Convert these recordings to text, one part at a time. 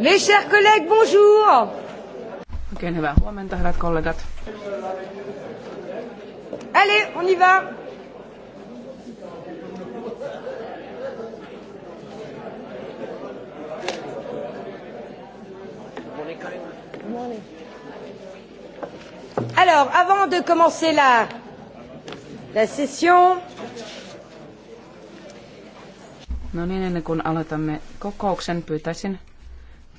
Mes chers collègues, bonjour. Oikein hyvää huomenta, hyvät kollegat. Allez, on y va. Alors, avant de commencer la la session. No niin, ennen kuin aloitamme kokouksen, pyytäisin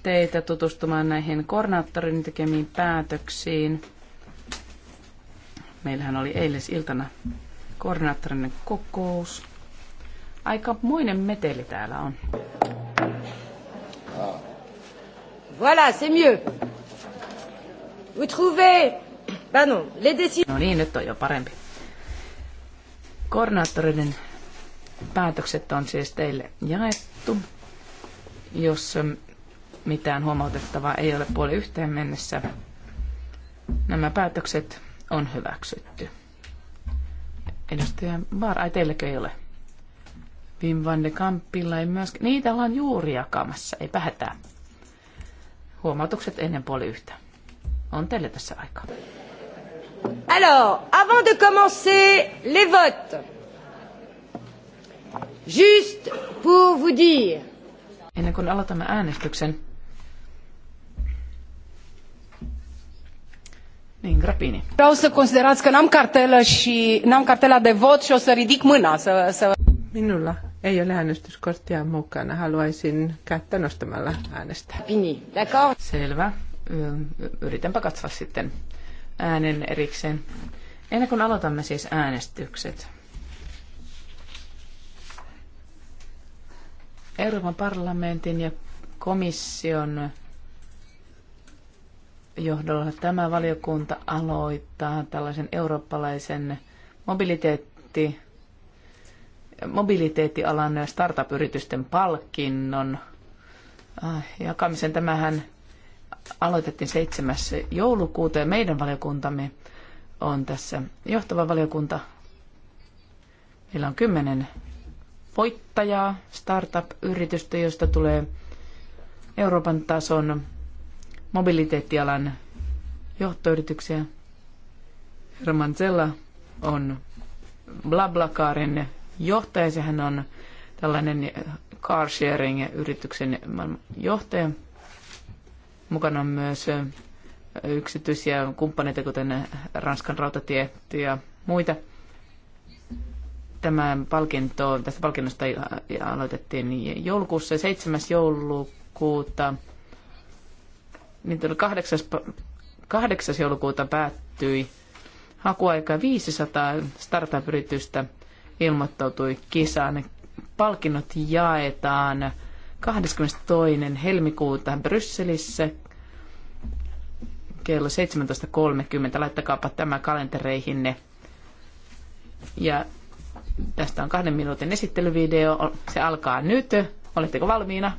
teitä tutustumaan näihin koordinaattorin tekemiin päätöksiin. Meillähän oli eilisiltana koordinaattorin kokous. Aika muinen meteli täällä on. Voilà, c'est mieux. Vous trouvez... Pardon, les décisions... No niin, nyt on jo parempi. Koordinaattoreiden päätökset on siis teille jaettu. Jos ähm, mitään huomautettavaa ei ole puoli yhteen mennessä, nämä päätökset on hyväksytty. Edustaja Baar, ai teillekö ei ole? Wim van de Kampilla ei myöskään. Niitä ollaan juuri jakamassa, ei hätää. Huomautukset ennen puoli yhtä. On teille tässä aikaa. Alors, avant de commencer les votes, juste pour vous dire. Ennen kuin aloitamme äänestyksen, Niin, grapini. Vreau să considerați că n-am cartelă și n-am cartela de vot și o să ridic mâna să, să... Minulla ei ole äänestyskorttia mukana. Haluaisin kättä nostamalla äänestää. Pini, d'accord? Selvä. Yritänpä katsoa sitten äänen erikseen. Ennen kuin aloitamme siis äänestykset. Euroopan parlamentin ja komission johdolla tämä valiokunta aloittaa tällaisen eurooppalaisen mobiliteetti, mobiliteettialan startup-yritysten palkinnon ah, jakamisen. Tämähän aloitettiin 7. joulukuuta ja meidän valiokuntamme on tässä johtava valiokunta. Meillä on kymmenen voittajaa, startup-yritystä, josta tulee Euroopan tason mobiliteettialan johtoyrityksiä. Herman Zella on Blablakaarin johtaja, sehän on tällainen carsharing-yrityksen johtaja. Mukana on myös yksityisiä kumppaneita, kuten Ranskan rautatie ja muita. Tämä palkinto, tästä palkinnosta aloitettiin joulukuussa 7. joulukuuta. Niin 8. 8. joulukuuta päättyi hakuaika 500 startup-yritystä ilmoittautui kisaan. Palkinnot jaetaan 22. helmikuuta Brysselissä kello 17.30. Laittakaapa tämä kalentereihinne. Ja tästä on kahden minuutin esittelyvideo. Se alkaa nyt. Oletteko valmiina?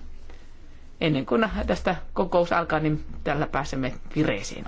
Ennen kuin tästä kokous alkaa, niin tällä pääsemme vireisiin.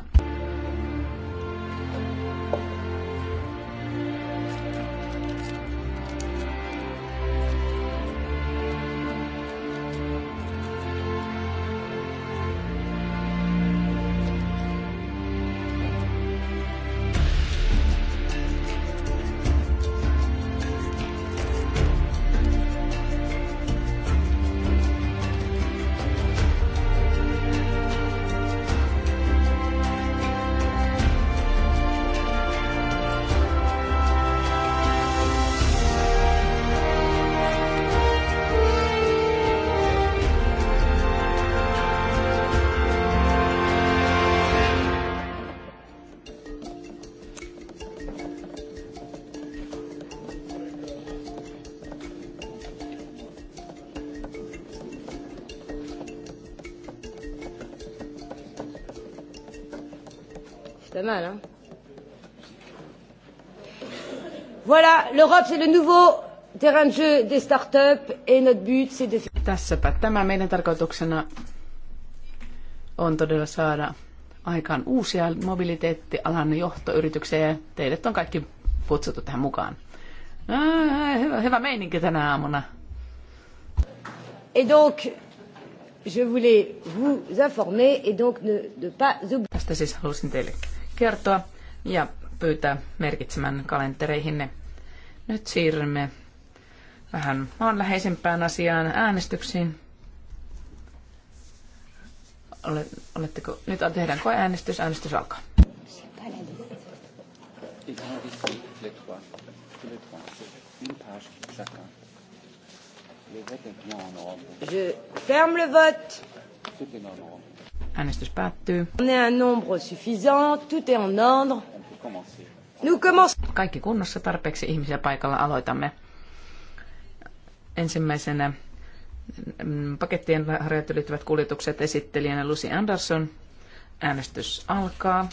mal. Hein. Voilà, l'Europe c'est le nouveau terrain de jeu des startups et notre but c'est de... faire. Tässäpä tämä meidän tarkoituksena on todella saada aikaan uusia mobiliteettialan johtoyrityksiä ja teidät on kaikki kutsuttu tähän mukaan. Ää, no, hyvä, hyvä meininki tänä aamuna. Et donc, je voulais vous informer et donc ne, ne pas... oublier. Tästä siis halusin teille kertoa ja pyytää merkitsemään kalentereihinne. Nyt siirrymme vähän maanläheisempään asiaan äänestyksiin. Oletteko, nyt tehdään koeäänestys, äänestys alkaa. Je ferme le vote. Äänestys päättyy. Kaikki kunnossa, tarpeeksi ihmisiä paikalla aloitamme. Ensimmäisenä mm, pakettien rajat ylittävät kuljetukset esittelijänä Lucy Anderson. Äänestys alkaa.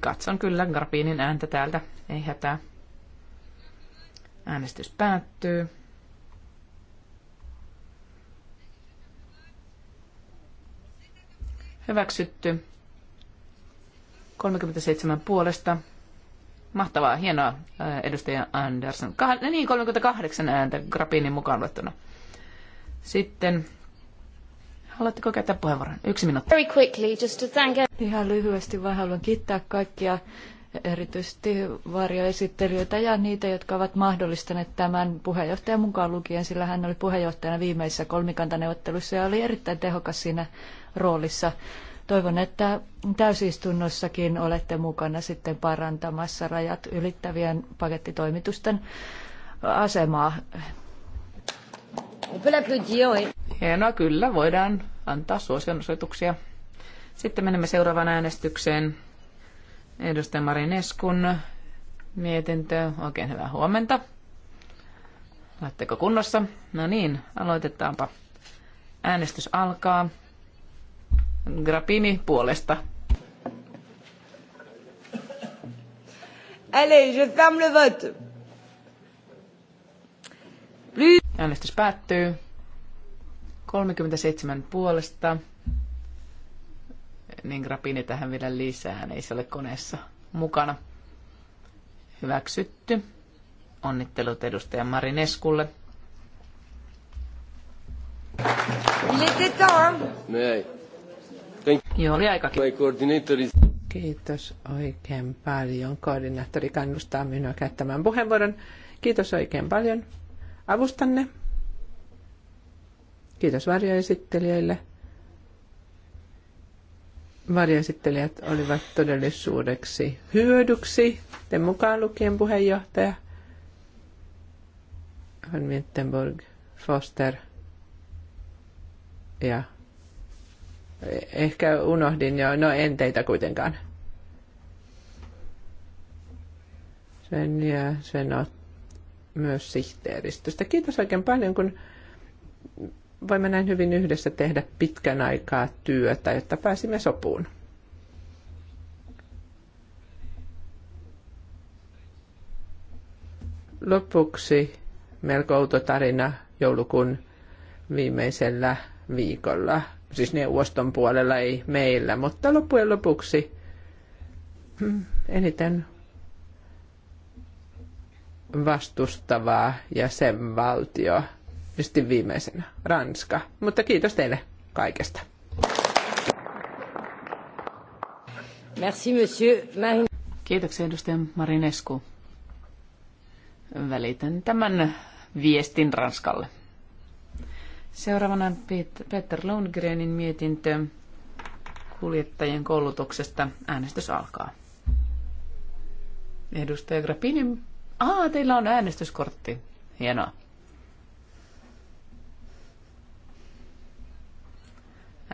Katson kyllä Garpinin ääntä täältä, ei hätää. Äänestys päättyy. Hyväksytty. 37 puolesta. Mahtavaa, hienoa, äh, edustaja Andersson. Kah- no niin, 38 ääntä grapiinin mukaan luettuna. Sitten Haluatteko käyttää puheenvuoron? Yksi minuutti. Very quickly, just to thank Ihan lyhyesti vaan haluan kiittää kaikkia erityisesti varjoesittelijöitä ja niitä, jotka ovat mahdollistaneet tämän puheenjohtajan mukaan lukien, sillä hän oli puheenjohtajana viimeisessä kolmikantaneuvottelussa ja oli erittäin tehokas siinä roolissa. Toivon, että täysistunnossakin olette mukana sitten parantamassa rajat ylittävien pakettitoimitusten asemaa. Hienoa, kyllä. Voidaan antaa suosionosoituksia. Sitten menemme seuraavaan äänestykseen. Edustaja Marineskun mietintö. Oikein hyvää huomenta. Oletteko kunnossa? No niin, aloitetaanpa. Äänestys alkaa. Grappini puolesta. Allez, je ferme le vote. Plus... Äänestys päättyy. 37 puolesta. Niin Grappini tähän vielä lisää, ei se ole koneessa mukana. Hyväksytty. Onnittelut edustaja Marineskulle. Il était temps. Hein? Mais... Joo, oli aikakin. Kiitos oikein paljon. Koordinaattori kannustaa minua käyttämään puheenvuoron. Kiitos oikein paljon avustanne. Kiitos varjoesittelijöille. Varjoesittelijät olivat todellisuudeksi hyödyksi, te mukaan lukien puheenjohtaja Van Wittenburg, Foster ja Ehkä unohdin jo, no en teitä kuitenkaan. Sen ja sen on myös sihteeristöstä. Kiitos oikein paljon, kun voimme näin hyvin yhdessä tehdä pitkän aikaa työtä, jotta pääsimme sopuun. Lopuksi melko outo tarina joulukuun viimeisellä viikolla siis neuvoston puolella, ei meillä. Mutta loppujen lopuksi hmm, eniten vastustavaa jäsenvaltio, tietysti viimeisenä Ranska. Mutta kiitos teille kaikesta. Merci, monsieur. Marin... Kiitoksia edustaja Marinescu. Välitän tämän viestin Ranskalle. Seuraavana Peter Lundgrenin mietintö kuljettajien koulutuksesta. Äänestys alkaa. Edustaja Grappini. Aa, teillä on äänestyskortti. Hienoa.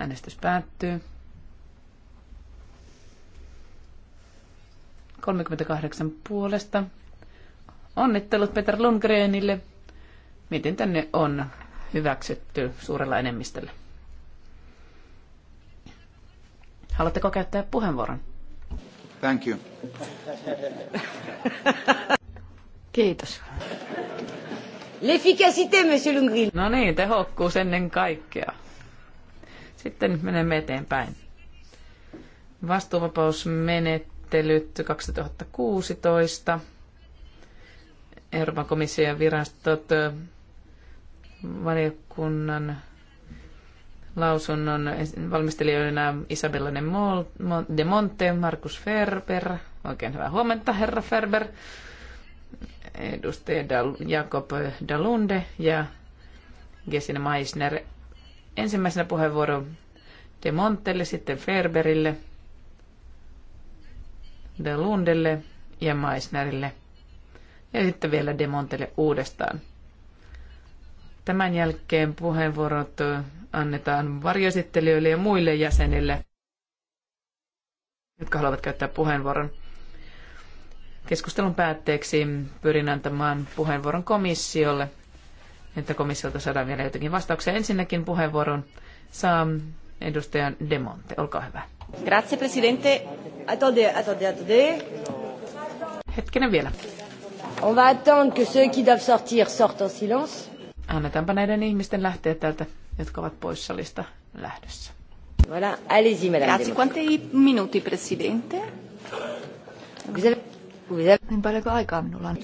Äänestys päättyy. 38 puolesta. Onnittelut Peter Lundgrenille. Miten tänne on hyväksytty suurella enemmistöllä. Haluatteko käyttää puheenvuoron? Thank you. Kiitos. L'efficacité, monsieur Lundgren. No niin, tehokkuus ennen kaikkea. Sitten menemme eteenpäin. Vastuuvapausmenettelyt 2016. Euroopan komission virastot valiokunnan lausunnon valmistelijoina Isabella de Monte, Markus Ferber, oikein hyvää huomenta herra Ferber, edustaja Dal, Jakob Dalunde ja Gesine Meissner. Ensimmäisenä puheenvuoro de Montelle, sitten Ferberille, Dalundelle ja Meissnerille ja sitten vielä de Montelle uudestaan. Tämän jälkeen puheenvuorot annetaan varjoesittelijöille ja muille jäsenille, jotka haluavat käyttää puheenvuoron. Keskustelun päätteeksi pyrin antamaan puheenvuoron komissiolle, että komissiolta saadaan vielä jotakin vastauksia. Ensinnäkin puheenvuoron saa edustaja Demonte. Olkaa hyvä. Grazie, presidente. Attendez, attendez, attendez. Hetkinen vielä. On va attendre que ceux qui doivent sortir sortent en silence. Annetaanpa näiden ihmisten lähteä täältä, jotka ovat poissalista lähdössä. Voilà, allez-y, madame. Grazie, quanti minuti, presidente? Niin paljonko aikaa minulla on?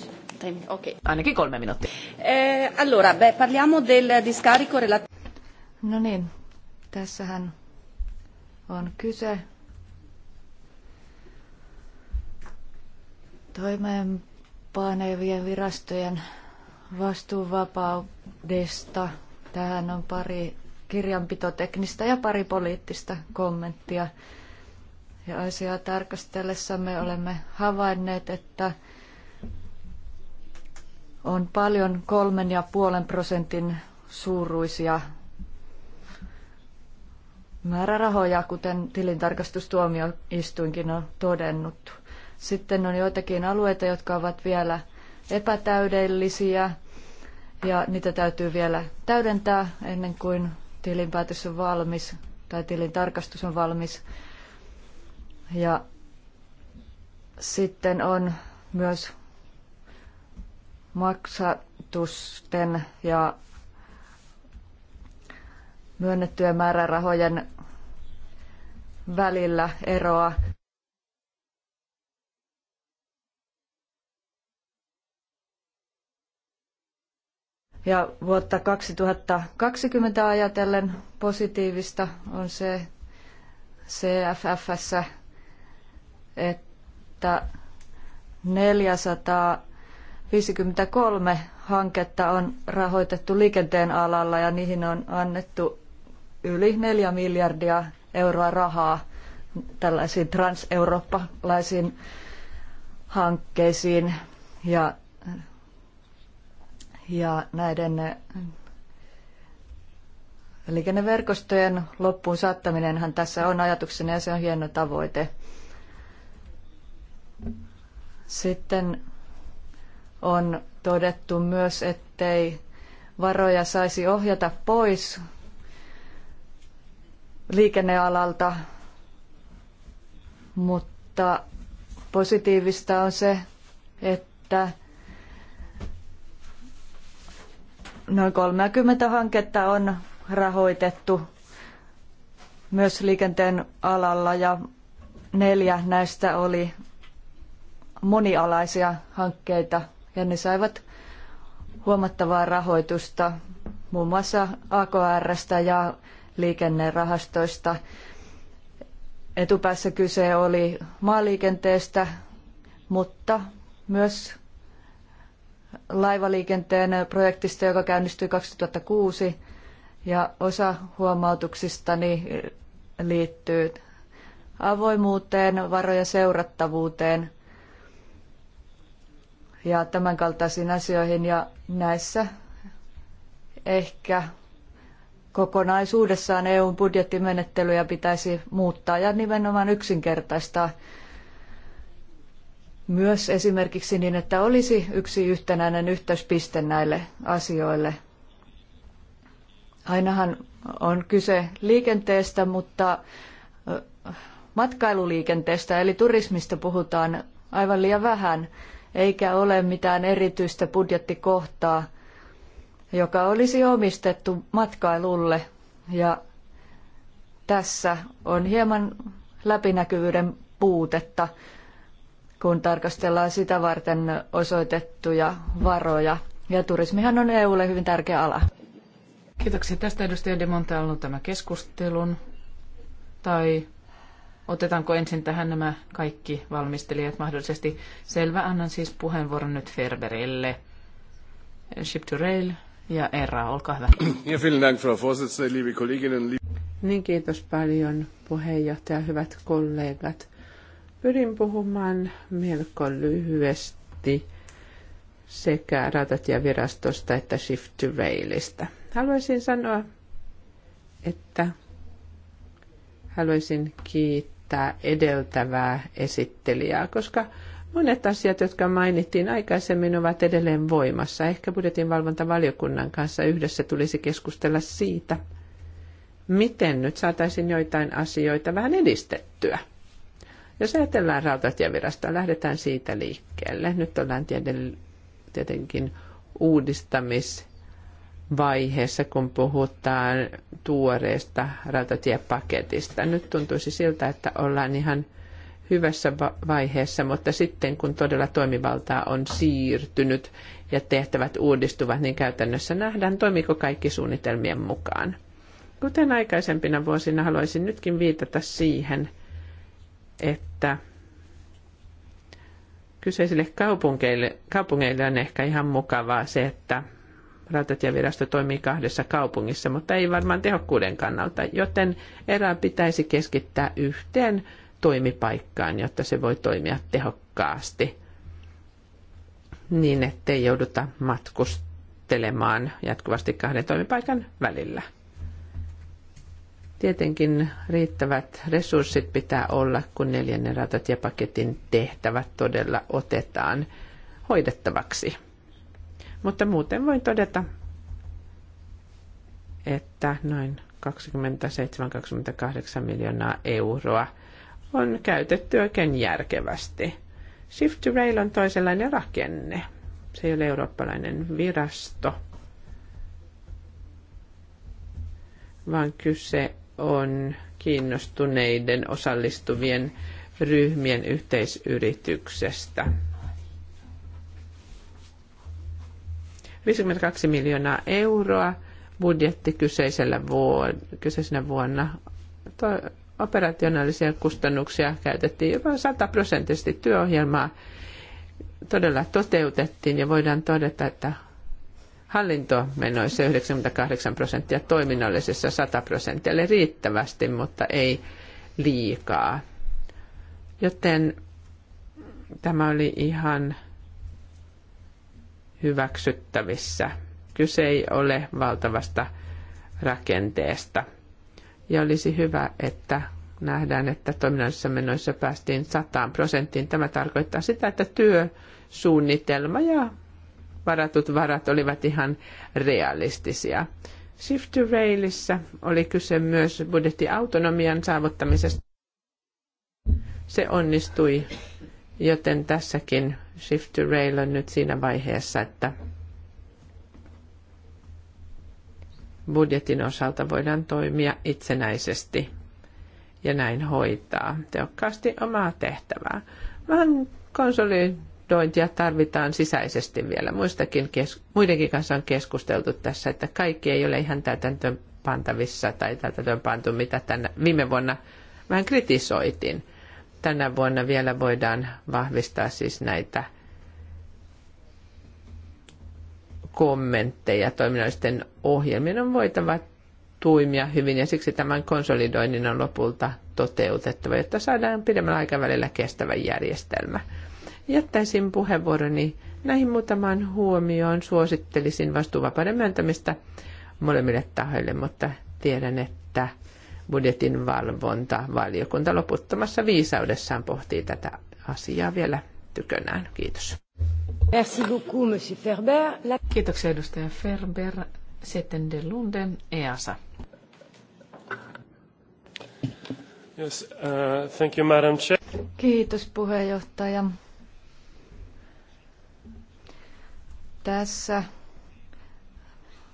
Okay. Ainakin kolme minuuttia. Eh, allora, beh, parliamo del discarico relativo. No niin, tässähän on kyse toimeenpanevien virastojen vastuuvapaudesta. Tähän on pari kirjanpitoteknistä ja pari poliittista kommenttia. Ja asiaa tarkastellessamme olemme havainneet, että on paljon kolmen ja puolen prosentin suuruisia määrärahoja, kuten tilintarkastustuomioistuinkin on todennut. Sitten on joitakin alueita, jotka ovat vielä epätäydellisiä ja niitä täytyy vielä täydentää ennen kuin tilinpäätös on valmis tai tilin tarkastus on valmis. Ja sitten on myös maksatusten ja myönnettyjen määrärahojen välillä eroa. Ja vuotta 2020 ajatellen positiivista on se CFFssä, että 453 hanketta on rahoitettu liikenteen alalla ja niihin on annettu yli 4 miljardia euroa rahaa tällaisiin transeurooppalaisiin hankkeisiin. Ja ja näiden eh, liikenneverkostojen loppuun saattaminenhan tässä on ajatuksena ja se on hieno tavoite. Sitten on todettu myös, ettei varoja saisi ohjata pois liikennealalta, mutta positiivista on se, että Noin 30 hanketta on rahoitettu myös liikenteen alalla ja neljä näistä oli monialaisia hankkeita ja ne saivat huomattavaa rahoitusta muun muassa AKRstä ja liikennerahastoista. Etupäässä kyse oli maaliikenteestä, mutta myös laivaliikenteen projektista, joka käynnistyi 2006, ja osa huomautuksistani liittyy avoimuuteen, varojen seurattavuuteen ja tämän kaltaisiin asioihin. Ja näissä ehkä kokonaisuudessaan EUn budjettimenettelyjä pitäisi muuttaa ja nimenomaan yksinkertaistaa myös esimerkiksi niin, että olisi yksi yhtenäinen yhteyspiste näille asioille. Ainahan on kyse liikenteestä, mutta matkailuliikenteestä eli turismista puhutaan aivan liian vähän, eikä ole mitään erityistä budjettikohtaa, joka olisi omistettu matkailulle. Ja tässä on hieman läpinäkyvyyden puutetta kun tarkastellaan sitä varten osoitettuja varoja. Ja turismihan on EUlle hyvin tärkeä ala. Kiitoksia tästä edustaja Demonte on ollut tämä keskustelun. Tai otetaanko ensin tähän nämä kaikki valmistelijat mahdollisesti? Selvä, annan siis puheenvuoron nyt Ferberille. Ship to Rail ja ERA, olkaa hyvä. Ja vielen Dank, Frau Vorsitzende, liebe Kolleginnen. Niin kiitos paljon puheenjohtaja, hyvät kollegat. Pyrin puhumaan melko lyhyesti sekä rautatievirastosta että Shift to Railista. Haluaisin sanoa, että haluaisin kiittää edeltävää esittelijää, koska monet asiat, jotka mainittiin aikaisemmin, ovat edelleen voimassa. Ehkä budjetinvalvontavaliokunnan kanssa yhdessä tulisi keskustella siitä, miten nyt saataisiin joitain asioita vähän edistettyä. Jos ajatellaan rautatievirastoa, lähdetään siitä liikkeelle. Nyt ollaan tietenkin uudistamisvaiheessa, kun puhutaan tuoreesta rautatiepaketista. Nyt tuntuisi siltä, että ollaan ihan hyvässä vaiheessa, mutta sitten kun todella toimivaltaa on siirtynyt ja tehtävät uudistuvat, niin käytännössä nähdään, toimiko kaikki suunnitelmien mukaan. Kuten aikaisempina vuosina haluaisin nytkin viitata siihen, että kyseisille kaupungeille, kaupungeille on ehkä ihan mukavaa se, että rautatievirasto toimii kahdessa kaupungissa, mutta ei varmaan tehokkuuden kannalta, joten erää pitäisi keskittää yhteen toimipaikkaan, jotta se voi toimia tehokkaasti niin, ettei jouduta matkustelemaan jatkuvasti kahden toimipaikan välillä. Tietenkin riittävät resurssit pitää olla, kun neljännen rautatiepaketin tehtävät todella otetaan hoidettavaksi. Mutta muuten voin todeta, että noin 27-28 miljoonaa euroa on käytetty oikein järkevästi. Shift to Rail on toisenlainen rakenne. Se ei ole eurooppalainen virasto, vaan kyse on kiinnostuneiden osallistuvien ryhmien yhteisyrityksestä. 52 miljoonaa euroa budjetti kyseisellä vuod- kyseisenä vuonna. To- operationaalisia kustannuksia käytettiin jopa prosenttisesti työohjelmaa todella toteutettiin ja voidaan todeta, että hallintomenoissa 98 prosenttia, toiminnallisessa 100 prosenttia, eli riittävästi, mutta ei liikaa. Joten tämä oli ihan hyväksyttävissä. Kyse ei ole valtavasta rakenteesta. Ja olisi hyvä, että nähdään, että toiminnallisissa menoissa päästiin 100 prosenttiin. Tämä tarkoittaa sitä, että työsuunnitelma ja varatut varat olivat ihan realistisia. Shift to Railissa oli kyse myös budjettiautonomian saavuttamisesta. Se onnistui, joten tässäkin Shift to Rail on nyt siinä vaiheessa, että budjetin osalta voidaan toimia itsenäisesti ja näin hoitaa tehokkaasti omaa tehtävää. Vähän konsoli koordinointia tarvitaan sisäisesti vielä. Muistakin muidenkin kanssa on keskusteltu tässä, että kaikki ei ole ihan täytäntöön pantavissa tai täytäntöön pantu, mitä tänä, viime vuonna vähän kritisoitiin. Tänä vuonna vielä voidaan vahvistaa siis näitä kommentteja toiminnallisten ohjelmien on voitava tuimia hyvin ja siksi tämän konsolidoinnin on lopulta toteutettava, jotta saadaan pidemmällä aikavälillä kestävä järjestelmä. Jättäisin puheenvuoroni näihin muutamaan huomioon. Suosittelisin vastuuvapauden myöntämistä molemmille tahoille, mutta tiedän, että budjetin valvonta valiokunta loputtomassa viisaudessaan pohtii tätä asiaa vielä tykönään. Kiitos. Merci beaucoup, Monsieur Ferber. La... Kiitoksia edustaja Ferber. Sitten de Lunden, EASA. Yes, uh, thank you, Madam Chair. Kiitos puheenjohtaja. Tässä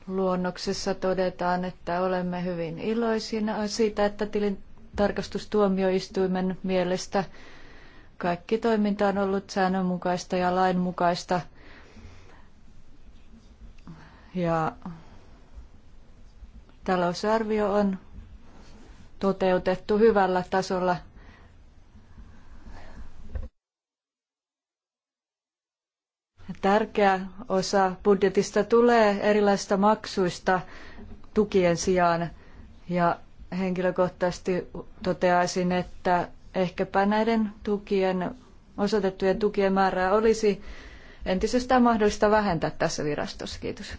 luonnoksessa todetaan, että olemme hyvin iloisia siitä, että tilintarkastustuomioistuimen mielestä kaikki toiminta on ollut säännönmukaista ja lainmukaista. Ja talousarvio on toteutettu hyvällä tasolla Tärkeä osa budjetista tulee erilaisista maksuista tukien sijaan. Ja henkilökohtaisesti toteaisin, että ehkäpä näiden tukien, osoitettujen tukien määrää olisi entisestään mahdollista vähentää tässä virastossa. Kiitos.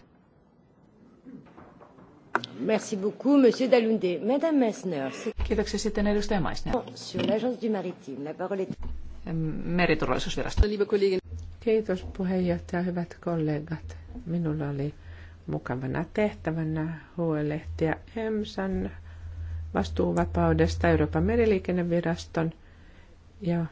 Merci beaucoup, Monsieur Dalunde. Madame Messner. Kiitoksia sitten edustaja Meissner. Sur l'agence du maritime, la parole est... Meriturvallisuusvirasto. Kiitos puheenjohtaja, hyvät kollegat. Minulla oli mukavana tehtävänä huolehtia EMSAn vastuuvapaudesta Euroopan meriliikenneviraston ja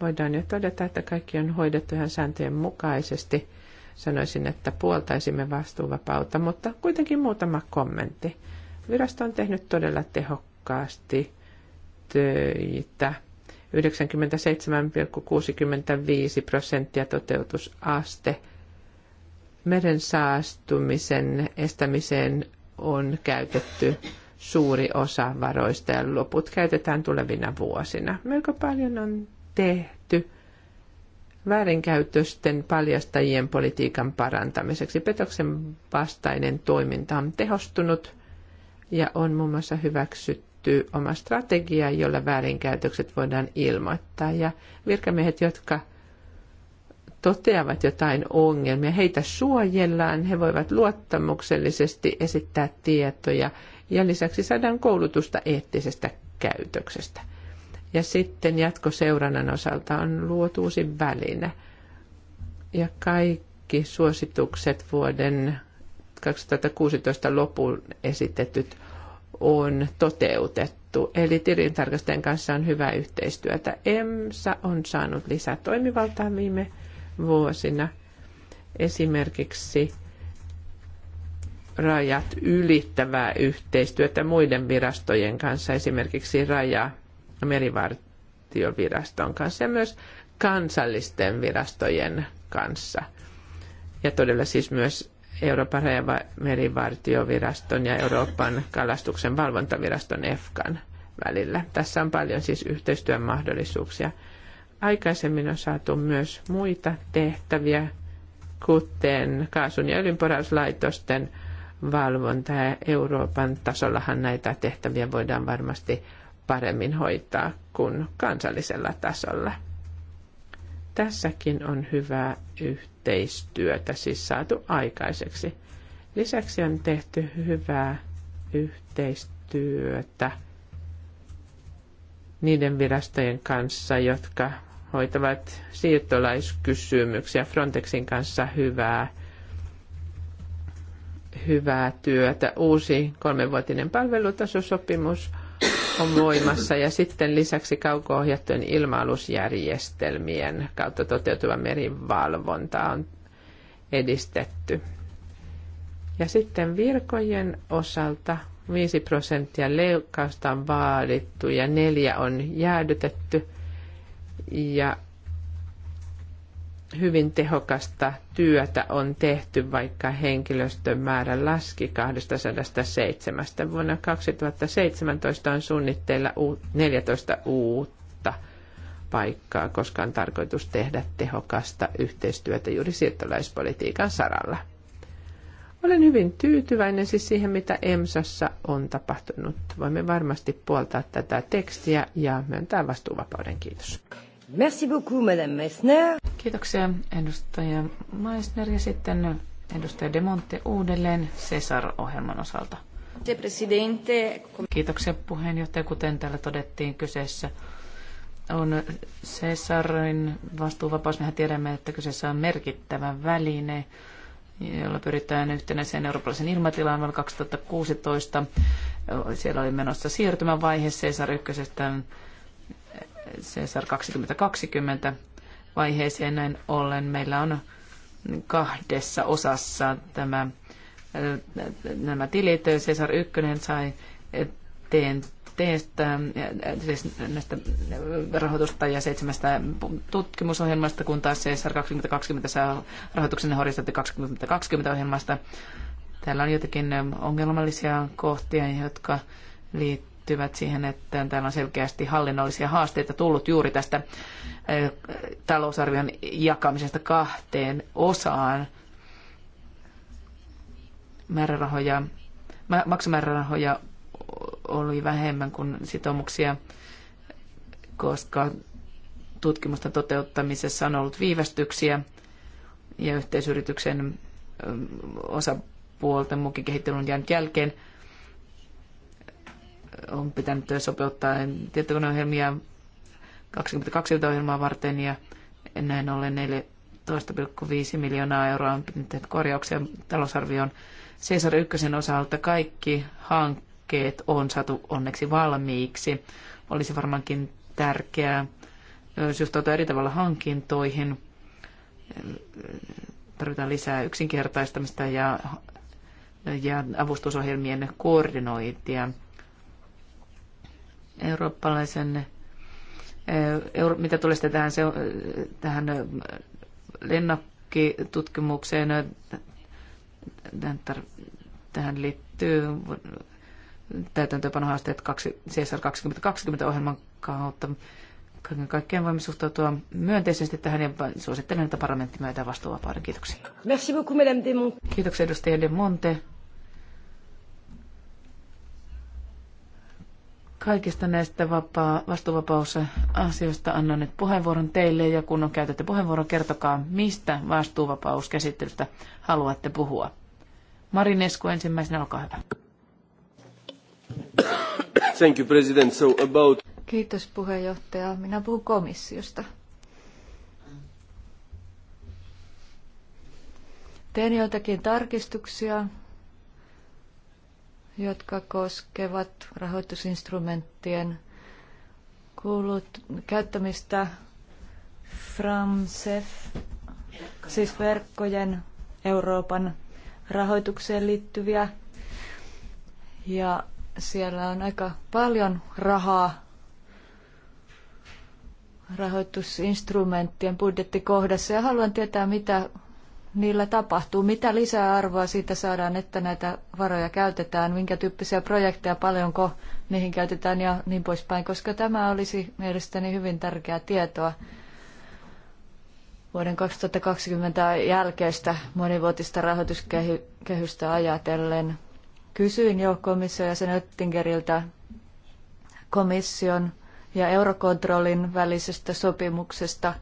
voidaan jo todeta, että kaikki on hoidettu ihan sääntöjen mukaisesti. Sanoisin, että puoltaisimme vastuuvapautta, mutta kuitenkin muutama kommentti. Virasto on tehnyt todella tehokkaasti töitä 97,65 prosenttia toteutusaste. Meren saastumisen estämiseen on käytetty suuri osa varoista ja loput käytetään tulevina vuosina. Melko paljon on tehty väärinkäytösten paljastajien politiikan parantamiseksi. Petoksen vastainen toiminta on tehostunut ja on muun muassa hyväksytty löytyy oma strategia, jolla väärinkäytökset voidaan ilmoittaa. Ja virkamiehet, jotka toteavat jotain ongelmia, heitä suojellaan, he voivat luottamuksellisesti esittää tietoja ja lisäksi saadaan koulutusta eettisestä käytöksestä. Ja sitten jatkoseurannan osalta on luotu uusi väline. Ja kaikki suositukset vuoden 2016 lopun esitetyt on toteutettu. Eli tilintarkastajan kanssa on hyvää yhteistyötä. EMSA on saanut lisää toimivaltaa viime vuosina. Esimerkiksi rajat ylittävää yhteistyötä muiden virastojen kanssa, esimerkiksi raja- merivartioviraston kanssa ja myös kansallisten virastojen kanssa. Ja todella siis myös Euroopan merivartioviraston ja Euroopan kalastuksen valvontaviraston EFKAN välillä. Tässä on paljon siis yhteistyön mahdollisuuksia. Aikaisemmin on saatu myös muita tehtäviä, kuten kaasun ja öljynporauslaitosten valvonta ja Euroopan tasollahan näitä tehtäviä voidaan varmasti paremmin hoitaa kuin kansallisella tasolla. Tässäkin on hyvää yhteistyötä siis saatu aikaiseksi. Lisäksi on tehty hyvää yhteistyötä niiden virastojen kanssa, jotka hoitavat siirtolaiskysymyksiä Frontexin kanssa hyvää, hyvää työtä. Uusi kolmenvuotinen palvelutasosopimus on voimassa ja sitten lisäksi kauko-ohjattujen ilmailusjärjestelmien kautta toteutuva merivalvonta on edistetty. Ja sitten virkojen osalta 5 prosenttia leikkausta on vaadittu ja neljä on jäädytetty. Ja hyvin tehokasta työtä on tehty, vaikka henkilöstön määrä laski 207. Vuonna 2017 on suunnitteilla 14 uutta paikkaa, koska on tarkoitus tehdä tehokasta yhteistyötä juuri siirtolaispolitiikan saralla. Olen hyvin tyytyväinen siis siihen, mitä EMSassa on tapahtunut. Voimme varmasti puoltaa tätä tekstiä ja myöntää vastuuvapauden. Kiitos. Merci beaucoup, Madame Meissner. Kiitoksia edustaja Meissner ja sitten edustaja Demonte uudelleen Cesar-ohjelman osalta. Kiitoksia puheenjohtaja. Kuten täällä todettiin kyseessä on Cesarin vastuuvapaus. Mehän tiedämme, että kyseessä on merkittävä väline, jolla pyritään yhtenäiseen eurooppalaisen ilmatilaan vuonna 2016. Siellä oli menossa siirtymävaihe Cesar 1 Cesar 2020 vaiheeseen. Näin ollen meillä on kahdessa osassa tämä, äh, nämä tilit. Cesar 1 sai TNTstä, äh, siis näistä rahoitusta ja seitsemästä tutkimusohjelmasta, kun taas Cesar 2020 saa rahoituksen horisontti 2020 ohjelmasta. Täällä on jotakin äh, ongelmallisia kohtia, jotka liittyvät liittyvät siihen, että täällä on selkeästi hallinnollisia haasteita tullut juuri tästä eh, talousarvion jakamisesta kahteen osaan määrärahoja, maksumäärärahoja oli vähemmän kuin sitoumuksia, koska tutkimusten toteuttamisessa on ollut viivästyksiä ja yhteisyrityksen eh, osapuolten mukin kehittely on jäänyt jälkeen on pitänyt sopeuttaa tietokoneohjelmia 2020 ohjelmaa varten ja näin ollen 14,5 miljoonaa euroa on pitänyt korjauksia talousarvioon. Cesar 1 osalta kaikki hankkeet on saatu onneksi valmiiksi. Olisi varmaankin tärkeää suhtautua eri tavalla hankintoihin. Tarvitaan lisää yksinkertaistamista ja, ja avustusohjelmien koordinointia eurooppalaisen, eh, euro, mitä tulee sitten tähän, se, eh, tähän eh, lennokkitutkimukseen, tähän, tähän liittyy täytäntöönpanohaasteet CSR 2020-ohjelman kautta. Kaiken kaikkiaan voimme suhtautua myönteisesti tähän ja suosittelen, että parlamentti myöntää vastuuvapauden. Kiitoksia. Merci beaucoup, Madame Kiitoksia, edustaja De Monte. Kaikista näistä vapaa, vastuuvapausasioista annan nyt puheenvuoron teille ja kun on käytetty puheenvuoro, kertokaa, mistä vastuuvapauskäsittelystä haluatte puhua. Mari Nesku, ensimmäisenä, olkaa hyvä. Thank you, President. So about... Kiitos puheenjohtaja. Minä puhun komissiosta. Teen joitakin tarkistuksia jotka koskevat rahoitusinstrumenttien kuulut, käyttämistä FRAMSEF, siis verkkojen Euroopan rahoitukseen liittyviä. Ja siellä on aika paljon rahaa rahoitusinstrumenttien budjettikohdassa ja haluan tietää, mitä niillä tapahtuu? Mitä lisäarvoa siitä saadaan, että näitä varoja käytetään? Minkä tyyppisiä projekteja, paljonko niihin käytetään ja niin poispäin? Koska tämä olisi mielestäni hyvin tärkeää tietoa vuoden 2020 jälkeistä monivuotista rahoituskehystä ajatellen. Kysyin jo komission jäsen Oettingeriltä komission ja Eurokontrollin välisestä sopimuksesta –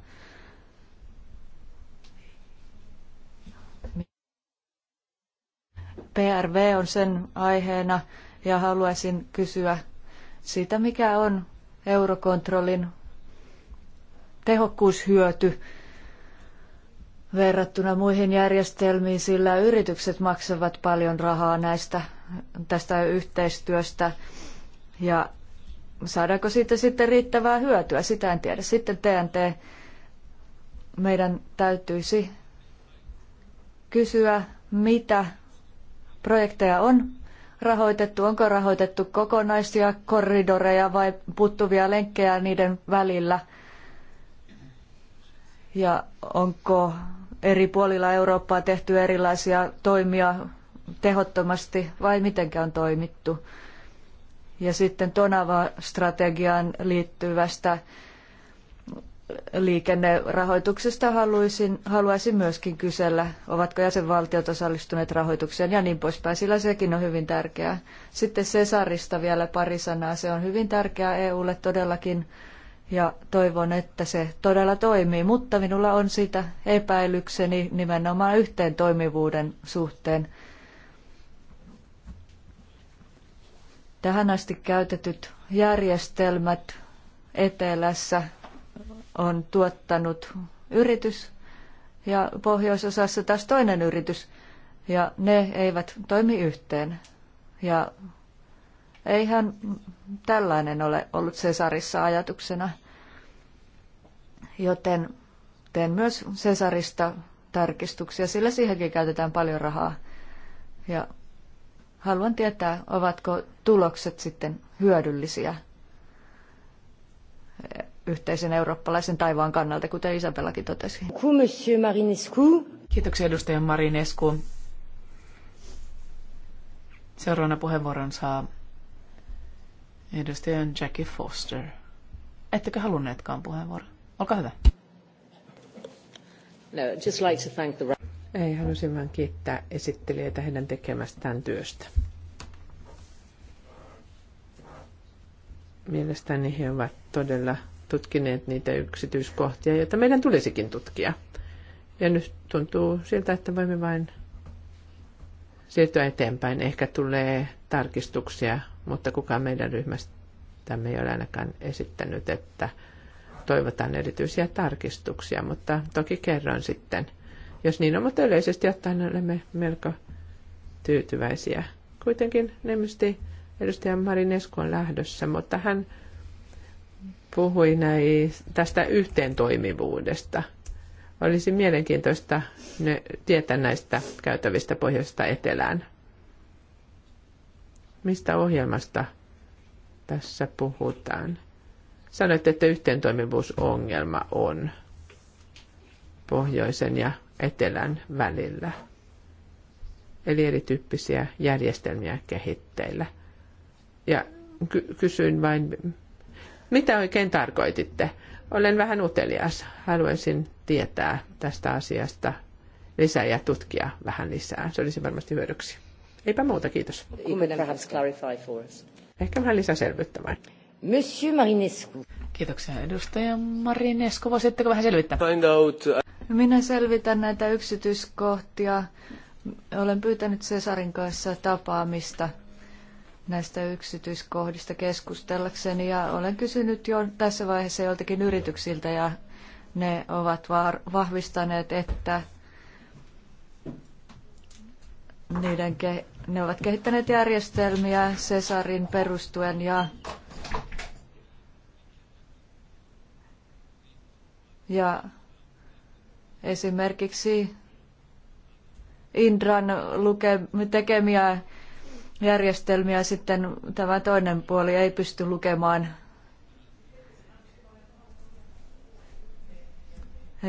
PRV on sen aiheena ja haluaisin kysyä siitä, mikä on eurokontrollin tehokkuushyöty verrattuna muihin järjestelmiin, sillä yritykset maksavat paljon rahaa näistä, tästä yhteistyöstä ja saadaanko siitä sitten riittävää hyötyä, sitä en tiedä. Sitten TNT, meidän täytyisi kysyä, mitä projekteja on rahoitettu, onko rahoitettu kokonaisia korridoreja vai puuttuvia lenkkejä niiden välillä ja onko eri puolilla Eurooppaa tehty erilaisia toimia tehottomasti vai mitenkä on toimittu. Ja sitten Tonava-strategiaan liittyvästä liikennerahoituksesta haluaisin, haluaisin myöskin kysellä, ovatko jäsenvaltiot osallistuneet rahoitukseen ja niin poispäin, sillä sekin on hyvin tärkeää. Sitten Cesarista vielä pari sanaa. Se on hyvin tärkeää EUlle todellakin ja toivon, että se todella toimii, mutta minulla on siitä epäilykseni nimenomaan yhteen toimivuuden suhteen. Tähän asti käytetyt järjestelmät etelässä on tuottanut yritys ja pohjoisosassa taas toinen yritys ja ne eivät toimi yhteen. Ja eihän tällainen ole ollut Cesarissa ajatuksena, joten teen myös Cesarista tarkistuksia, sillä siihenkin käytetään paljon rahaa. Ja haluan tietää, ovatko tulokset sitten hyödyllisiä yhteisen eurooppalaisen taivaan kannalta, kuten Isabellakin totesi. Kiitoksia edustaja Marinescu. Seuraavana puheenvuoron saa edustaja Jackie Foster. Ettekö halunneetkaan puheenvuoroa? Olkaa hyvä. No, just like to thank the... Ei, halusin vain kiittää esittelijöitä heidän tekemästään työstä. Mielestäni he ovat todella tutkineet niitä yksityiskohtia, joita meidän tulisikin tutkia. Ja nyt tuntuu siltä, että voimme vain siirtyä eteenpäin. Ehkä tulee tarkistuksia, mutta kukaan meidän ryhmästämme ei ole ainakaan esittänyt, että toivotaan erityisiä tarkistuksia, mutta toki kerron sitten, jos niin on, mutta yleisesti ottaen olemme melko tyytyväisiä. Kuitenkin nimesti edustaja Marinesku on lähdössä, mutta hän puhui näin tästä yhteentoimivuudesta. Olisi mielenkiintoista tietää näistä käytävistä pohjoista etelään. Mistä ohjelmasta tässä puhutaan? Sanoitte, että yhteentoimivuusongelma on pohjoisen ja etelän välillä. Eli erityyppisiä järjestelmiä kehitteillä. Ja ky- kysyin vain, mitä oikein tarkoititte? Olen vähän utelias. Haluaisin tietää tästä asiasta lisää ja tutkia vähän lisää. Se olisi varmasti hyödyksi. Eipä muuta, kiitos. Ehkä vähän lisää vain. Monsieur Marinescu. Kiitoksia edustaja Marinescu. Voisitteko vähän selvittää? Find out. Minä selvitän näitä yksityiskohtia. Olen pyytänyt Cesarin kanssa tapaamista näistä yksityiskohdista keskustellakseni ja olen kysynyt jo tässä vaiheessa joiltakin yrityksiltä ja ne ovat vahvistaneet, että niiden ke- ne ovat kehittäneet järjestelmiä Cesarin perustuen ja, ja esimerkiksi Indran luke- tekemiä järjestelmiä sitten tämä toinen puoli ei pysty lukemaan.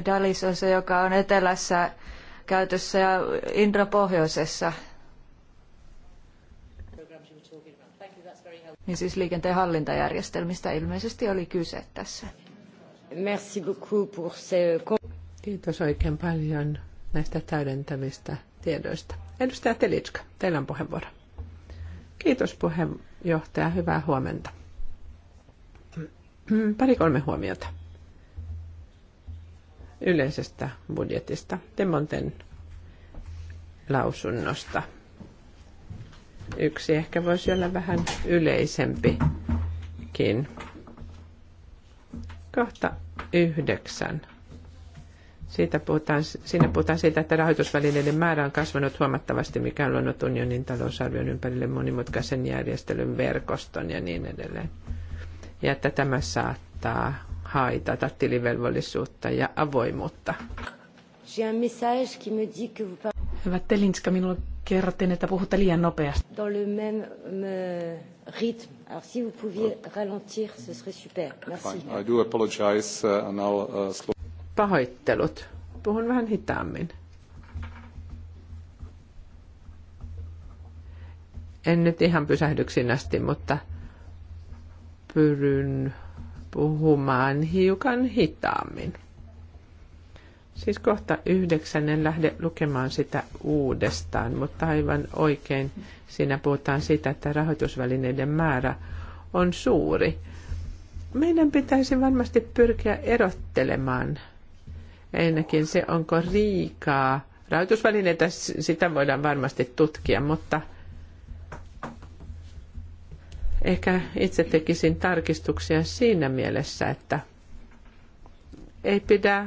Dalis on se, joka on etelässä käytössä ja Indra pohjoisessa. Niin siis liikenteen hallintajärjestelmistä ilmeisesti oli kyse tässä. Merci beaucoup pour ce... Kiitos oikein paljon näistä täydentämistä tiedoista. Edustaja Telitska, teillä on puheenvuoro. Kiitos puheenjohtaja, hyvää huomenta. Pari-kolme huomiota yleisestä budjetista, Demonten lausunnosta. Yksi ehkä voisi olla vähän yleisempikin. Kohta yhdeksän siitä puhutaan, siinä puhutaan siitä, että rahoitusvälineiden määrä on kasvanut huomattavasti, mikä on luonut unionin talousarvion ympärille monimutkaisen järjestelyn verkoston ja niin edelleen. Ja että tämä saattaa haitata tilivelvollisuutta ja avoimuutta. Hyvä Telinska, minulle kerrottiin, että puhutte liian nopeasti. Dans le même rythme. Alors si vous pouviez ralentir, ce serait super. Merci. I do apologize. Uh, uh, Pahoittelut. Puhun vähän hitaammin. En nyt ihan pysähdyksin asti, mutta pyrin puhumaan hiukan hitaammin. Siis kohta yhdeksän, en lähde lukemaan sitä uudestaan, mutta aivan oikein siinä puhutaan siitä, että rahoitusvälineiden määrä on suuri. Meidän pitäisi varmasti pyrkiä erottelemaan Ensinnäkin se, onko riikaa rahoitusvälineitä, sitä voidaan varmasti tutkia, mutta ehkä itse tekisin tarkistuksia siinä mielessä, että ei pidä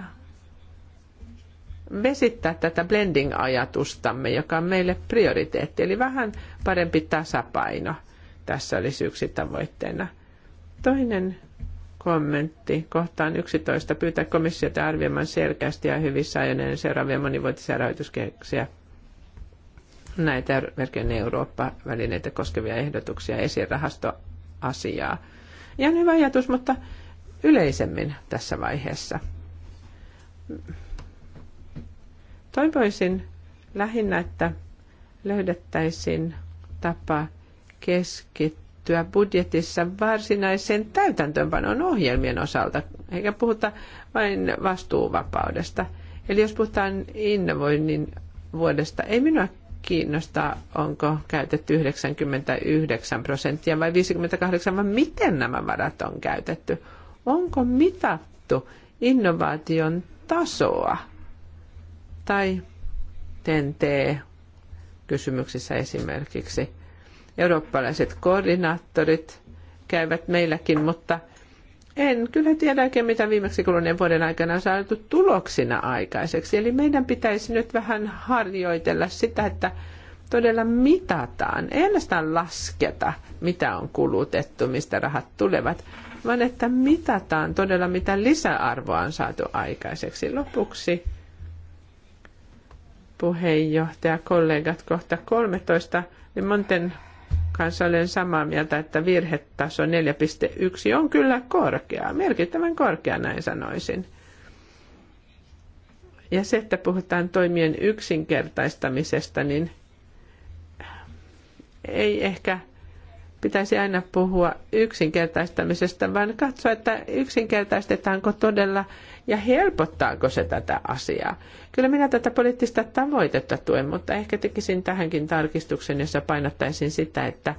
vesittää tätä blending-ajatustamme, joka on meille prioriteetti, eli vähän parempi tasapaino tässä olisi yksi tavoitteena. Toinen kommentti kohtaan 11 pyytää komissiota arvioimaan selkeästi ja hyvissä ajoin ennen seuraavia monivuotisia rahoituskehyksiä näitä Verkön Eurooppa-välineitä koskevia ehdotuksia esirahastoasiaa. Ihan hyvä ajatus, mutta yleisemmin tässä vaiheessa. Toivoisin lähinnä, että löydettäisiin tapa keskittyä liittyä budjetissa varsinaiseen täytäntöönpanon ohjelmien osalta, eikä puhuta vain vastuuvapaudesta. Eli jos puhutaan innovoinnin vuodesta, ei minua kiinnosta, onko käytetty 99 prosenttia vai 58, vai miten nämä varat on käytetty. Onko mitattu innovaation tasoa tai TNT-kysymyksissä esimerkiksi – eurooppalaiset koordinaattorit käyvät meilläkin, mutta en kyllä tiedä oikein, mitä viimeksi kuluneen vuoden aikana on saatu tuloksina aikaiseksi. Eli meidän pitäisi nyt vähän harjoitella sitä, että todella mitataan. Ei ainoastaan lasketa, mitä on kulutettu, mistä rahat tulevat, vaan että mitataan todella, mitä lisäarvoa on saatu aikaiseksi. Lopuksi puheenjohtaja, kollegat, kohta 13, niin Monten kanssa olen samaa mieltä, että virhetaso 4.1 on kyllä korkea, merkittävän korkea näin sanoisin. Ja se, että puhutaan toimien yksinkertaistamisesta, niin ei ehkä pitäisi aina puhua yksinkertaistamisesta, vaan katsoa, että yksinkertaistetaanko todella ja helpottaako se tätä asiaa. Kyllä minä tätä poliittista tavoitetta tuen, mutta ehkä tekisin tähänkin tarkistuksen, jossa painottaisin sitä, että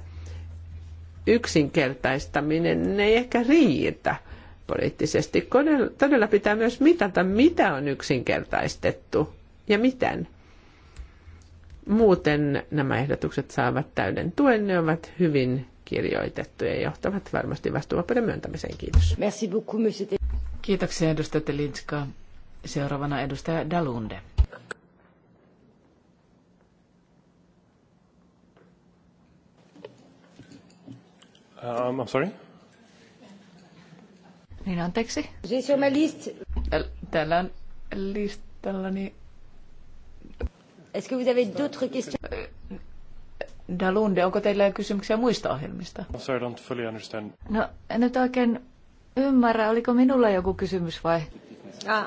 yksinkertaistaminen ei ehkä riitä poliittisesti. Todella pitää myös mitata, mitä on yksinkertaistettu ja miten. Muuten nämä ehdotukset saavat täyden tuen. Ne ovat hyvin kirjoitettuja ja johtavat varmasti vastuuvapauden myöntämiseen. Kiitos. Merci beaucoup, monsieur. Kiitoksia edustaja Telinska. Seuraavana edustaja Dalunde. Um, I'm sorry? Niin anteeksi. Täällä on listallani Est-ce que vous avez d'autres questions? Dalunde, onko teillä kysymyksiä muista ohjelmista? Sorry, don't fully understand. No, en nyt oikein ymmärrä. Oliko minulla joku kysymys vai? Ah,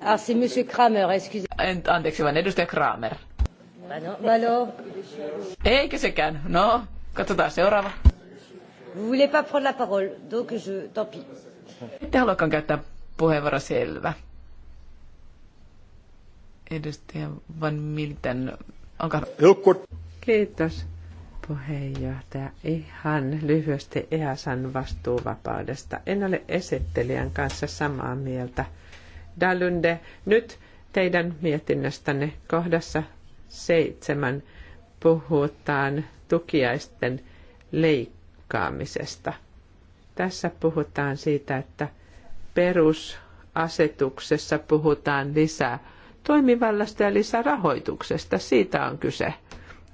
ah c'est monsieur Kramer, excusez. Anteeksi, vaan edustaja Kramer. Valo. Eikö sekään? No, katsotaan seuraava. Vous voulez pas prendre la parole, donc je, tant pis. Ette haluakaan käyttää puheenvuoro selvä. Edustaja Van Milten, olkaa Kiitos puheenjohtaja. Ihan lyhyesti EASan vastuuvapaudesta. En ole esittelijän kanssa samaa mieltä. Dalunde, nyt teidän mietinnöstänne kohdassa seitsemän puhutaan tukiaisten leikkaamisesta. Tässä puhutaan siitä, että perusasetuksessa puhutaan lisää toimivallasta ja lisärahoituksesta. Siitä on kyse.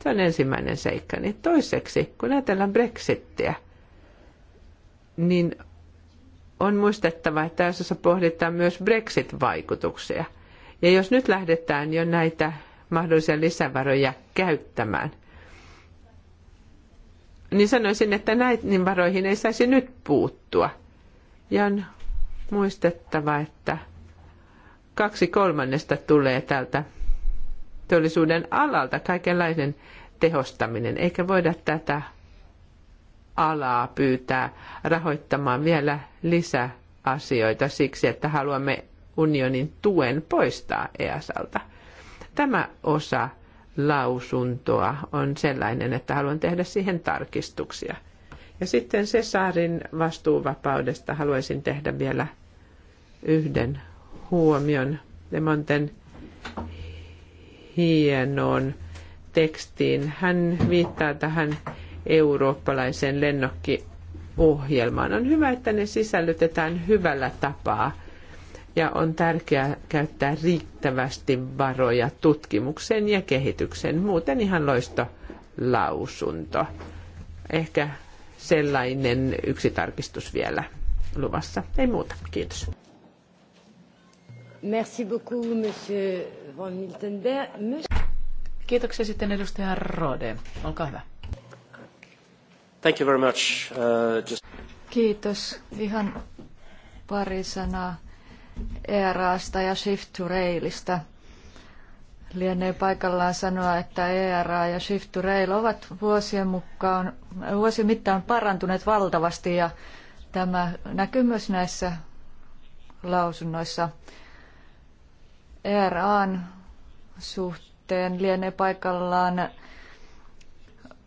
Se on ensimmäinen seikka. Niin toiseksi, kun ajatellaan Brexittiä, niin on muistettava, että tässä pohditaan myös Brexit-vaikutuksia. Ja jos nyt lähdetään jo näitä mahdollisia lisävaroja käyttämään, niin sanoisin, että näihin varoihin ei saisi nyt puuttua. Ja on muistettava, että kaksi kolmannesta tulee tältä teollisuuden alalta, kaikenlaisen tehostaminen, eikä voida tätä alaa pyytää rahoittamaan vielä lisäasioita siksi, että haluamme unionin tuen poistaa EASalta. Tämä osa lausuntoa on sellainen, että haluan tehdä siihen tarkistuksia. Ja sitten Cesarin vastuuvapaudesta haluaisin tehdä vielä yhden huomion Lemonten hienoon tekstiin. Hän viittaa tähän eurooppalaiseen lennokkiohjelmaan. On hyvä, että ne sisällytetään hyvällä tapaa ja on tärkeää käyttää riittävästi varoja tutkimukseen ja kehitykseen. Muuten ihan loisto lausunto. Ehkä sellainen yksi tarkistus vielä luvassa. Ei muuta. Kiitos. Merci beaucoup, monsieur von Miltenberg. Kiitoksia sitten edustaja Rode. Olkaa hyvä. Thank you very much. Uh, just... Kiitos. Ihan pari sanaa ERAsta ja Shift to Railista. Lienee paikallaan sanoa, että ERA ja Shift to Rail ovat vuosien, mukaan, vuosien mittaan parantuneet valtavasti ja tämä näkyy myös näissä lausunnoissa. ERAn suhteen lienee paikallaan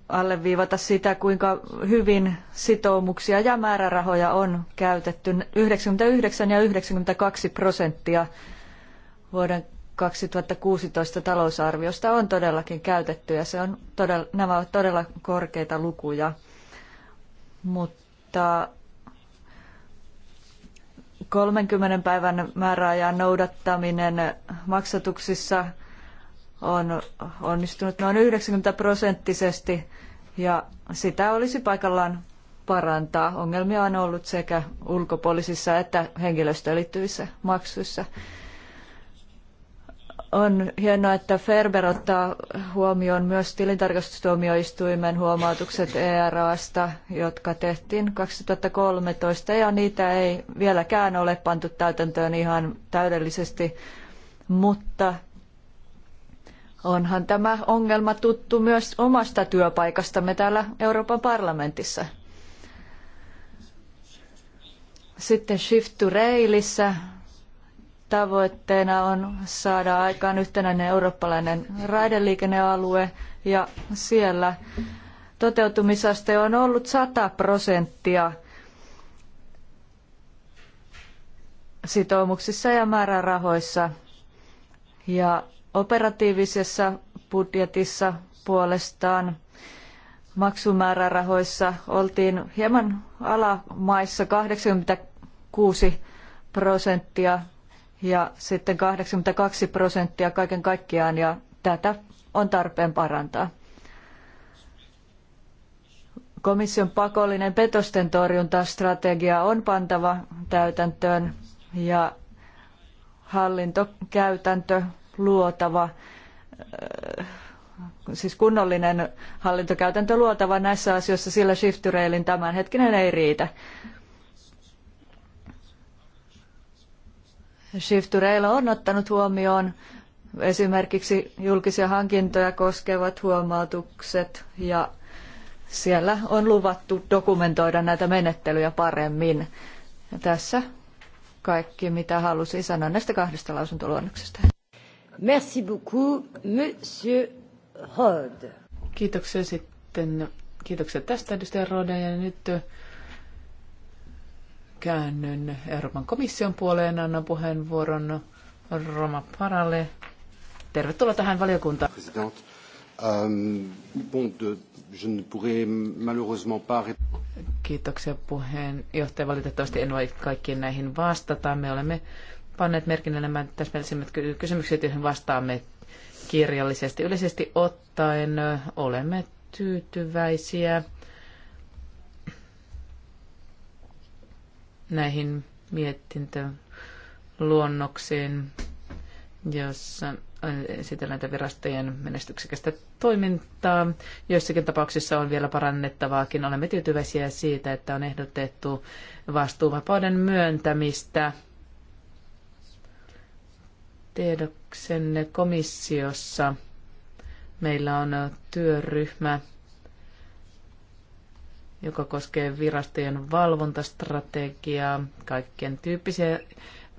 alleviivata sitä, kuinka hyvin sitoumuksia ja määrärahoja on käytetty. 99 ja 92 prosenttia vuoden 2016 talousarviosta on todellakin käytetty ja se on todella, nämä ovat todella korkeita lukuja. Mutta 30 päivän määräajan noudattaminen maksatuksissa on onnistunut noin 90 prosenttisesti ja sitä olisi paikallaan parantaa. Ongelmia on ollut sekä ulkopuolisissa että henkilöstöön liittyvissä maksuissa. On hienoa, että Ferber ottaa huomioon myös tilintarkastustuomioistuimen huomautukset ERAsta, jotka tehtiin 2013, ja niitä ei vieläkään ole pantu täytäntöön ihan täydellisesti, mutta onhan tämä ongelma tuttu myös omasta työpaikastamme täällä Euroopan parlamentissa. Sitten Shift to Railissa tavoitteena on saada aikaan yhtenäinen eurooppalainen raideliikennealue ja siellä toteutumisaste on ollut 100 prosenttia sitoumuksissa ja määrärahoissa. Ja operatiivisessa budjetissa puolestaan maksumäärärahoissa oltiin hieman alamaissa 86 prosenttia ja sitten 82 prosenttia kaiken kaikkiaan ja tätä on tarpeen parantaa. Komission pakollinen petosten torjuntastrategia on pantava täytäntöön ja hallintokäytäntö luotava, äh, siis kunnollinen hallintokäytäntö luotava näissä asioissa, sillä shiftyreilin tämänhetkinen ei riitä. shiftureilla on ottanut huomioon esimerkiksi julkisia hankintoja koskevat huomautukset ja siellä on luvattu dokumentoida näitä menettelyjä paremmin. Ja tässä kaikki, mitä halusin sanoa näistä kahdesta lausuntoluonnoksesta. Merci beaucoup, monsieur Rod. Kiitoksia sitten. Kiitoksia tästä edustaja Rode. ja nyt käännyn Euroopan komission puoleen. Annan puheenvuoron Roma Paralle. Tervetuloa tähän valiokuntaan. Ähm, Kiitoksia puheenjohtaja. Valitettavasti en voi kaikkiin näihin vastata. Me olemme panneet merkinnä nämä täsmällisimmät kysymykset, joihin vastaamme kirjallisesti. Yleisesti ottaen olemme tyytyväisiä näihin mietintöluonnoksiin, jossa esitellään näitä virastojen menestyksekästä toimintaa. Joissakin tapauksissa on vielä parannettavaakin. Olemme tyytyväisiä siitä, että on ehdotettu vastuuvapauden myöntämistä. Tiedoksenne komissiossa meillä on työryhmä, joka koskee virastojen valvontastrategiaa kaikkien tyyppisiä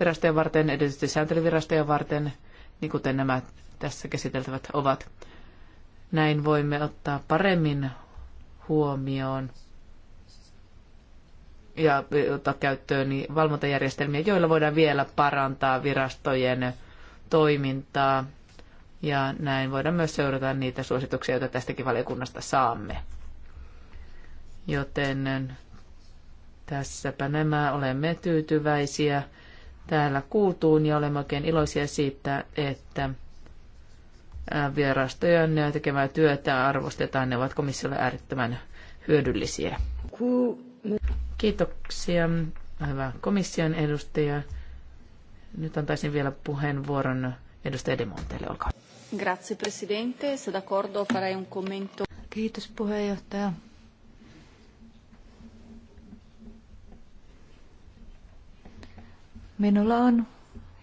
virastoja varten, erityisesti sääntelyvirastoja varten, niin kuten nämä tässä käsiteltävät ovat. Näin voimme ottaa paremmin huomioon ja ottaa käyttöön niin valvontajärjestelmiä, joilla voidaan vielä parantaa virastojen toimintaa. Ja näin voidaan myös seurata niitä suosituksia, joita tästäkin valiokunnasta saamme. Joten tässäpä nämä olemme tyytyväisiä täällä kuultuun ja olemme oikein iloisia siitä, että vierastojen tekemää työtä arvostetaan. Ne ovat komissiolle äärettömän hyödyllisiä. Kiitoksia, hyvä komission edustaja. Nyt antaisin vielä puheenvuoron edustaja Demontelle, olkaa. Grazie Presidente, se d'accordo farei un commento. Kiitos puheenjohtaja. Minulla on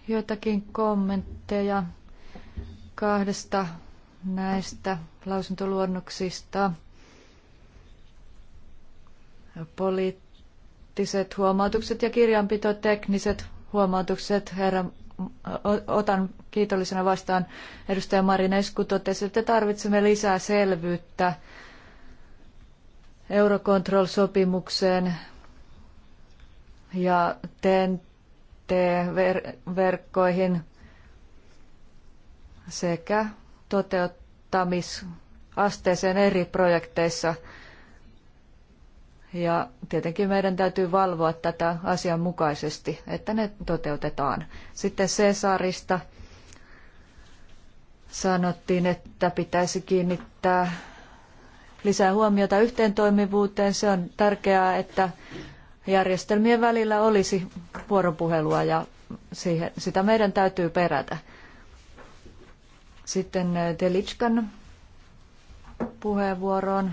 joitakin kommentteja kahdesta näistä lausuntoluonnoksista. Poliittiset huomautukset ja kirjanpitotekniset huomautukset. Herra, otan kiitollisena vastaan. Edustaja Esku totesi, että tarvitsemme lisää selvyyttä Eurocontrol-sopimukseen ja teen ten verkkoihin sekä toteuttamisasteeseen eri projekteissa. Ja tietenkin meidän täytyy valvoa tätä asianmukaisesti, että ne toteutetaan. Sitten Cesarista sanottiin, että pitäisi kiinnittää lisää huomiota yhteentoimivuuteen. Se on tärkeää, että järjestelmien välillä olisi vuoropuhelua ja siihen, sitä meidän täytyy perätä. Sitten eh, Telitskan puheenvuoroon.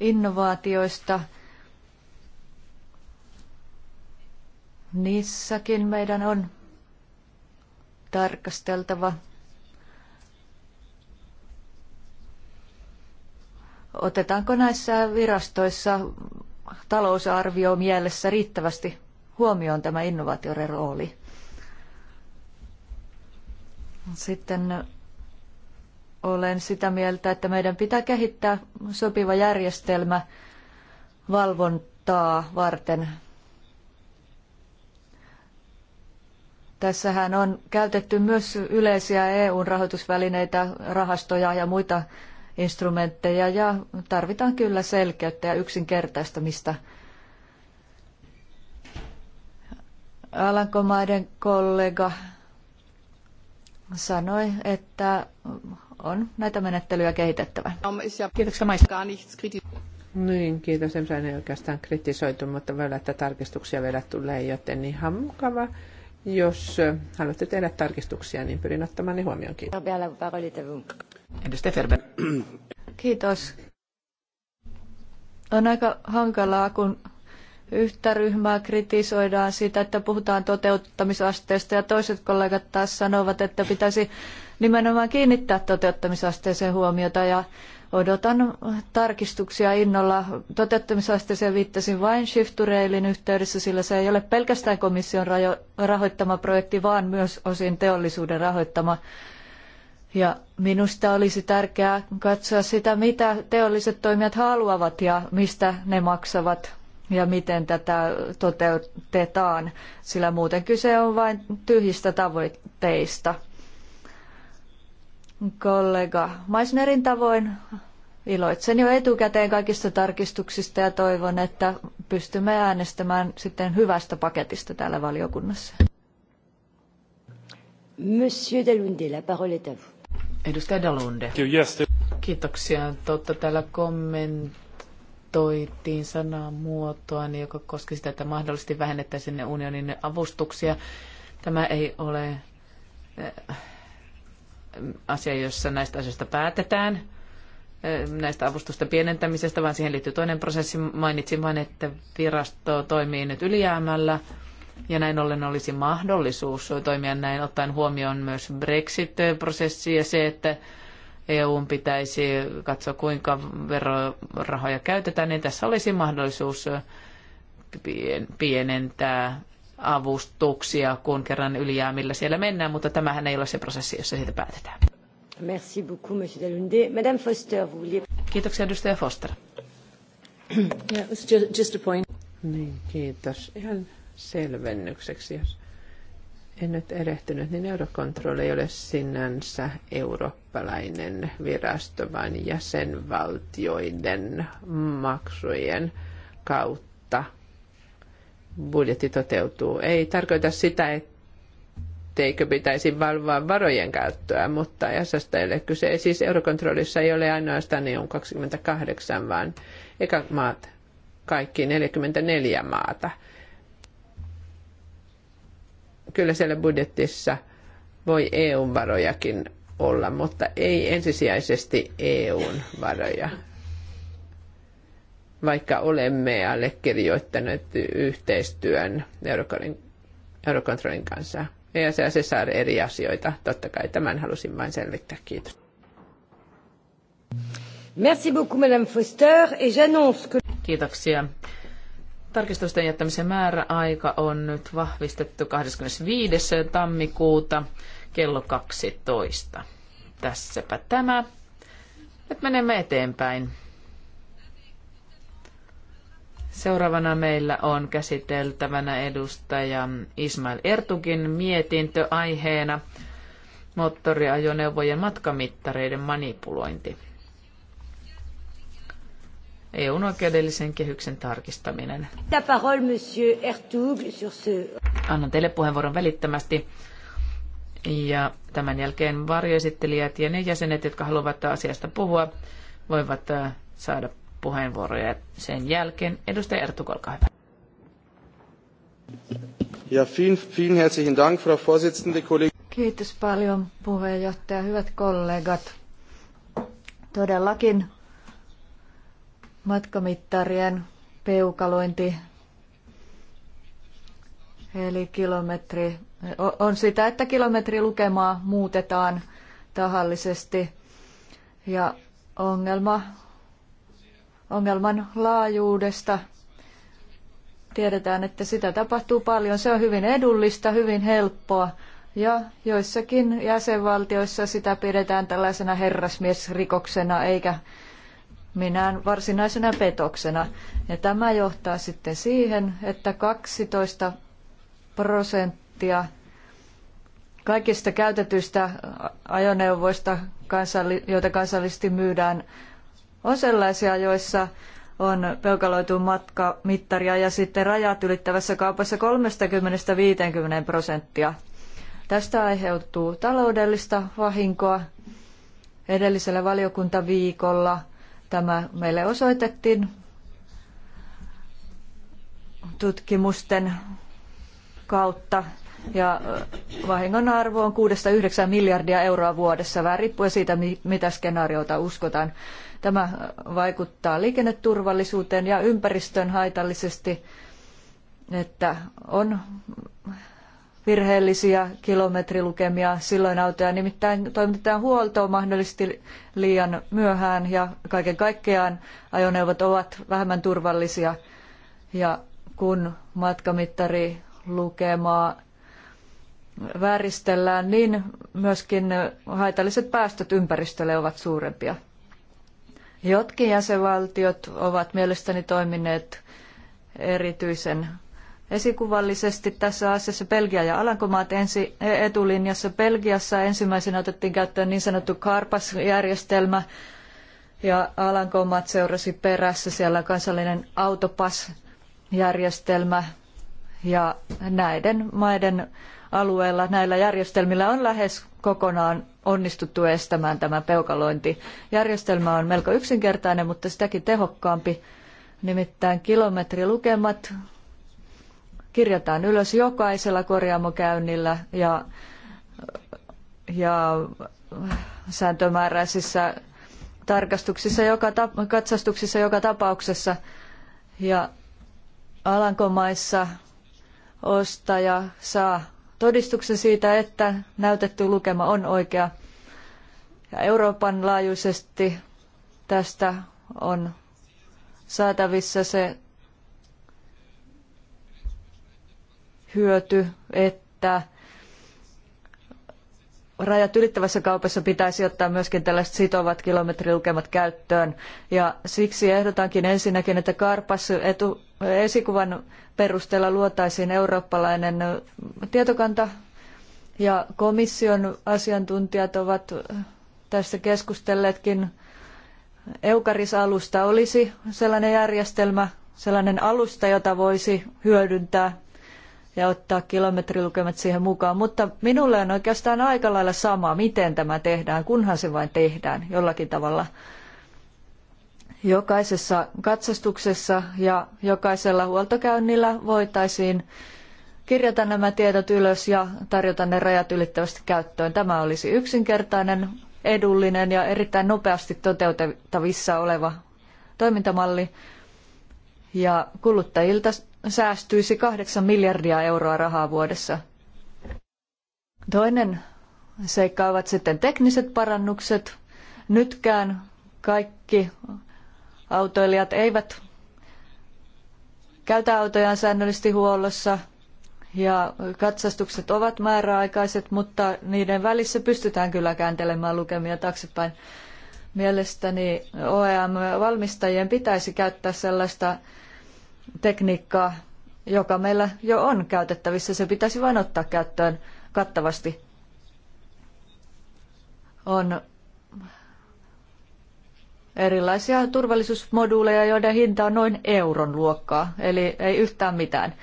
Innovaatioista. Niissäkin meidän on tarkasteltava Otetaanko näissä virastoissa talousarvio mielessä riittävästi huomioon tämä innovaatioiden rooli? Sitten olen sitä mieltä, että meidän pitää kehittää sopiva järjestelmä valvontaa varten. Tässähän on käytetty myös yleisiä EUn rahoitusvälineitä, rahastoja ja muita instrumentteja ja tarvitaan kyllä selkeyttä ja yksinkertaistamista. Alankomaiden kollega sanoi, että on näitä menettelyjä kehitettävä. Kiitoksia maista. Niin, kiitos. En sain oikeastaan kritisoitu, mutta voi olla, että tarkistuksia vielä tulee, joten ihan mukava. Jos haluatte tehdä tarkistuksia, niin pyrin ottamaan ne huomioon. Kiitos. Kiitos. On aika hankalaa, kun yhtä ryhmää kritisoidaan siitä, että puhutaan toteuttamisasteesta ja toiset kollegat taas sanovat, että pitäisi nimenomaan kiinnittää toteuttamisasteeseen huomiota ja odotan tarkistuksia innolla. Toteuttamisasteeseen viittasin vain Shift to Railin yhteydessä, sillä se ei ole pelkästään komission rahoittama projekti, vaan myös osin teollisuuden rahoittama ja minusta olisi tärkeää katsoa sitä, mitä teolliset toimijat haluavat ja mistä ne maksavat ja miten tätä toteutetaan, sillä muuten kyse on vain tyhjistä tavoitteista. Kollega Maisnerin tavoin iloitsen jo etukäteen kaikista tarkistuksista ja toivon, että pystymme äänestämään sitten hyvästä paketista täällä valiokunnassa. Monsieur Dalunde, la parole est à vous. Edustaja Dalunde. Kiitoksia. Totta täällä kommentoitiin sanamuotoa, niin joka koski sitä, että mahdollisesti vähennettäisiin unionin avustuksia. Tämä ei ole äh, asia, jossa näistä asioista päätetään äh, näistä avustusten pienentämisestä, vaan siihen liittyy toinen prosessi. Mainitsin vain, että virasto toimii nyt ylijäämällä ja näin ollen olisi mahdollisuus toimia näin, ottaen huomioon myös Brexit-prosessi ja se, että EUn pitäisi katsoa, kuinka verorahoja käytetään, niin tässä olisi mahdollisuus pienentää avustuksia, kun kerran ylijäämillä siellä mennään, mutta tämähän ei ole se prosessi, jossa siitä päätetään. Merci beaucoup, monsieur Madame Foster, vous vouliez... Kiitoksia, edustaja Foster. yeah, just, just a point. Niin, kiitos. Ihan selvennykseksi, jos en nyt erehtynyt, niin Eurocontrol ei ole sinänsä eurooppalainen virasto, vaan jäsenvaltioiden maksujen kautta budjetti toteutuu. Ei tarkoita sitä, etteikö pitäisi valvoa varojen käyttöä, mutta jäsästä ei ole kyse. Siis Eurocontrolissa ei ole ainoastaan EU 28, vaan eka maat, kaikki 44 maata – kyllä siellä budjetissa voi EU-varojakin olla, mutta ei ensisijaisesti eu varoja. Vaikka olemme allekirjoittaneet yhteistyön Eurocontrolin kanssa. se saa eri asioita. Totta kai tämän halusin vain selvittää. Kiitos. Merci beaucoup, Madame Foster, et j'annonce que... Kiitoksia. Tarkistusten jättämisen määräaika on nyt vahvistettu 25. tammikuuta kello 12. Tässäpä tämä. Nyt menemme eteenpäin. Seuraavana meillä on käsiteltävänä edustaja Ismail Ertukin mietintö aiheena moottoriajoneuvojen matkamittareiden manipulointi. EUn oikeudellisen kehyksen tarkistaminen. Annan teille puheenvuoron välittömästi. Ja tämän jälkeen varjoesittelijät ja ne jäsenet, jotka haluavat asiasta puhua, voivat äh, saada puheenvuoroja sen jälkeen. Edustaja Ertug olkaa hyvä. Ja vielen, vielen herzlichen Dank, Frau Vorsitzende, Kollegen. Kiitos paljon puheenjohtaja, hyvät kollegat. Todellakin matkamittarien peukalointi, eli kilometri, on sitä, että lukemaa muutetaan tahallisesti. Ja ongelma, ongelman laajuudesta tiedetään, että sitä tapahtuu paljon. Se on hyvin edullista, hyvin helppoa. Ja joissakin jäsenvaltioissa sitä pidetään tällaisena herrasmiesrikoksena eikä minään varsinaisena petoksena. Ja tämä johtaa sitten siihen, että 12 prosenttia kaikista käytetyistä ajoneuvoista, joita kansallisesti myydään, on sellaisia, joissa on peukaloitu matkamittaria ja sitten rajat ylittävässä kaupassa 30-50 prosenttia. Tästä aiheutuu taloudellista vahinkoa. Edellisellä valiokuntaviikolla – Tämä meille osoitettiin tutkimusten kautta ja vahingon arvo on 6-9 miljardia euroa vuodessa, vähän riippuen siitä, mitä skenaariota uskotaan. Tämä vaikuttaa liikenneturvallisuuteen ja ympäristön haitallisesti, että on virheellisiä kilometrilukemia. Silloin autoja nimittäin toimitetaan huoltoon mahdollisesti liian myöhään ja kaiken kaikkiaan ajoneuvot ovat vähemmän turvallisia. Ja kun matkamittari lukemaa vääristellään, niin myöskin haitalliset päästöt ympäristölle ovat suurempia. Jotkin jäsenvaltiot ovat mielestäni toimineet erityisen Esikuvallisesti tässä asiassa Belgia ja Alankomaat ensi e, etulinjassa. Belgiassa ensimmäisenä otettiin käyttöön niin sanottu CARPAS-järjestelmä ja Alankomaat seurasi perässä siellä kansallinen autopass-järjestelmä ja näiden maiden alueella näillä järjestelmillä on lähes kokonaan onnistuttu estämään tämä peukalointi. Järjestelmä on melko yksinkertainen, mutta sitäkin tehokkaampi. Nimittäin kilometrilukemat kirjataan ylös jokaisella korjaamokäynnillä ja, ja sääntömääräisissä tarkastuksissa, joka, katsastuksissa joka tapauksessa. Ja Alankomaissa ostaja saa todistuksen siitä, että näytetty lukema on oikea. Ja Euroopan laajuisesti tästä on saatavissa se hyöty, että rajat ylittävässä kaupassa pitäisi ottaa myöskin tällaiset sitovat kilometrilukemat käyttöön. Ja siksi ehdotankin ensinnäkin, että Karpas etu, esikuvan perusteella luotaisiin eurooppalainen tietokanta ja komission asiantuntijat ovat tässä keskustelleetkin. Eukaris-alusta olisi sellainen järjestelmä, sellainen alusta, jota voisi hyödyntää ja ottaa kilometrilukemat siihen mukaan. Mutta minulle on oikeastaan aika lailla sama, miten tämä tehdään, kunhan se vain tehdään jollakin tavalla. Jokaisessa katsastuksessa ja jokaisella huoltokäynnillä voitaisiin kirjata nämä tiedot ylös ja tarjota ne rajat ylittävästi käyttöön. Tämä olisi yksinkertainen, edullinen ja erittäin nopeasti toteutettavissa oleva toimintamalli. Ja kuluttajilta säästyisi kahdeksan miljardia euroa rahaa vuodessa. Toinen seikka ovat sitten tekniset parannukset. Nytkään kaikki autoilijat eivät käytä autojaan säännöllisesti huollossa ja katsastukset ovat määräaikaiset, mutta niiden välissä pystytään kyllä kääntelemään lukemia taaksepäin. Mielestäni OEM-valmistajien pitäisi käyttää sellaista tekniikkaa, joka meillä jo on käytettävissä. Se pitäisi vain ottaa käyttöön kattavasti. On erilaisia turvallisuusmoduuleja, joiden hinta on noin euron luokkaa, eli ei yhtään mitään.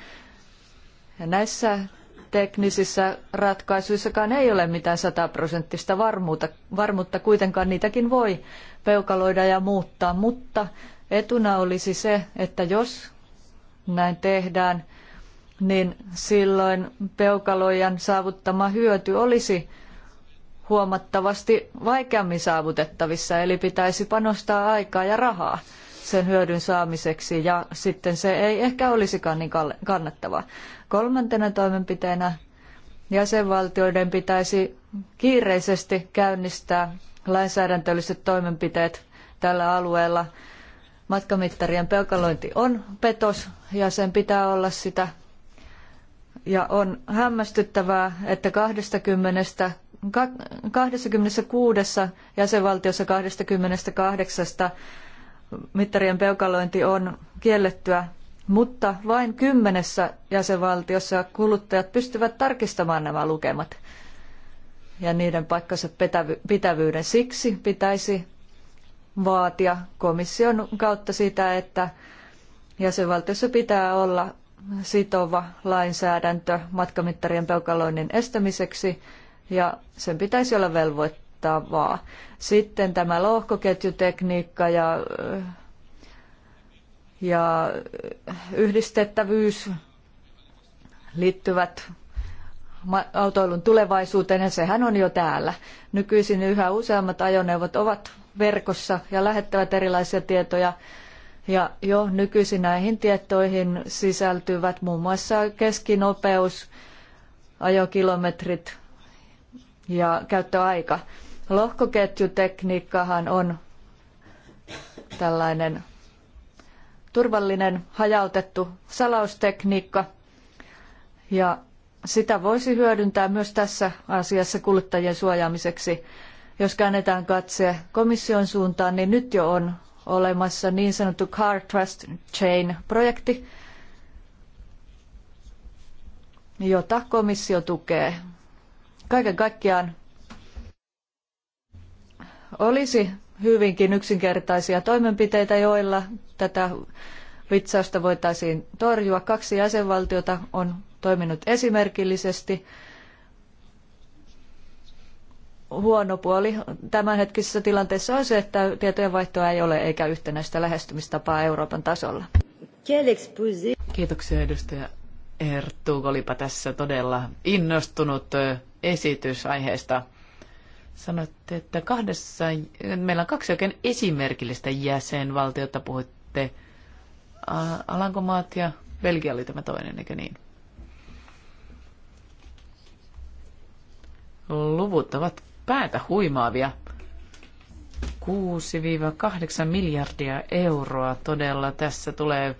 Ja näissä teknisissä ratkaisuissakaan ei ole mitään sataprosenttista varmuutta, varmuutta, kuitenkaan niitäkin voi peukaloida ja muuttaa, mutta etuna olisi se, että jos näin tehdään, niin silloin peukaloijan saavuttama hyöty olisi huomattavasti vaikeammin saavutettavissa, eli pitäisi panostaa aikaa ja rahaa sen hyödyn saamiseksi ja sitten se ei ehkä olisikaan niin kannattavaa. Kolmantena toimenpiteenä jäsenvaltioiden pitäisi kiireisesti käynnistää lainsäädäntölliset toimenpiteet tällä alueella. Matkamittarien peukalointi on petos ja sen pitää olla sitä. Ja on hämmästyttävää, että 20, 26 jäsenvaltiossa 28 mittarien peukalointi on kiellettyä, mutta vain kymmenessä jäsenvaltiossa kuluttajat pystyvät tarkistamaan nämä lukemat ja niiden paikkansa pitävyyden. Siksi pitäisi vaatia komission kautta sitä, että Jäsenvaltiossa pitää olla sitova lainsäädäntö matkamittarien peukaloinnin estämiseksi ja sen pitäisi olla velvoittavaa. Sitten tämä lohkoketjutekniikka ja, ja yhdistettävyys liittyvät autoilun tulevaisuuteen ja sehän on jo täällä. Nykyisin yhä useammat ajoneuvot ovat verkossa ja lähettävät erilaisia tietoja ja jo nykyisin näihin tietoihin sisältyvät muun muassa keskinopeus, ajokilometrit ja käyttöaika. Lohkoketjutekniikkahan on tällainen turvallinen hajautettu salaustekniikka ja sitä voisi hyödyntää myös tässä asiassa kuluttajien suojaamiseksi. Jos käännetään katse komission suuntaan, niin nyt jo on olemassa niin sanottu Car Trust Chain-projekti, jota komissio tukee. Kaiken kaikkiaan olisi hyvinkin yksinkertaisia toimenpiteitä, joilla tätä vitsausta voitaisiin torjua. Kaksi jäsenvaltiota on toiminut esimerkillisesti – huono puoli tämänhetkisessä tilanteessa on se, että tietojenvaihtoa ei ole eikä yhtenäistä lähestymistapaa Euroopan tasolla. Kiitoksia edustaja Erttu. Olipa tässä todella innostunut esitys aiheesta. Sanoitte, että kahdessa, meillä on kaksi oikein esimerkillistä jäsenvaltiota. Puhuitte Alankomaat ja Belgia oli tämä toinen, eikö niin? Luvut ovat päätä huimaavia. 6-8 miljardia euroa todella tässä tulee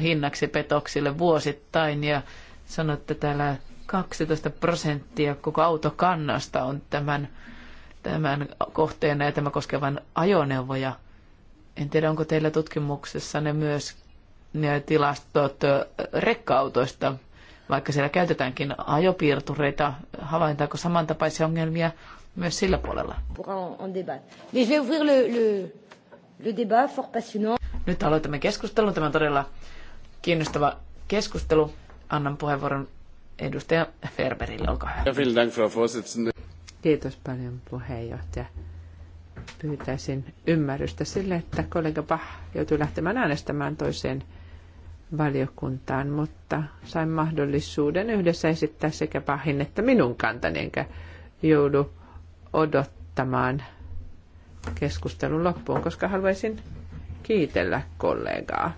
hinnaksi petoksille vuosittain ja sanotte täällä 12 prosenttia koko autokannasta on tämän, tämän kohteena ja tämä koskevan ajoneuvoja. En tiedä, onko teillä tutkimuksessa ne myös ne tilastot rekka-autoista, vaikka siellä käytetäänkin ajopiirtureita, havaintaako samantapaisia ongelmia myös sillä puolella. Nyt aloitamme keskustelun. Tämä on todella kiinnostava keskustelu. Annan puheenvuoron edustaja Ferberille. Olkaa hyvä. Kiitos paljon puheenjohtaja. Pyytäisin ymmärrystä sille, että kollega Bach joutui lähtemään äänestämään toiseen valiokuntaan, mutta sain mahdollisuuden yhdessä esittää sekä Bachin että minun kantani, enkä joudu odottamaan keskustelun loppuun, koska haluaisin kiitellä kollegaa.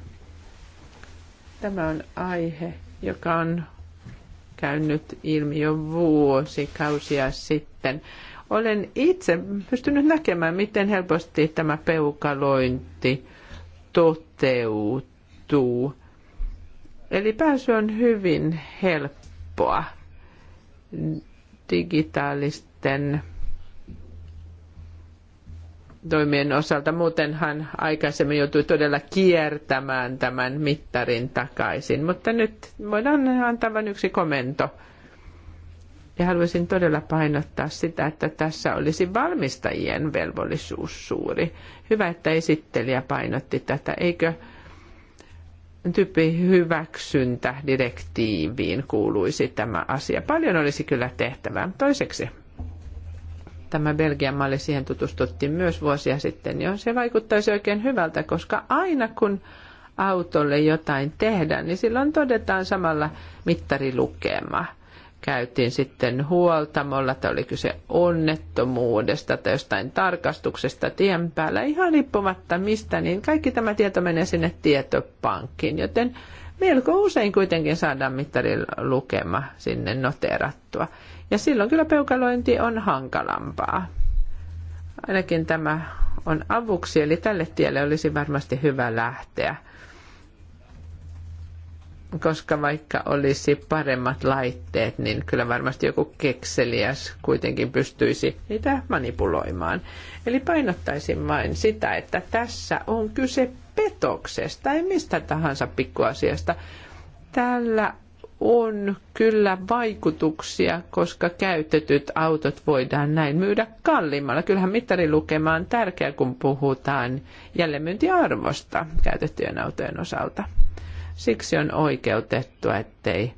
Tämä on aihe, joka on käynyt ilmi jo vuosikausia sitten. Olen itse pystynyt näkemään, miten helposti tämä peukalointi toteutuu. Eli pääsy on hyvin helppoa digitaalisten toimien osalta. Muutenhan aikaisemmin joutui todella kiertämään tämän mittarin takaisin, mutta nyt voidaan antaa vain yksi komento. Ja haluaisin todella painottaa sitä, että tässä olisi valmistajien velvollisuus suuri. Hyvä, että esittelijä painotti tätä. Eikö tyyppi hyväksyntä direktiiviin kuuluisi tämä asia. Paljon olisi kyllä tehtävää. Toiseksi tämä Belgian malli, siihen tutustuttiin myös vuosia sitten, niin se vaikuttaisi oikein hyvältä, koska aina kun autolle jotain tehdään, niin silloin todetaan samalla mittarilukema. Käytiin sitten huoltamolla, että oli kyse onnettomuudesta tai jostain tarkastuksesta tien päällä, ihan riippumatta mistä, niin kaikki tämä tieto menee sinne tietopankkiin, joten melko usein kuitenkin saadaan mittarilukema sinne noterattua. Ja silloin kyllä peukalointi on hankalampaa. Ainakin tämä on avuksi, eli tälle tielle olisi varmasti hyvä lähteä. Koska vaikka olisi paremmat laitteet, niin kyllä varmasti joku kekseliäs kuitenkin pystyisi niitä manipuloimaan. Eli painottaisin vain sitä, että tässä on kyse petoksesta, ei mistä tahansa pikkuasiasta. Tällä on kyllä vaikutuksia, koska käytetyt autot voidaan näin myydä kalliimmalla. Kyllähän mittarilukema on tärkeä, kun puhutaan jälleenmyyntiarvosta käytettyjen autojen osalta. Siksi on oikeutettua, ettei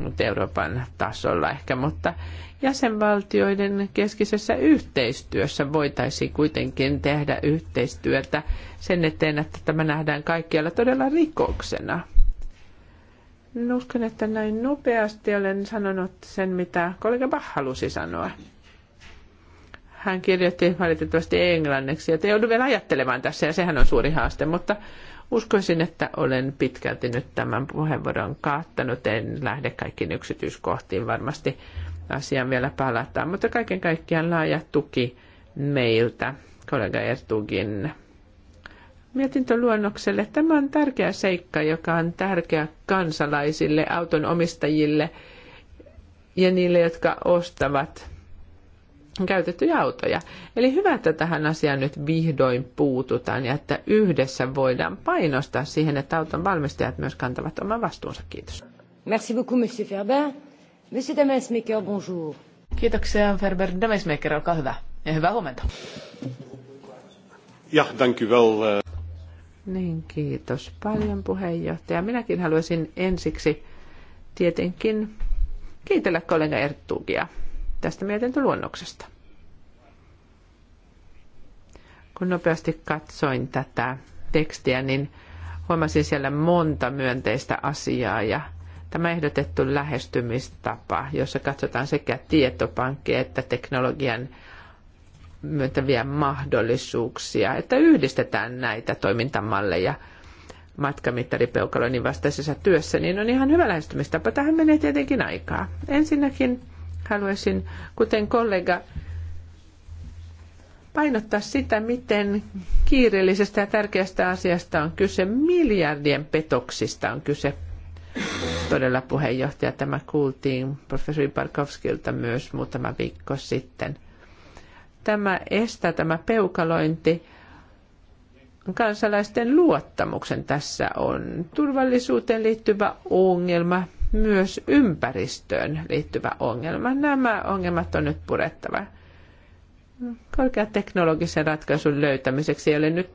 mutta Euroopan tasolla ehkä, mutta jäsenvaltioiden keskisessä yhteistyössä voitaisiin kuitenkin tehdä yhteistyötä sen eteen, että tämä nähdään kaikkialla todella rikoksena. En uskon, että näin nopeasti olen sanonut sen, mitä kollega Bach halusi sanoa. Hän kirjoitti valitettavasti englanniksi, että joudun vielä ajattelemaan tässä ja sehän on suuri haaste, mutta uskoisin, että olen pitkälti nyt tämän puheenvuoron kaattanut. En lähde kaikkiin yksityiskohtiin varmasti asiaan vielä palataan, mutta kaiken kaikkiaan laaja tuki meiltä kollega Ertugin mietintöluonnokselle. Tämä on tärkeä seikka, joka on tärkeä kansalaisille, auton omistajille ja niille, jotka ostavat käytettyjä autoja. Eli hyvä, että tähän asiaan nyt vihdoin puututaan ja että yhdessä voidaan painostaa siihen, että auton valmistajat myös kantavat oman vastuunsa. Kiitos. Merci beaucoup, Monsieur Ferber. Monsieur Demesmaker, bonjour. Kiitoksia, Ferber. Demesmaker, olkaa hyvä. Ja hyvää huomenta. Ja, dank u wel. Uh, niin, kiitos paljon puheenjohtaja. Minäkin haluaisin ensiksi tietenkin kiitellä kollega Erttuukia tästä mietintöluonnoksesta. Kun nopeasti katsoin tätä tekstiä, niin huomasin siellä monta myönteistä asiaa ja tämä ehdotettu lähestymistapa, jossa katsotaan sekä tietopankkia että teknologian myöntäviä mahdollisuuksia, että yhdistetään näitä toimintamalleja matkamittaripeukaloinnin vastaisessa työssä, niin on ihan hyvä lähestymistapa. Tähän menee tietenkin aikaa. Ensinnäkin haluaisin, kuten kollega, painottaa sitä, miten kiireellisestä ja tärkeästä asiasta on kyse. Miljardien petoksista on kyse. Todella puheenjohtaja, tämä kuultiin professori Parkovskilta myös muutama viikko sitten – tämä estää, tämä peukalointi, kansalaisten luottamuksen tässä on. Turvallisuuteen liittyvä ongelma, myös ympäristöön liittyvä ongelma. Nämä ongelmat on nyt purettava. Korkeateknologisen ratkaisun löytämiseksi ei ole nyt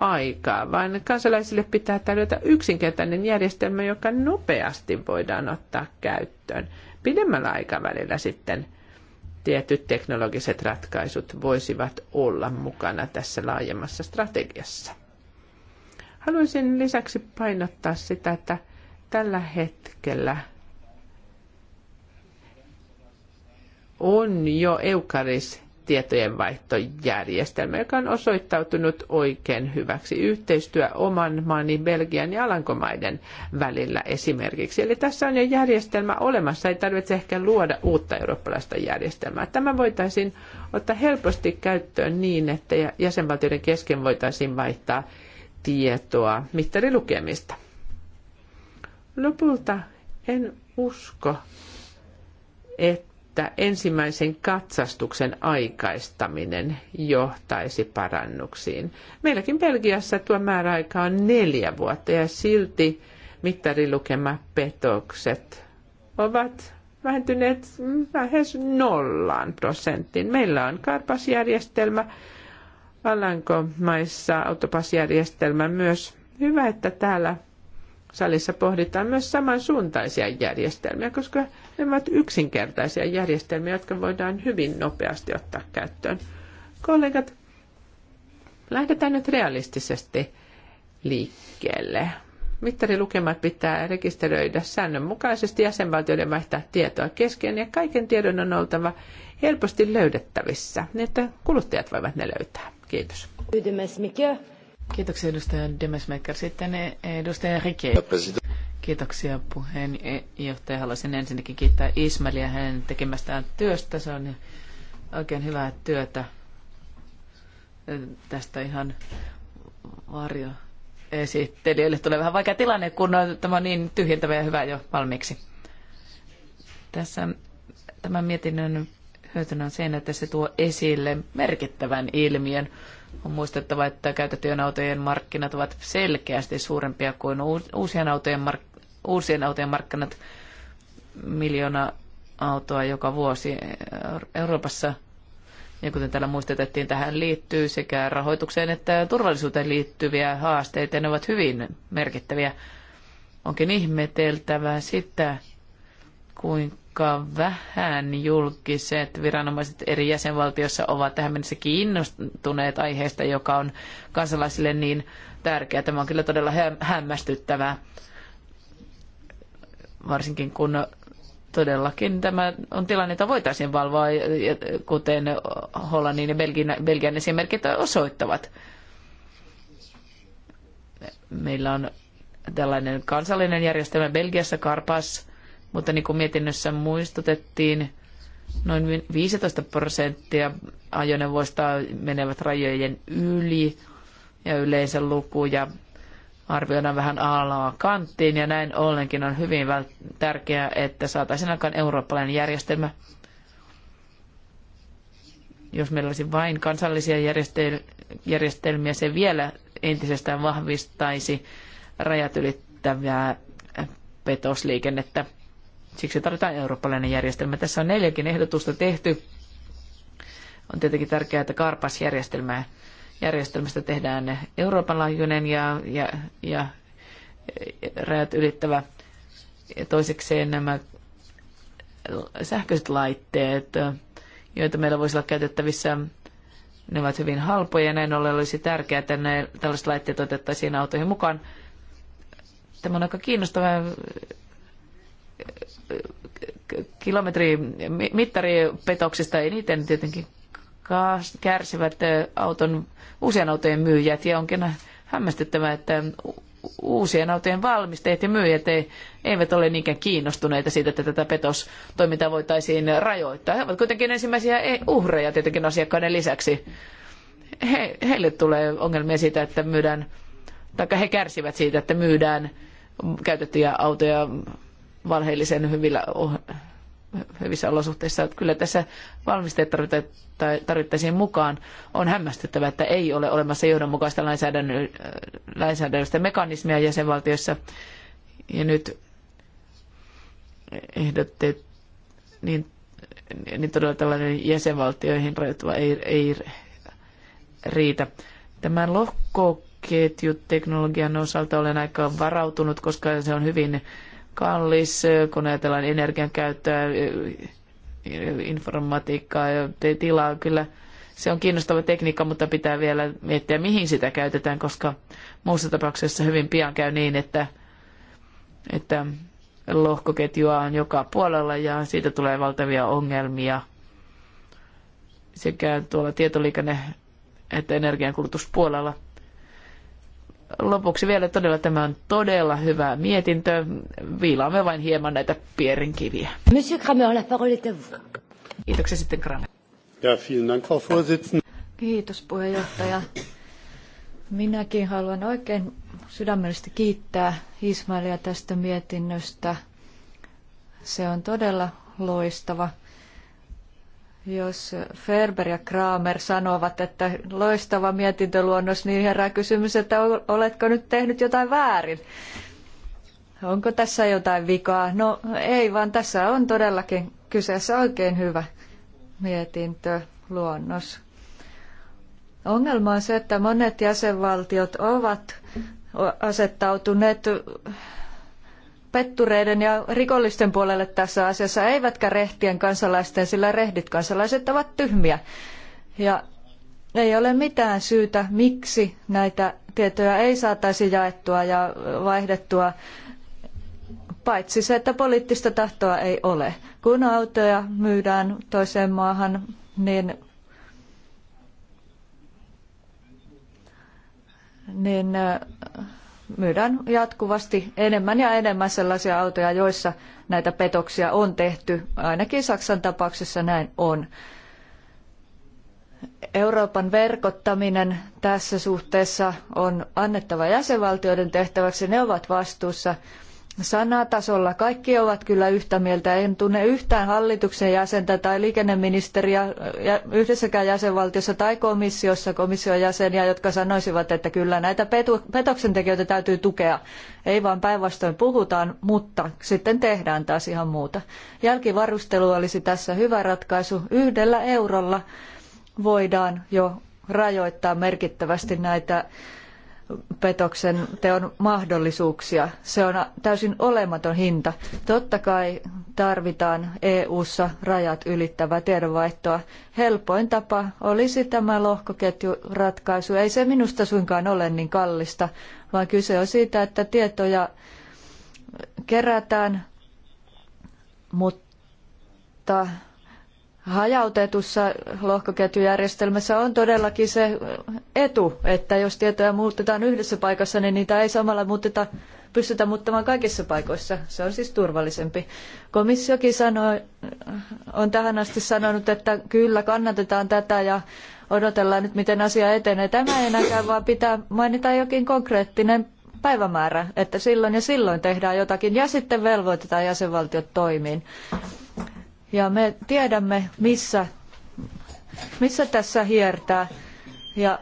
aikaa, vaan kansalaisille pitää tarjota yksinkertainen järjestelmä, joka nopeasti voidaan ottaa käyttöön pidemmällä aikavälillä sitten tietyt teknologiset ratkaisut voisivat olla mukana tässä laajemmassa strategiassa. Haluaisin lisäksi painottaa sitä, että tällä hetkellä on jo Eukaris tietojenvaihtojärjestelmä, joka on osoittautunut oikein hyväksi. Yhteistyö oman maani Belgian ja Alankomaiden välillä esimerkiksi. Eli tässä on jo järjestelmä olemassa, ei tarvitse ehkä luoda uutta eurooppalaista järjestelmää. Tämä voitaisiin ottaa helposti käyttöön niin, että jäsenvaltioiden kesken voitaisiin vaihtaa tietoa mittarilukemista. Lopulta en usko, että että ensimmäisen katsastuksen aikaistaminen johtaisi parannuksiin. Meilläkin Belgiassa tuo määräaika on neljä vuotta ja silti mittarilukema petokset ovat vähentyneet lähes nollaan prosenttiin. Meillä on karpasjärjestelmä, Alankomaissa autopasjärjestelmä myös. Hyvä, että täällä salissa pohditaan myös samansuuntaisia järjestelmiä, koska ne ovat yksinkertaisia järjestelmiä, jotka voidaan hyvin nopeasti ottaa käyttöön. Kollegat, lähdetään nyt realistisesti liikkeelle. Mittarilukemat pitää rekisteröidä säännönmukaisesti, jäsenvaltioiden vaihtaa tietoa kesken ja kaiken tiedon on oltava helposti löydettävissä, niin että kuluttajat voivat ne löytää. Kiitos. Kiitoksia edustaja Demesmaker. Sitten edustaja Rike. Kiitoksia puheenjohtaja. Haluaisin ensinnäkin kiittää Ismailia hänen tekemästään työstä. Se on oikein hyvää työtä tästä ihan varjo esittelijöille. Tulee vähän vaikea tilanne, kun on, tämä on niin tyhjentävä ja hyvä jo valmiiksi. Tässä tämän mietinnön hyötynä on se, että se tuo esille merkittävän ilmiön, on muistettava, että käytettyjen autojen markkinat ovat selkeästi suurempia kuin uusien autojen, mark- uusien autojen markkinat. Miljoona autoa joka vuosi eh, Euroopassa. Ja kuten täällä muistetettiin, tähän liittyy sekä rahoitukseen että turvallisuuteen liittyviä haasteita. Ja ne ovat hyvin merkittäviä. Onkin ihmeteltävää sitä, kuinka aika vähän julkiset viranomaiset eri jäsenvaltioissa ovat tähän mennessä kiinnostuneet aiheesta, joka on kansalaisille niin tärkeä. Tämä on kyllä todella hämmästyttävää, varsinkin kun todellakin tämä on tilanne, jota voitaisiin valvoa, kuten Hollannin ja Belgian, Belgian esimerkit osoittavat. Meillä on tällainen kansallinen järjestelmä Belgiassa, Karpas, mutta niin kuin mietinnössä muistutettiin, noin 15 prosenttia ajoneuvoista menevät rajojen yli ja yleensä lukuja arvioidaan vähän alaa kanttiin ja näin ollenkin on hyvin tärkeää, että saataisiin aikaan eurooppalainen järjestelmä. Jos meillä olisi vain kansallisia järjestelmiä, se vielä entisestään vahvistaisi rajat ylittävää petosliikennettä. Siksi tarvitaan eurooppalainen järjestelmä. Tässä on neljäkin ehdotusta tehty. On tietenkin tärkeää, että Karpas-järjestelmää järjestelmästä tehdään Euroopan laajuinen ja, ja, ja rajat ylittävä. Ja toisekseen nämä sähköiset laitteet, joita meillä voisi olla käytettävissä, ne ovat hyvin halpoja ja näin ollen olisi tärkeää, että ne, tällaiset laitteet otettaisiin autoihin mukaan. Tämä on aika kiinnostava kilometrimittaripetoksista eniten tietenkin kärsivät auton, uusien autojen myyjät ja onkin hämmästyttävää, että uusien autojen valmistajat ja myyjät eivät ole niinkään kiinnostuneita siitä, että tätä petostoimintaa voitaisiin rajoittaa. He ovat kuitenkin ensimmäisiä e- uhreja tietenkin asiakkaiden lisäksi. He, heille tulee ongelmia siitä, että myydään, tai he kärsivät siitä, että myydään käytettyjä autoja valheellisen hyvillä hyvissä olosuhteissa. Että kyllä tässä valmisteet tarvittaisiin mukaan. On hämmästyttävää, että ei ole olemassa johdonmukaista äh, lainsäädännöllistä mekanismia jäsenvaltioissa. Ja nyt ehdotte, niin, niin todella tällainen jäsenvaltioihin rajoittuva ei, ei riitä. Tämän lohkoketjuteknologian osalta olen aika varautunut, koska se on hyvin kallis, kun ajatellaan energian käyttöä, informatiikkaa ja tilaa. Kyllä se on kiinnostava tekniikka, mutta pitää vielä miettiä, mihin sitä käytetään, koska muussa tapauksessa hyvin pian käy niin, että, että lohkoketjua on joka puolella ja siitä tulee valtavia ongelmia sekä tuolla tietoliikenne- että energiankulutuspuolella lopuksi vielä todella tämä on todella hyvä mietintö. Viilaamme vain hieman näitä pierinkiviä. Monsieur Kramer, la parole est à vous. Kiitoksia sitten Kramer. Ja, vielen Dank, Frau Vorsitzende. Kiitos puheenjohtaja. Minäkin haluan oikein sydämellisesti kiittää Ismailia tästä mietinnöstä. Se on todella loistava. Jos Ferber ja Kramer sanovat, että loistava mietintöluonnos, niin herää kysymys, että oletko nyt tehnyt jotain väärin? Onko tässä jotain vikaa? No ei, vaan tässä on todellakin kyseessä oikein hyvä mietintöluonnos. Ongelma on se, että monet jäsenvaltiot ovat asettautuneet pettureiden ja rikollisten puolelle tässä asiassa, eivätkä rehtien kansalaisten, sillä rehdit kansalaiset ovat tyhmiä. Ja ei ole mitään syytä, miksi näitä tietoja ei saataisi jaettua ja vaihdettua, paitsi se, että poliittista tahtoa ei ole. Kun autoja myydään toiseen maahan, niin, niin myydään jatkuvasti enemmän ja enemmän sellaisia autoja, joissa näitä petoksia on tehty. Ainakin Saksan tapauksessa näin on. Euroopan verkottaminen tässä suhteessa on annettava jäsenvaltioiden tehtäväksi. Ne ovat vastuussa sanatasolla kaikki ovat kyllä yhtä mieltä. En tunne yhtään hallituksen jäsentä tai liikenneministeriä yhdessäkään jäsenvaltiossa tai komissiossa komission jäseniä, jotka sanoisivat, että kyllä näitä petoksentekijöitä täytyy tukea. Ei vaan päinvastoin puhutaan, mutta sitten tehdään taas ihan muuta. Jälkivarustelu olisi tässä hyvä ratkaisu. Yhdellä eurolla voidaan jo rajoittaa merkittävästi näitä petoksen teon mahdollisuuksia. Se on täysin olematon hinta. Totta kai tarvitaan EU-ssa rajat ylittävää tiedonvaihtoa. Helpoin tapa olisi tämä lohkoketjuratkaisu. Ei se minusta suinkaan ole niin kallista, vaan kyse on siitä, että tietoja kerätään, mutta hajautetussa lohkoketjujärjestelmässä on todellakin se etu, että jos tietoja muutetaan yhdessä paikassa, niin niitä ei samalla muuteta, pystytä muuttamaan kaikissa paikoissa. Se on siis turvallisempi. Komissiokin sanoi, on tähän asti sanonut, että kyllä kannatetaan tätä ja odotellaan nyt, miten asia etenee. Tämä ei enää käy, vaan pitää mainita jokin konkreettinen päivämäärä, että silloin ja silloin tehdään jotakin ja sitten velvoitetaan jäsenvaltiot toimiin. Ja me tiedämme, missä, missä tässä hiertää. Ja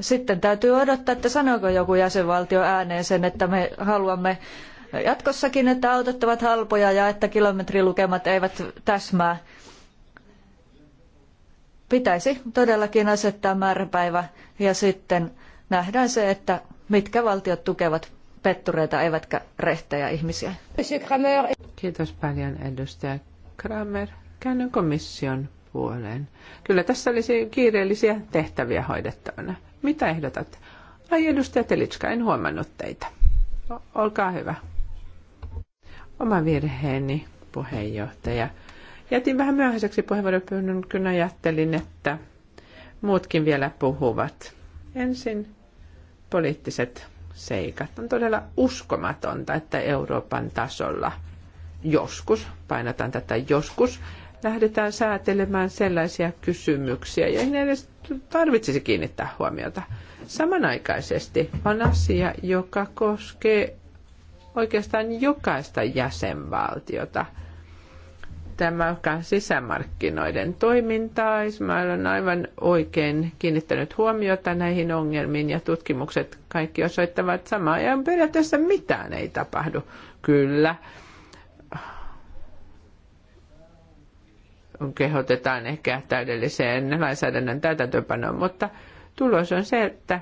sitten täytyy odottaa, että sanooko joku jäsenvaltio ääneen sen, että me haluamme jatkossakin, että autot ovat halpoja ja että kilometrilukemat eivät täsmää. Pitäisi todellakin asettaa määräpäivä ja sitten nähdään se, että mitkä valtiot tukevat pettureita eivätkä rehtejä ihmisiä. Kiitos paljon edustaja Kramer. Käännyn komission puoleen. Kyllä tässä olisi kiireellisiä tehtäviä hoidettavana. Mitä ehdotat? Ai edustaja Telitska, en huomannut teitä. olkaa hyvä. Oma virheeni, puheenjohtaja. Jätin vähän myöhäiseksi puheenvuoropyynnön, kun ajattelin, että muutkin vielä puhuvat. Ensin poliittiset seikat. On todella uskomatonta, että Euroopan tasolla joskus, painotan tätä joskus, lähdetään säätelemään sellaisia kysymyksiä, joihin edes tarvitsisi kiinnittää huomiota. Samanaikaisesti on asia, joka koskee oikeastaan jokaista jäsenvaltiota – Tämä sisämarkkinoiden toimintaa. Ismail on aivan oikein kiinnittänyt huomiota näihin ongelmiin ja tutkimukset kaikki osoittavat samaa. Ja periaatteessa mitään ei tapahdu. Kyllä. Kehotetaan ehkä täydelliseen lainsäädännön täytäntöpanoon, mutta tulos on se, että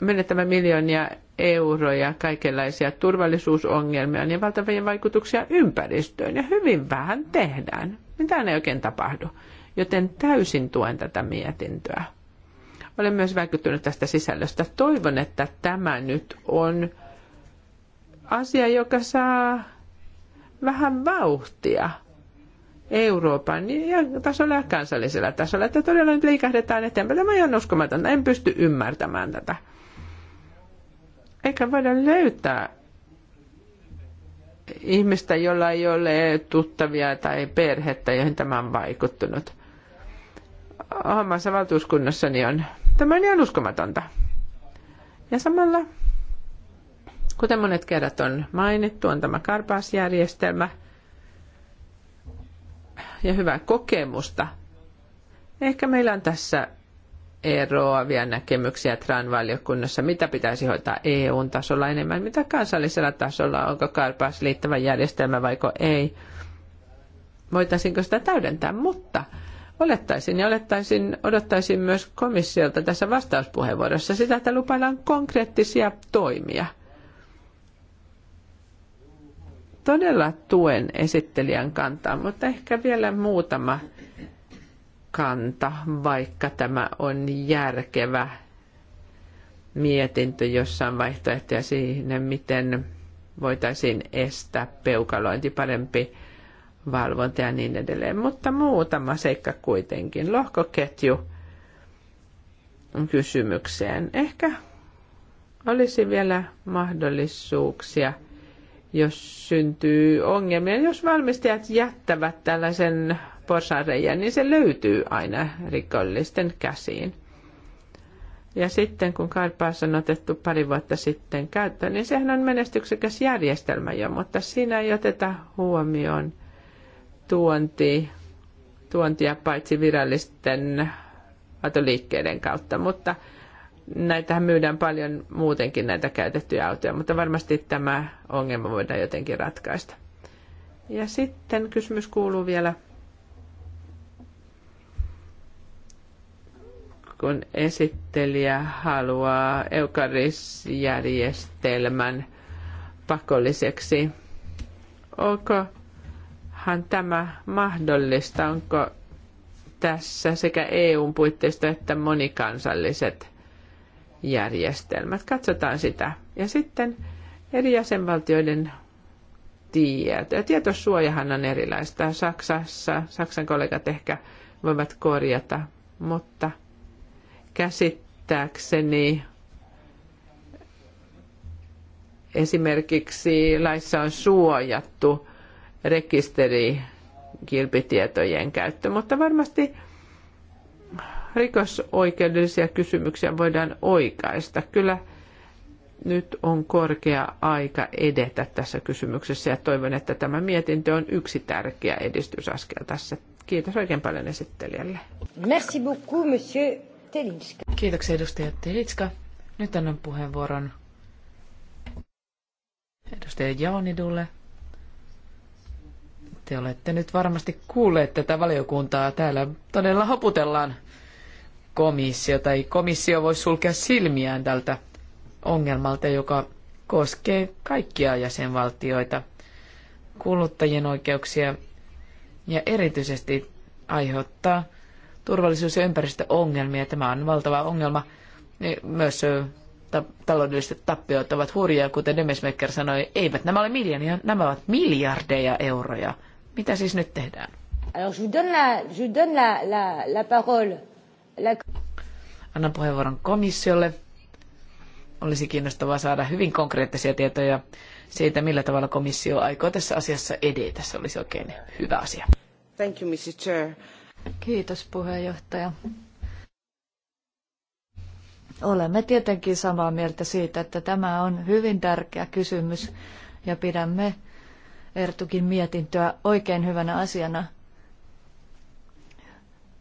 menettämä miljoonia euroja, kaikenlaisia turvallisuusongelmia, niin valtavia vaikutuksia ympäristöön ja hyvin vähän tehdään. Mitään ei oikein tapahdu. Joten täysin tuen tätä mietintöä. Olen myös vaikuttunut tästä sisällöstä. Toivon, että tämä nyt on asia, joka saa vähän vauhtia Euroopan tasolla ja kansallisella tasolla, että todella nyt liikahdetaan eteenpäin. Tämä on uskomaton. En pysty ymmärtämään tätä eikä voida löytää ihmistä, jolla ei ole tuttavia tai perhettä, johon tämä on vaikuttunut. Omassa valtuuskunnassani on. Tämä on ihan uskomatonta. Ja samalla, kuten monet kerrat on mainittu, on tämä karpaasjärjestelmä ja hyvää kokemusta. Ehkä meillä on tässä eroavia näkemyksiä TRAN-valiokunnassa, mitä pitäisi hoitaa EU-tasolla enemmän, mitä kansallisella tasolla, onko karpaas liittävä järjestelmä vaiko ei. Voitaisinko sitä täydentää, mutta olettaisin ja olettaisin, odottaisin myös komissiolta tässä vastauspuheenvuorossa sitä, että lupaillaan konkreettisia toimia. Todella tuen esittelijän kantaa, mutta ehkä vielä muutama kanta, vaikka tämä on järkevä mietintö, jossa on vaihtoehtoja siihen, miten voitaisiin estää peukalointi, parempi valvonta ja niin edelleen. Mutta muutama seikka kuitenkin. Lohkoketju kysymykseen. Ehkä olisi vielä mahdollisuuksia, jos syntyy ongelmia. Jos valmistajat jättävät tällaisen porsanreiä, niin se löytyy aina rikollisten käsiin. Ja sitten kun Karpaas on otettu pari vuotta sitten käyttöön, niin sehän on menestyksekäs järjestelmä jo, mutta siinä ei oteta huomioon tuonti, tuontia paitsi virallisten autoliikkeiden kautta, mutta näitähän myydään paljon muutenkin näitä käytettyjä autoja, mutta varmasti tämä ongelma voidaan jotenkin ratkaista. Ja sitten kysymys kuuluu vielä, kun esittelijä haluaa eukarisjärjestelmän pakolliseksi. Onkohan tämä mahdollista? Onko tässä sekä EUn puitteista että monikansalliset järjestelmät? Katsotaan sitä. Ja sitten eri jäsenvaltioiden tieto. Ja tietosuojahan on erilaista. Saksassa, Saksan kollegat ehkä voivat korjata, mutta – käsittääkseni esimerkiksi laissa on suojattu rekisterikilpitietojen käyttö, mutta varmasti rikosoikeudellisia kysymyksiä voidaan oikaista. Kyllä nyt on korkea aika edetä tässä kysymyksessä ja toivon, että tämä mietintö on yksi tärkeä edistysaskel tässä. Kiitos oikein paljon esittelijälle. Merci beaucoup, monsieur Telinska. Kiitoksia edustaja Telinska. Nyt annan puheenvuoron edustaja Jaonidulle. Te olette nyt varmasti kuulleet tätä valiokuntaa. Täällä todella hoputellaan komissio, tai komissio voi sulkea silmiään tältä ongelmalta, joka koskee kaikkia jäsenvaltioita, kuluttajien oikeuksia ja erityisesti aiheuttaa turvallisuus- ja ympäristöongelmia. Tämä on valtava ongelma. Niin myös taloudelliset tappiot ovat hurjia, kuten Demesmaker sanoi. Eivät nämä ole miljoonia, nämä ovat miljardeja euroja. Mitä siis nyt tehdään? Alors, je donne la, je donne la, la, la parole. La... Annan puheenvuoron komissiolle. Olisi kiinnostavaa saada hyvin konkreettisia tietoja siitä, millä tavalla komissio aikoo tässä asiassa edetä. Se olisi oikein hyvä asia. Thank you, Mr. Chair. Kiitos puheenjohtaja. Olemme tietenkin samaa mieltä siitä, että tämä on hyvin tärkeä kysymys ja pidämme Ertukin mietintöä oikein hyvänä asiana.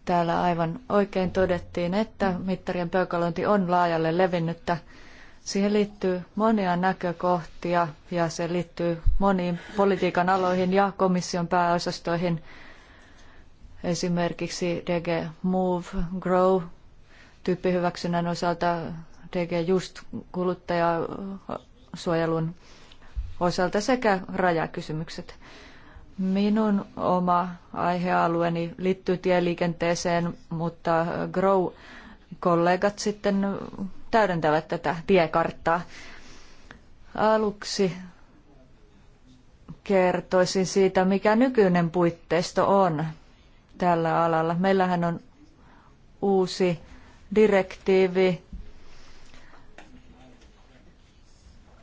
Täällä aivan oikein todettiin, että mittarien pöykalointi on laajalle levinnyttä. Siihen liittyy monia näkökohtia ja se liittyy moniin politiikan aloihin ja komission pääosastoihin – Esimerkiksi DG Move, Grow tyyppihyväksynnän osalta DG Just kuluttajasuojelun osalta sekä rajakysymykset. Minun oma aihealueeni liittyy tieliikenteeseen, mutta Grow-kollegat sitten täydentävät tätä tiekarttaa. Aluksi kertoisin siitä, mikä nykyinen puitteisto on tällä alalla. Meillähän on uusi direktiivi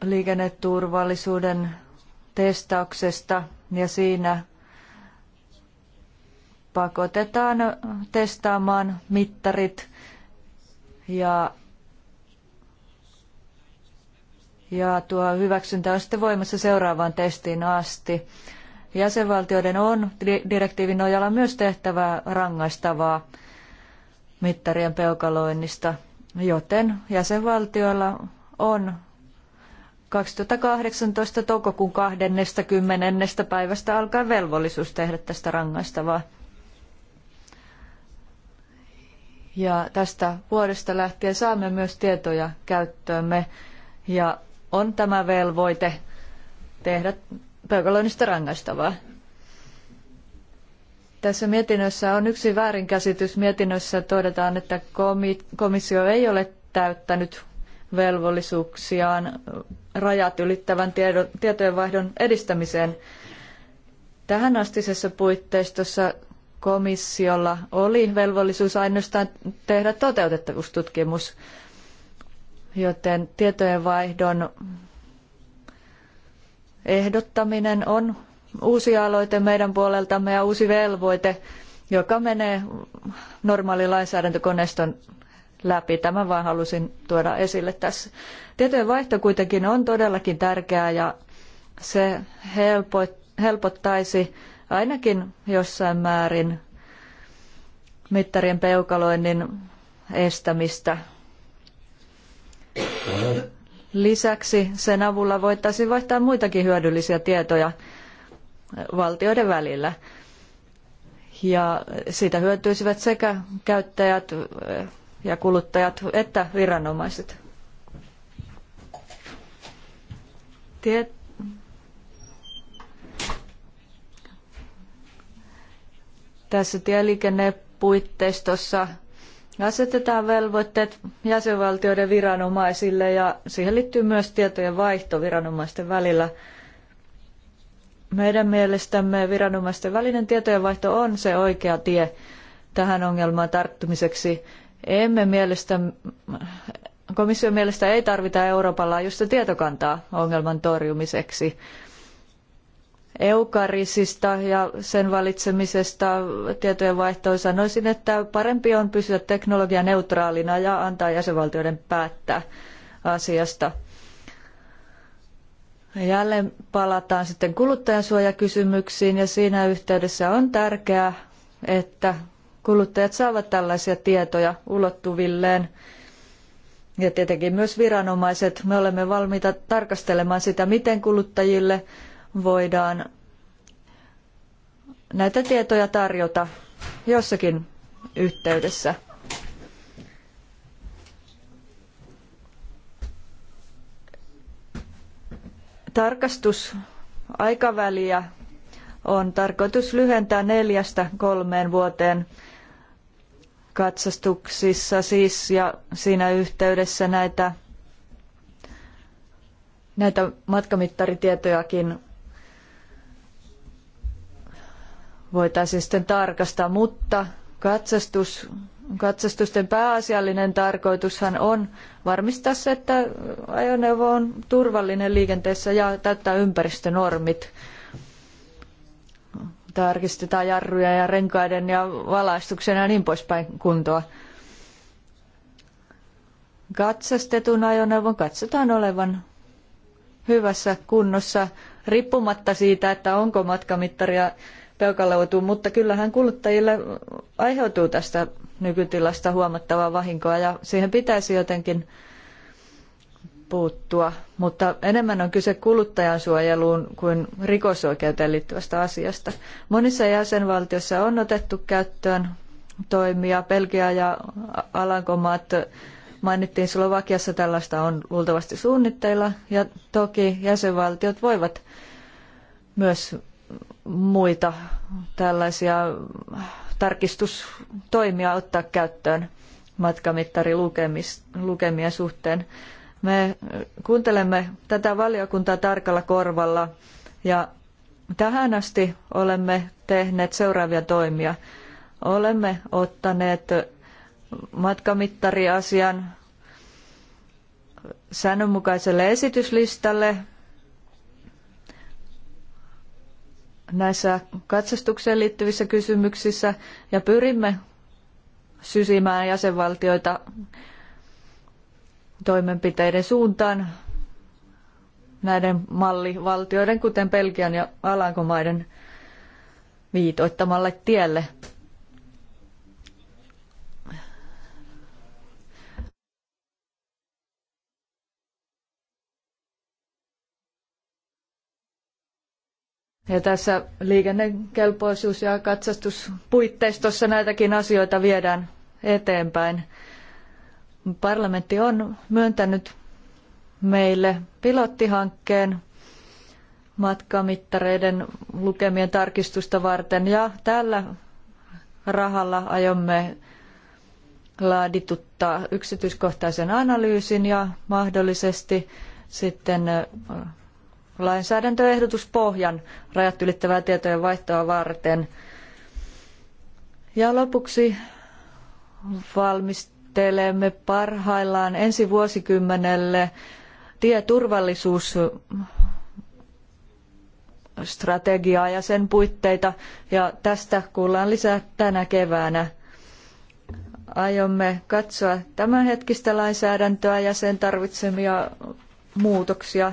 liikenneturvallisuuden testauksesta ja siinä pakotetaan testaamaan mittarit ja, ja tuo hyväksyntä on sitten voimassa seuraavaan testiin asti. Jäsenvaltioiden on direktiivin nojalla myös tehtävää rangaistavaa mittarien peukaloinnista, joten jäsenvaltioilla on 2018 toukokuun 20. päivästä alkaen velvollisuus tehdä tästä rangaistavaa. Ja tästä vuodesta lähtien saamme myös tietoja käyttöömme ja on tämä velvoite tehdä peukaloinnista rangaistavaa. Tässä mietinnössä on yksi väärinkäsitys. Mietinnössä todetaan, että komissio ei ole täyttänyt velvollisuuksiaan rajat ylittävän tiedo, tietojenvaihdon edistämiseen. Tähän astisessa puitteistossa komissiolla oli velvollisuus ainoastaan tehdä toteutettavuustutkimus, joten tietojenvaihdon ehdottaminen on uusi aloite meidän puoleltamme ja uusi velvoite, joka menee normaalin lainsäädäntökoneiston läpi. Tämän vain halusin tuoda esille tässä. Tietojen vaihto kuitenkin on todellakin tärkeää ja se helpottaisi ainakin jossain määrin mittarien peukaloinnin estämistä. Lisäksi sen avulla voitaisiin vaihtaa muitakin hyödyllisiä tietoja valtioiden välillä. Ja siitä hyötyisivät sekä käyttäjät ja kuluttajat että viranomaiset. Tiet- Tässä tieliikennepuitteistossa asetetaan velvoitteet jäsenvaltioiden viranomaisille ja siihen liittyy myös tietojen vaihto viranomaisten välillä. Meidän mielestämme viranomaisten välinen tietojenvaihto on se oikea tie tähän ongelmaan tarttumiseksi. Emme mielestä, komission mielestä ei tarvita Euroopan laajuista tietokantaa ongelman torjumiseksi eukarisista ja sen valitsemisesta tietojenvaihtoon, sanoisin, että parempi on pysyä teknologianeutraalina ja antaa jäsenvaltioiden päättää asiasta. Jälleen palataan sitten kuluttajansuojakysymyksiin ja siinä yhteydessä on tärkeää, että kuluttajat saavat tällaisia tietoja ulottuvilleen. Ja tietenkin myös viranomaiset, me olemme valmiita tarkastelemaan sitä, miten kuluttajille voidaan näitä tietoja tarjota jossakin yhteydessä. Tarkastusaikaväliä on tarkoitus lyhentää neljästä kolmeen vuoteen katsastuksissa siis ja siinä yhteydessä näitä, näitä matkamittaritietojakin voitaisiin sitten tarkastaa, mutta katsastus, katsastusten pääasiallinen tarkoitushan on varmistaa se, että ajoneuvo on turvallinen liikenteessä ja täyttää ympäristönormit. Tarkistetaan jarruja ja renkaiden ja valaistuksen ja niin poispäin kuntoa. Katsastetun ajoneuvon katsotaan olevan hyvässä kunnossa riippumatta siitä, että onko matkamittaria peukaloituu, mutta kyllähän kuluttajille aiheutuu tästä nykytilasta huomattavaa vahinkoa ja siihen pitäisi jotenkin puuttua, mutta enemmän on kyse kuluttajan suojeluun kuin rikosoikeuteen liittyvästä asiasta. Monissa jäsenvaltioissa on otettu käyttöön toimia. Belgia ja Alankomaat mainittiin Slovakiassa tällaista on luultavasti suunnitteilla ja toki jäsenvaltiot voivat myös muita tällaisia tarkistustoimia ottaa käyttöön matkamittarilukemien suhteen. Me kuuntelemme tätä valiokuntaa tarkalla korvalla ja tähän asti olemme tehneet seuraavia toimia. Olemme ottaneet matkamittariasian säännönmukaiselle esityslistalle näissä katsastukseen liittyvissä kysymyksissä ja pyrimme sysimään jäsenvaltioita toimenpiteiden suuntaan näiden mallivaltioiden, kuten Belgian ja Alankomaiden viitoittamalle tielle. Ja tässä liikennekelpoisuus- ja katsastuspuitteistossa näitäkin asioita viedään eteenpäin. Parlamentti on myöntänyt meille pilottihankkeen matkamittareiden lukemien tarkistusta varten ja tällä rahalla aiomme laadituttaa yksityiskohtaisen analyysin ja mahdollisesti sitten pohjan rajat ylittävää tietojen vaihtoa varten. Ja lopuksi valmistelemme parhaillaan ensi vuosikymmenelle tieturvallisuusstrategiaa ja sen puitteita ja tästä kuullaan lisää tänä keväänä. Aiomme katsoa tämänhetkistä lainsäädäntöä ja sen tarvitsemia muutoksia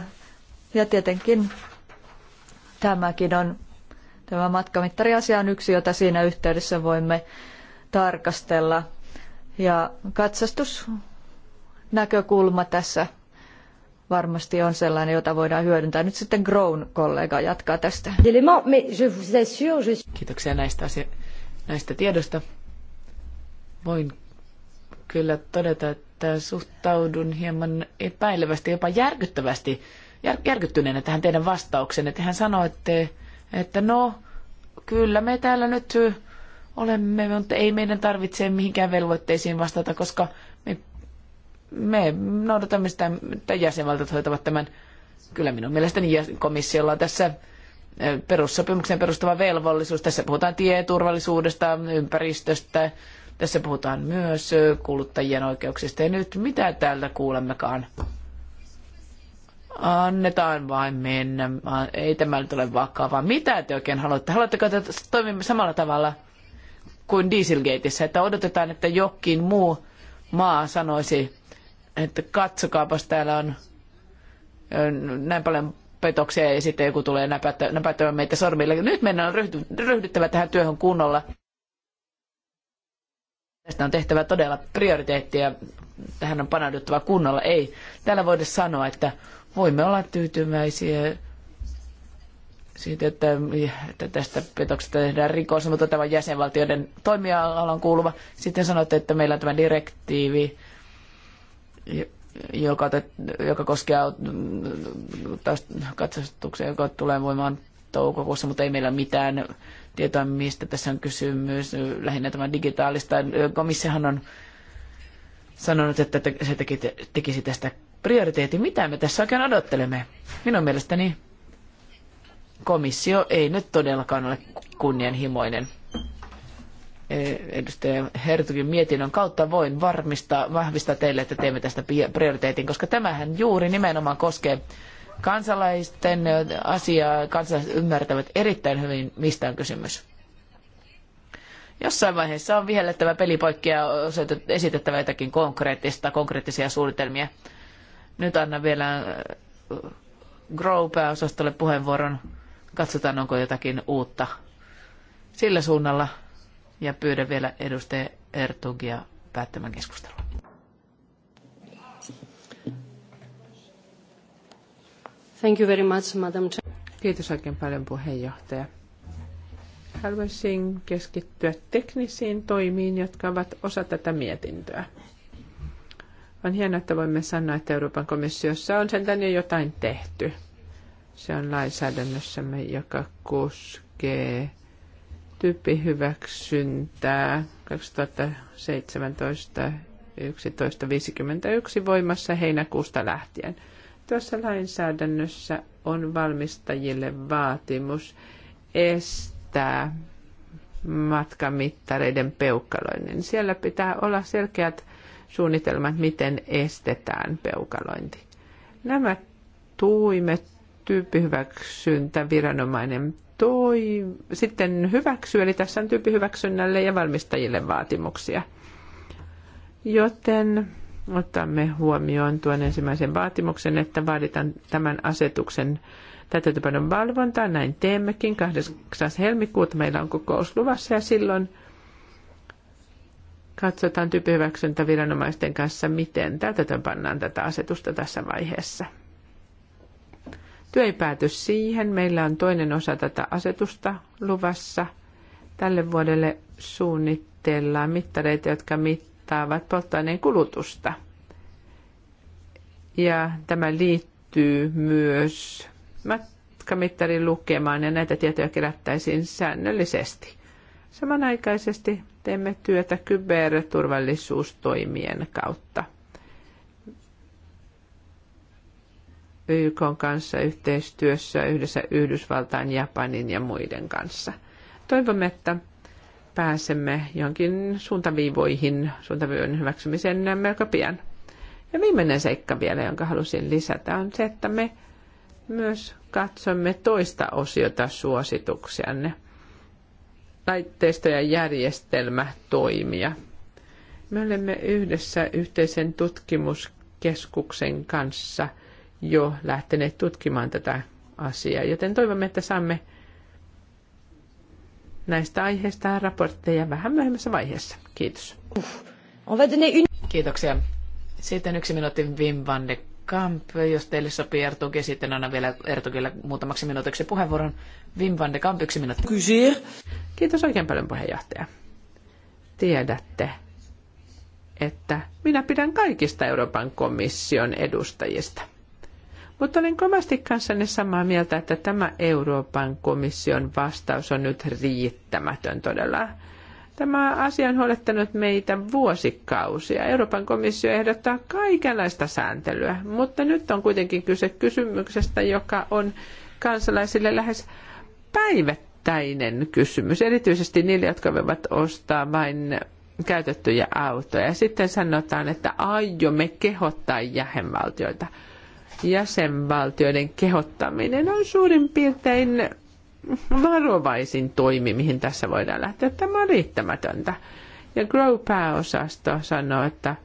ja tietenkin tämäkin on, tämä matkamittariasia on yksi, jota siinä yhteydessä voimme tarkastella. Ja katsastusnäkökulma tässä varmasti on sellainen, jota voidaan hyödyntää. Nyt sitten Grown kollega jatkaa tästä. Kiitoksia näistä, asia- näistä tiedosta. Voin kyllä todeta, että suhtaudun hieman epäilevästi, jopa järkyttävästi järkyttyneenä tähän teidän vastauksenne. Tehän sanoitte, että no, kyllä me täällä nyt olemme, mutta ei meidän tarvitse mihinkään velvoitteisiin vastata, koska me, me noudatamme sitä, että jäsenvaltiot hoitavat tämän. Kyllä minun mielestäni komissiolla on tässä perussopimuksen perustava velvollisuus. Tässä puhutaan tieturvallisuudesta, ympäristöstä, tässä puhutaan myös kuluttajien oikeuksista. Ja nyt mitä täällä kuulemmekaan? annetaan vain mennä, ei tämä nyt ole vakavaa. Mitä te oikein haluatte? Haluatteko, että toimimme samalla tavalla kuin Dieselgateissa, että odotetaan, että jokin muu maa sanoisi, että katsokaapas täällä on näin paljon petoksia ja sitten joku tulee näpäyttämään meitä sormille. Nyt meidän on ryhdyttävä tähän työhön kunnolla. Tästä on tehtävä todella prioriteettia. tähän on paneuduttava kunnolla. Ei täällä voida sanoa, että voimme olla tyytyväisiä siitä, että, että tästä petoksesta tehdään rikos, mutta tämä jäsenvaltioiden toimialan kuuluva. Sitten sanoitte, että meillä on tämä direktiivi, joka, joka koskee katsastuksia, joka tulee voimaan toukokuussa, mutta ei meillä mitään tietoa, mistä tässä on kysymys. Lähinnä tämä digitaalista. Komissiohan on sanonut, että se teki, tekisi tästä prioriteetti. Mitä me tässä oikein odottelemme? Minun mielestäni komissio ei nyt todellakaan ole kunnianhimoinen. E, edustaja Hertugin mietinnön kautta voin varmistaa, vahvistaa teille, että teemme tästä prioriteetin, koska tämähän juuri nimenomaan koskee kansalaisten asiaa. Kansalaiset ymmärtävät erittäin hyvin, mistä on kysymys. Jossain vaiheessa on vihellettävä peli poikki ja esitettävä jotakin konkreettista, konkreettisia suunnitelmia. Nyt annan vielä äh, Grow-pääosastolle puheenvuoron. Katsotaan, onko jotakin uutta sillä suunnalla. Ja pyydän vielä edustaja Ertugia päättämään keskustelua. Thank you very much, Madam Kiitos oikein paljon puheenjohtaja. Haluaisin keskittyä teknisiin toimiin, jotka ovat osa tätä mietintöä. On hienoa, että voimme sanoa, että Euroopan komissiossa on sentään jo jotain tehty. Se on lainsäädännössämme, joka koskee tyyppihyväksyntää 2017 11.51 voimassa heinäkuusta lähtien. Tuossa lainsäädännössä on valmistajille vaatimus estää matkamittareiden peukkaloinnin. Siellä pitää olla selkeät suunnitelmat, miten estetään peukalointi. Nämä tuimet tyyppihyväksyntä viranomainen toi, sitten hyväksyy, eli tässä on tyyppihyväksynnälle ja valmistajille vaatimuksia. Joten otamme huomioon tuon ensimmäisen vaatimuksen, että vaaditaan tämän asetuksen täytäntöpanon valvontaa. Näin teemmekin. 8. helmikuuta meillä on kokous luvassa ja silloin katsotaan viranomaisten kanssa, miten täytetön pannaan tätä asetusta tässä vaiheessa. Työ ei pääty siihen. Meillä on toinen osa tätä asetusta luvassa. Tälle vuodelle suunnitellaan mittareita, jotka mittaavat polttoaineen kulutusta. Ja tämä liittyy myös matkamittarin lukemaan ja näitä tietoja kerättäisiin säännöllisesti. Samanaikaisesti Teemme työtä kyberturvallisuustoimien kautta. YK kanssa yhteistyössä yhdessä Yhdysvaltain, Japanin ja muiden kanssa. Toivomme, että pääsemme jonkin suuntaviivoihin, suuntaviivojen hyväksymiseen melko pian. Ja viimeinen seikka vielä, jonka halusin lisätä, on se, että me myös katsomme toista osiota suosituksianne – laitteisto ja järjestelmä toimia. Me olemme yhdessä yhteisen tutkimuskeskuksen kanssa jo lähteneet tutkimaan tätä asiaa, joten toivomme, että saamme näistä aiheista raportteja vähän myöhemmässä vaiheessa. Kiitos. Kiitoksia. Sitten yksi minuutti Wim van de Kamp, jos teille sopii Ertuki, sitten annan vielä Ertukille muutamaksi minuutiksi puheenvuoron. Wim van de Kamp, yksi minuutti. Kysyä. Kiitos oikein paljon puheenjohtaja. Tiedätte, että minä pidän kaikista Euroopan komission edustajista. Mutta olen kovasti kanssanne samaa mieltä, että tämä Euroopan komission vastaus on nyt riittämätön todella. Tämä asia on huolettanut meitä vuosikausia. Euroopan komissio ehdottaa kaikenlaista sääntelyä, mutta nyt on kuitenkin kyse kysymyksestä, joka on kansalaisille lähes päivittäinen kysymys, erityisesti niille, jotka voivat ostaa vain käytettyjä autoja. Sitten sanotaan, että aiomme kehottaa jäsenvaltioita. Jäsenvaltioiden kehottaminen on suurin piirtein varovaisin toimi, mihin tässä voidaan lähteä. Tämä on riittämätöntä. Ja Grow-pääosasto sanoo, että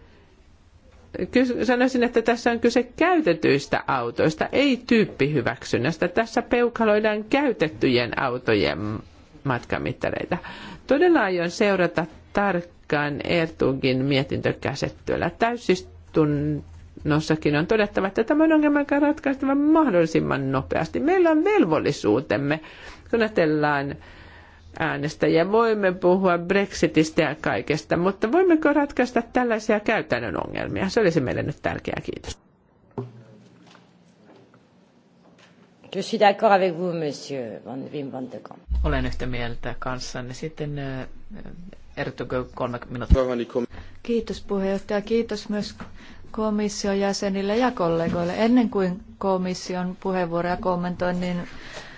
sanoisin, että tässä on kyse käytetyistä autoista, ei tyyppihyväksynnästä. Tässä peukaloidaan käytettyjen autojen matkamittareita. Todella aion seurata tarkkaan Ertugin mietintökäsittelyä. Täysistun nossakin on todettava, että on ongelma, on ratkaistava mahdollisimman nopeasti. Meillä on velvollisuutemme, kun ajatellaan äänestäjiä. Voimme puhua Brexitistä ja kaikesta, mutta voimmeko ratkaista tällaisia käytännön ongelmia? Se olisi meille nyt tärkeää. Kiitos. Je suis d'accord avec vous, monsieur Van Wim van de Kamp. Olen yhtä mieltä kanssanne. Sitten äh, Ertugö kolme minuuttia. Kiitos puheenjohtaja. Kiitos myös komission jäsenille ja kollegoille. Ennen kuin komission puheenvuoroja kommentoin, niin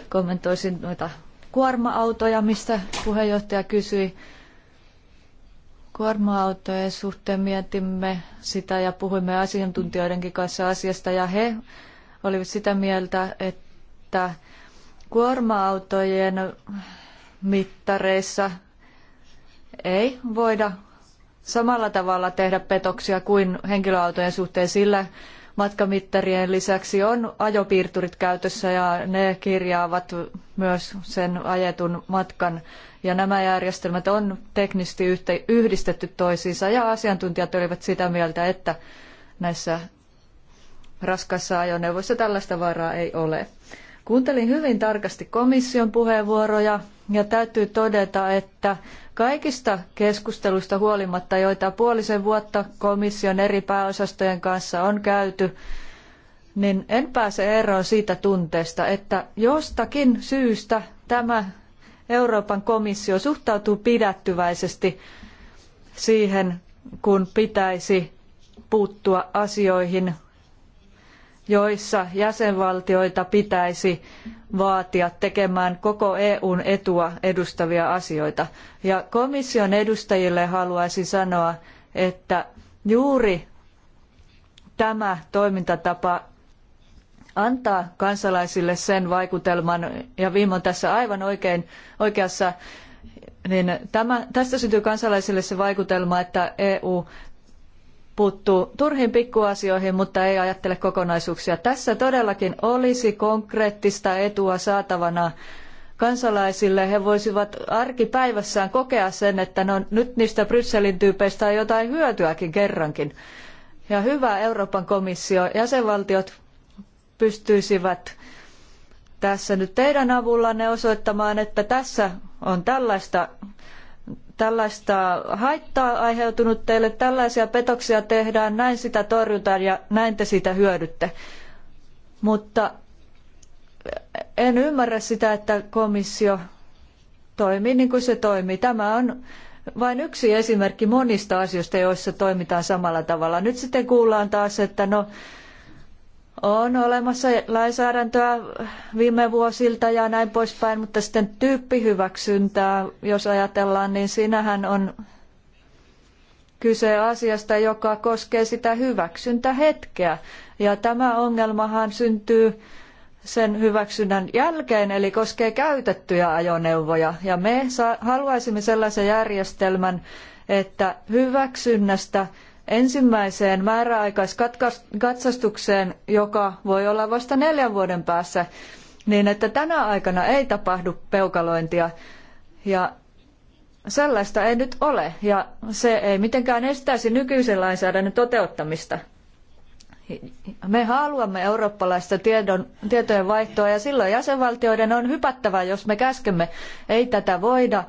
kommentoisin noita kuorma-autoja, mistä puheenjohtaja kysyi. Kuorma-autojen suhteen mietimme sitä ja puhuimme asiantuntijoidenkin kanssa asiasta ja he olivat sitä mieltä, että kuorma-autojen mittareissa ei voida samalla tavalla tehdä petoksia kuin henkilöautojen suhteen, sillä matkamittarien lisäksi on ajopiirturit käytössä ja ne kirjaavat myös sen ajetun matkan. Ja nämä järjestelmät on teknisesti yhdistetty toisiinsa ja asiantuntijat olivat sitä mieltä, että näissä raskaissa ajoneuvoissa tällaista vaaraa ei ole. Kuuntelin hyvin tarkasti komission puheenvuoroja ja täytyy todeta, että kaikista keskusteluista huolimatta, joita puolisen vuotta komission eri pääosastojen kanssa on käyty, niin en pääse eroon siitä tunteesta, että jostakin syystä tämä Euroopan komissio suhtautuu pidättyväisesti siihen, kun pitäisi puuttua asioihin joissa jäsenvaltioita pitäisi vaatia tekemään koko EUn etua edustavia asioita. Ja komission edustajille haluaisin sanoa, että juuri tämä toimintatapa antaa kansalaisille sen vaikutelman, ja Viimo on tässä aivan oikein, oikeassa, niin tämä, tästä syntyy kansalaisille se vaikutelma, että EU puuttuu turhin pikkuasioihin, mutta ei ajattele kokonaisuuksia. Tässä todellakin olisi konkreettista etua saatavana kansalaisille. He voisivat arkipäivässään kokea sen, että no, nyt niistä Brysselin tyypeistä on jotain hyötyäkin kerrankin. Ja hyvä Euroopan komissio, jäsenvaltiot pystyisivät tässä nyt teidän avullanne osoittamaan, että tässä on tällaista tällaista haittaa aiheutunut teille, tällaisia petoksia tehdään, näin sitä torjutaan ja näin te sitä hyödytte. Mutta en ymmärrä sitä, että komissio toimii niin kuin se toimii. Tämä on vain yksi esimerkki monista asioista, joissa toimitaan samalla tavalla. Nyt sitten kuullaan taas, että no on olemassa lainsäädäntöä viime vuosilta ja näin poispäin, mutta sitten tyyppihyväksyntää, jos ajatellaan, niin siinähän on kyse asiasta, joka koskee sitä hyväksyntähetkeä. Ja tämä ongelmahan syntyy sen hyväksynnän jälkeen, eli koskee käytettyjä ajoneuvoja. Ja me haluaisimme sellaisen järjestelmän, että hyväksynnästä ensimmäiseen määräaikaiskatsastukseen, joka voi olla vasta neljän vuoden päässä, niin että tänä aikana ei tapahdu peukalointia. Ja sellaista ei nyt ole, ja se ei mitenkään estäisi nykyisen lainsäädännön toteuttamista. Me haluamme eurooppalaista tiedon, tietojen vaihtoa ja silloin jäsenvaltioiden on hypättävä, jos me käskemme. Ei tätä voida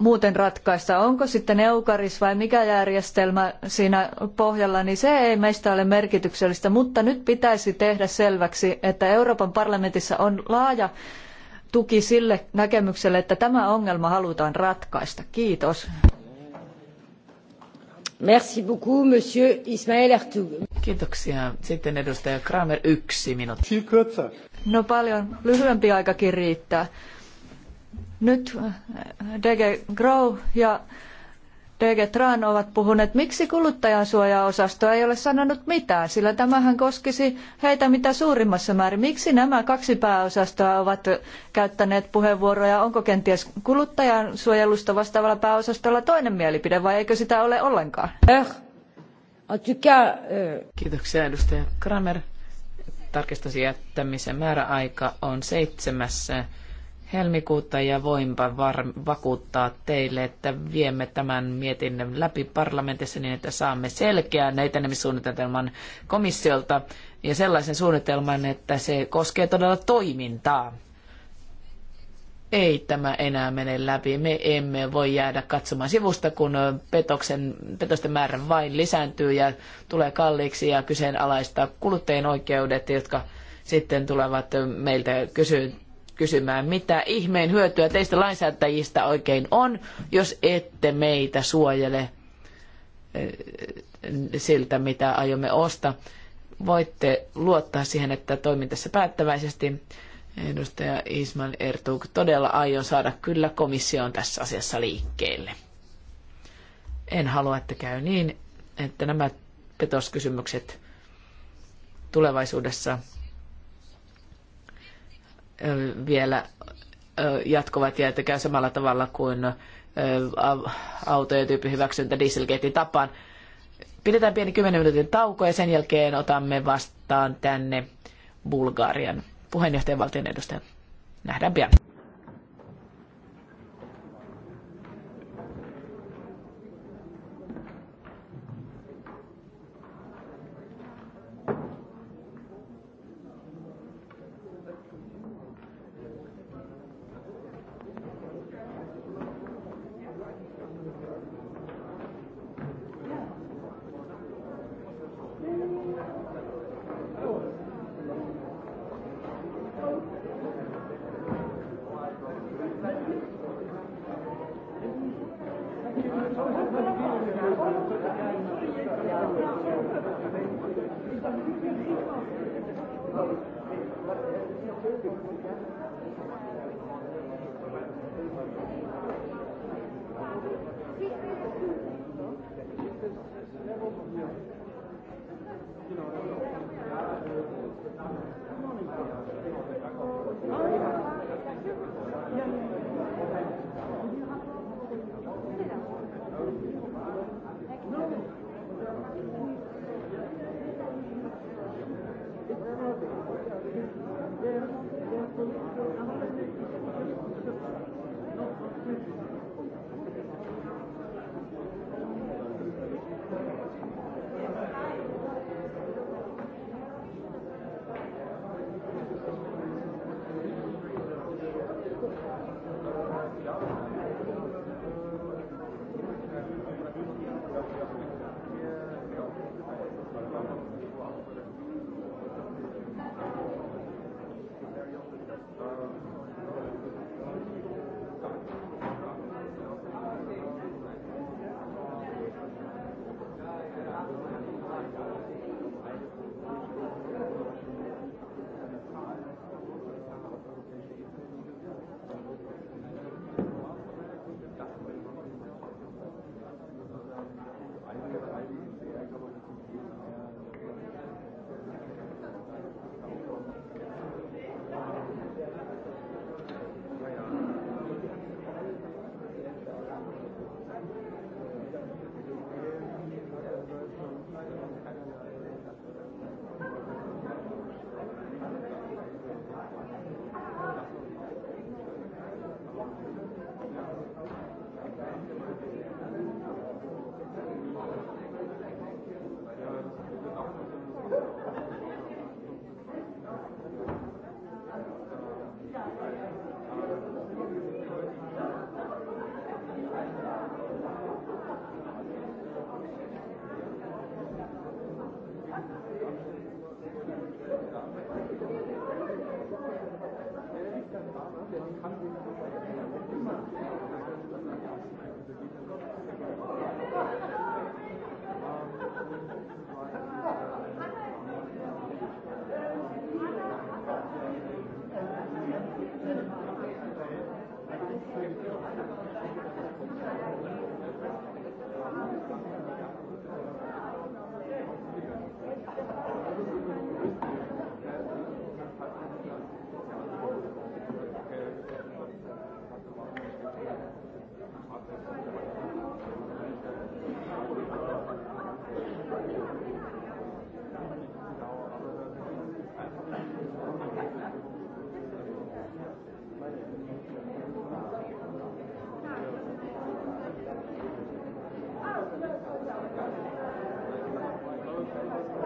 muuten ratkaista. Onko sitten eukaris vai mikä järjestelmä siinä pohjalla, niin se ei meistä ole merkityksellistä, mutta nyt pitäisi tehdä selväksi, että Euroopan parlamentissa on laaja tuki sille näkemykselle, että tämä ongelma halutaan ratkaista. Kiitos. Merci beaucoup, monsieur Ismail Kiitoksia. Sitten edustaja Kramer, yksi minuutti. No paljon lyhyempi aikakin riittää. Nyt äh, DG Grow ja DG Tran ovat puhuneet, miksi kuluttajansuojaosasto ei ole sanonut mitään, sillä tämähän koskisi heitä mitä suurimmassa määrin. Miksi nämä kaksi pääosastoa ovat käyttäneet puheenvuoroja? Onko kenties kuluttajansuojelusta vastaavalla pääosastolla toinen mielipide vai eikö sitä ole ollenkaan? Äh, äh. Kiitoksia edustaja Kramer. että missä määräaika on seitsemässä helmikuuta ja voinpa var- vakuuttaa teille, että viemme tämän mietinnön läpi parlamentissa niin, että saamme selkeän etenemissuunnitelman komissiolta ja sellaisen suunnitelman, että se koskee todella toimintaa. Ei tämä enää mene läpi. Me emme voi jäädä katsomaan sivusta, kun petoksen, petosten määrä vain lisääntyy ja tulee kalliiksi ja kyseenalaistaa kuluttajien oikeudet, jotka sitten tulevat meiltä kysyä kysymään, mitä ihmeen hyötyä teistä lainsäätäjistä oikein on, jos ette meitä suojele eh, siltä, mitä aiomme ostaa. Voitte luottaa siihen, että toimin tässä päättäväisesti. Edustaja Ismail Ertug, todella aion saada kyllä komission tässä asiassa liikkeelle. En halua, että käy niin, että nämä petoskysymykset tulevaisuudessa vielä jatkuvat ja että käy samalla tavalla kuin autojen tyyppihyväksyntä dieselgatein tapaan. Pidetään pieni 10 minuutin tauko ja sen jälkeen otamme vastaan tänne Bulgarian puheenjohtajan valtion edustajan. Nähdään pian.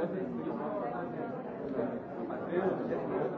Thank you.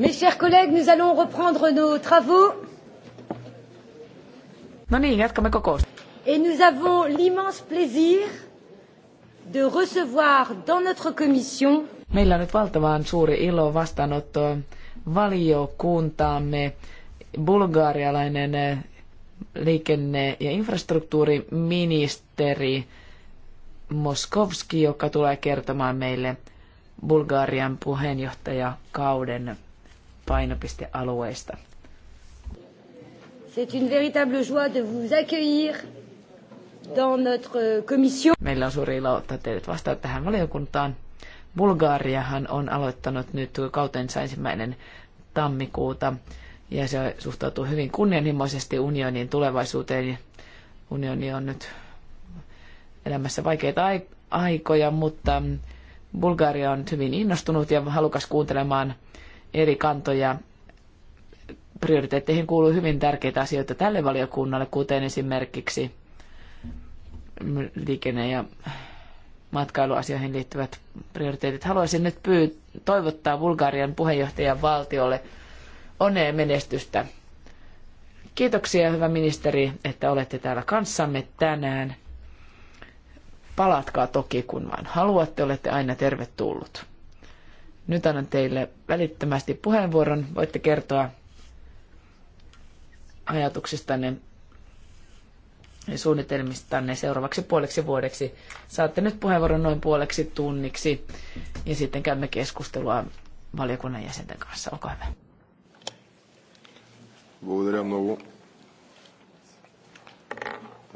Mes chers collègues, nous allons reprendre nos travaux. No niin, jatkamme kokous. Et nous avons l'immense plaisir de recevoir dans notre commission. Meillä on nyt valtavan suuri ilo vastaanotto valiokuntaamme bulgaarialainen eh, liikenne- ja infrastruktuuriministeri Moskovski, joka tulee kertomaan meille Bulgarian puheenjohtajakauden painopistealueista. C'est une véritable joie de vous accueillir dans notre euh, commission. Meillä on suuri ilo ottaa teidät vastaan tähän valiokuntaan. Bulgariahan on aloittanut nyt kautensa ensimmäinen tammikuuta ja se suhtautuu hyvin kunnianhimoisesti unionin tulevaisuuteen. Unioni on nyt elämässä vaikeita aikoja, mutta Bulgaria on hyvin innostunut ja halukas kuuntelemaan – eri kantoja. Prioriteetteihin kuuluu hyvin tärkeitä asioita tälle valiokunnalle, kuten esimerkiksi liikenne- ja matkailuasioihin liittyvät prioriteetit. Haluaisin nyt pyy- toivottaa Bulgarian puheenjohtajan valtiolle onnea menestystä. Kiitoksia, hyvä ministeri, että olette täällä kanssamme tänään. Palatkaa toki, kun vain haluatte, olette aina tervetullut. Nyt annan teille välittömästi puheenvuoron. Voitte kertoa ajatuksistanne ja suunnitelmistanne seuraavaksi puoleksi vuodeksi. Saatte nyt puheenvuoron noin puoleksi tunniksi ja sitten käymme keskustelua valiokunnan jäsenten kanssa. Olkaa hyvä. Благодаря много.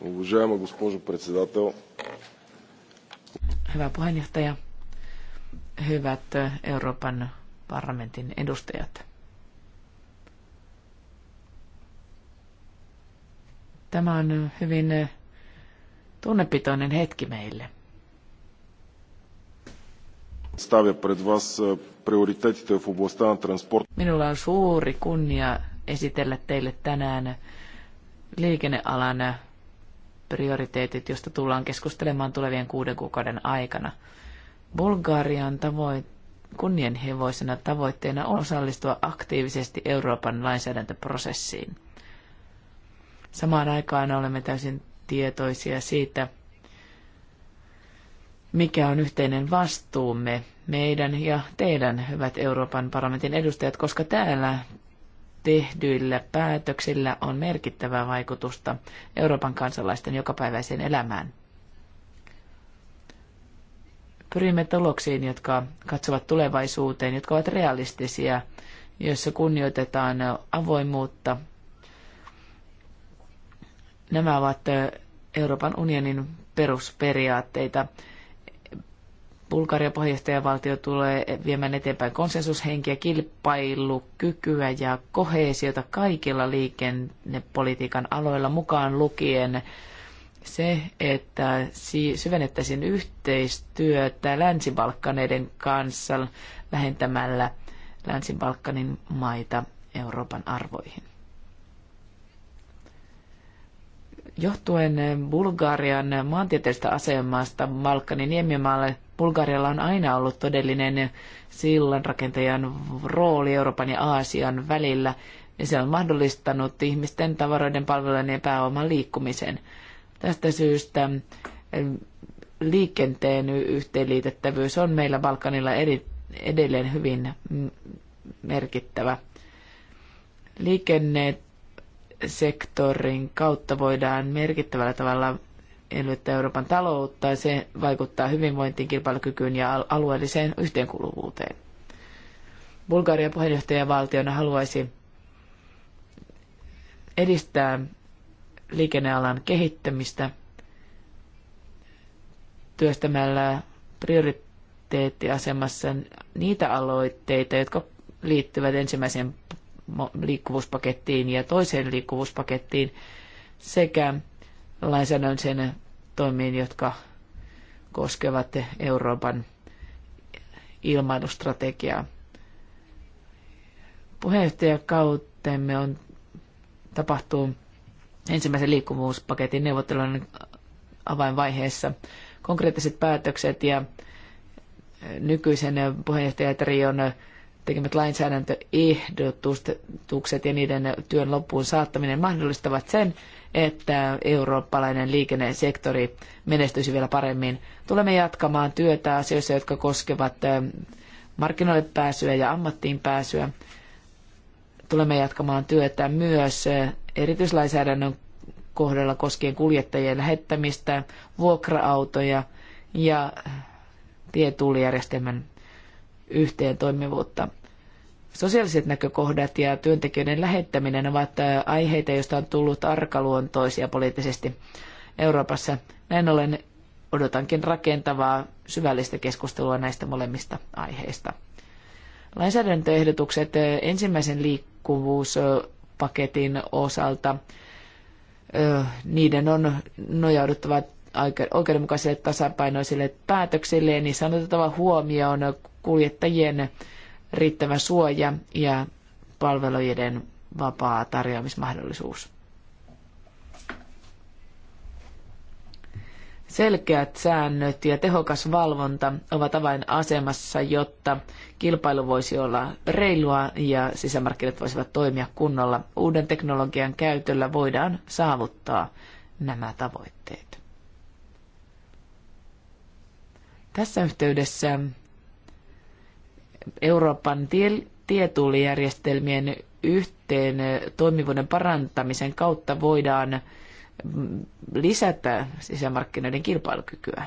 Уважаема госпожо председател. Hyvä puheenjohtaja hyvät Euroopan parlamentin edustajat. Tämä on hyvin tunnepitoinen hetki meille. Minulla on suuri kunnia esitellä teille tänään liikennealan prioriteetit, josta tullaan keskustelemaan tulevien kuuden kuukauden aikana – Bulgarian tavoit, kunnianhevoisena tavoitteena on osallistua aktiivisesti Euroopan lainsäädäntöprosessiin. Samaan aikaan olemme täysin tietoisia siitä, mikä on yhteinen vastuumme, meidän ja teidän, hyvät Euroopan parlamentin edustajat, koska täällä tehdyillä päätöksillä on merkittävää vaikutusta Euroopan kansalaisten jokapäiväiseen elämään. Pyrimme tuloksiin, jotka katsovat tulevaisuuteen, jotka ovat realistisia, joissa kunnioitetaan avoimuutta. Nämä ovat Euroopan unionin perusperiaatteita. Bulgaria pohjoistajavaltio tulee viemään eteenpäin konsensushenkiä, kilpailukykyä ja koheesiota kaikilla liikennepolitiikan aloilla mukaan lukien se, että syvennettäisiin yhteistyötä Länsi-Balkaneiden kanssa lähentämällä Länsi-Balkanin maita Euroopan arvoihin. Johtuen Bulgarian maantieteellisestä asemasta Balkanin niemimaalle Bulgarialla on aina ollut todellinen sillanrakentajan rooli Euroopan ja Aasian välillä, ja se on mahdollistanut ihmisten, tavaroiden, palvelujen ja pääoman liikkumisen – Tästä syystä eh, liikenteen yhteenliitettävyys on meillä Balkanilla eri, edelleen hyvin merkittävä. Liikennesektorin kautta voidaan merkittävällä tavalla elvyttää Euroopan taloutta ja se vaikuttaa hyvinvointiin, kilpailukykyyn ja alueelliseen yhteenkuuluvuuteen. Bulgarian puheenjohtajavaltiona haluaisi edistää liikennealan kehittämistä työstämällä prioriteettiasemassa niitä aloitteita, jotka liittyvät ensimmäiseen liikkuvuuspakettiin ja toiseen liikkuvuuspakettiin sekä lainsäädännön toimiin, jotka koskevat Euroopan ilmailustrategiaa. Puheenjohtajakautemme on tapahtuu ensimmäisen liikkuvuuspaketin neuvottelujen avainvaiheessa konkreettiset päätökset ja eh, nykyisen puheenjohtajatrion tekemät lainsäädäntöehdotukset ja niiden työn loppuun saattaminen mahdollistavat sen, että eurooppalainen liikennesektori menestyisi vielä paremmin. Tulemme jatkamaan työtä asioissa, jotka koskevat eh, markkinoille pääsyä ja ammattiin pääsyä. Tulemme jatkamaan työtä myös eh, erityislainsäädännön kohdalla koskien kuljettajien lähettämistä, vuokra-autoja ja tietullijärjestelmän yhteen toimivuutta. Sosiaaliset näkökohdat ja työntekijöiden lähettäminen ovat äh, aiheita, joista on tullut arkaluontoisia poliittisesti Euroopassa. Näin ollen odotankin rakentavaa, syvällistä keskustelua näistä molemmista aiheista. Lainsäädäntöehdotukset äh, ensimmäisen liikkuvuus äh, paketin osalta. Niiden on nojauduttava oikeudenmukaisille tasapainoisille päätöksille ja niissä on huomioon kuljettajien riittävä suoja ja palvelujen vapaa tarjoamismahdollisuus. Selkeät säännöt ja tehokas valvonta ovat avainasemassa, jotta kilpailu voisi olla reilua ja sisämarkkinat voisivat toimia kunnolla. Uuden teknologian käytöllä voidaan saavuttaa nämä tavoitteet. Tässä yhteydessä Euroopan tie- tietullijärjestelmien yhteen toimivuuden parantamisen kautta voidaan lisätä sisämarkkinoiden kilpailukykyä.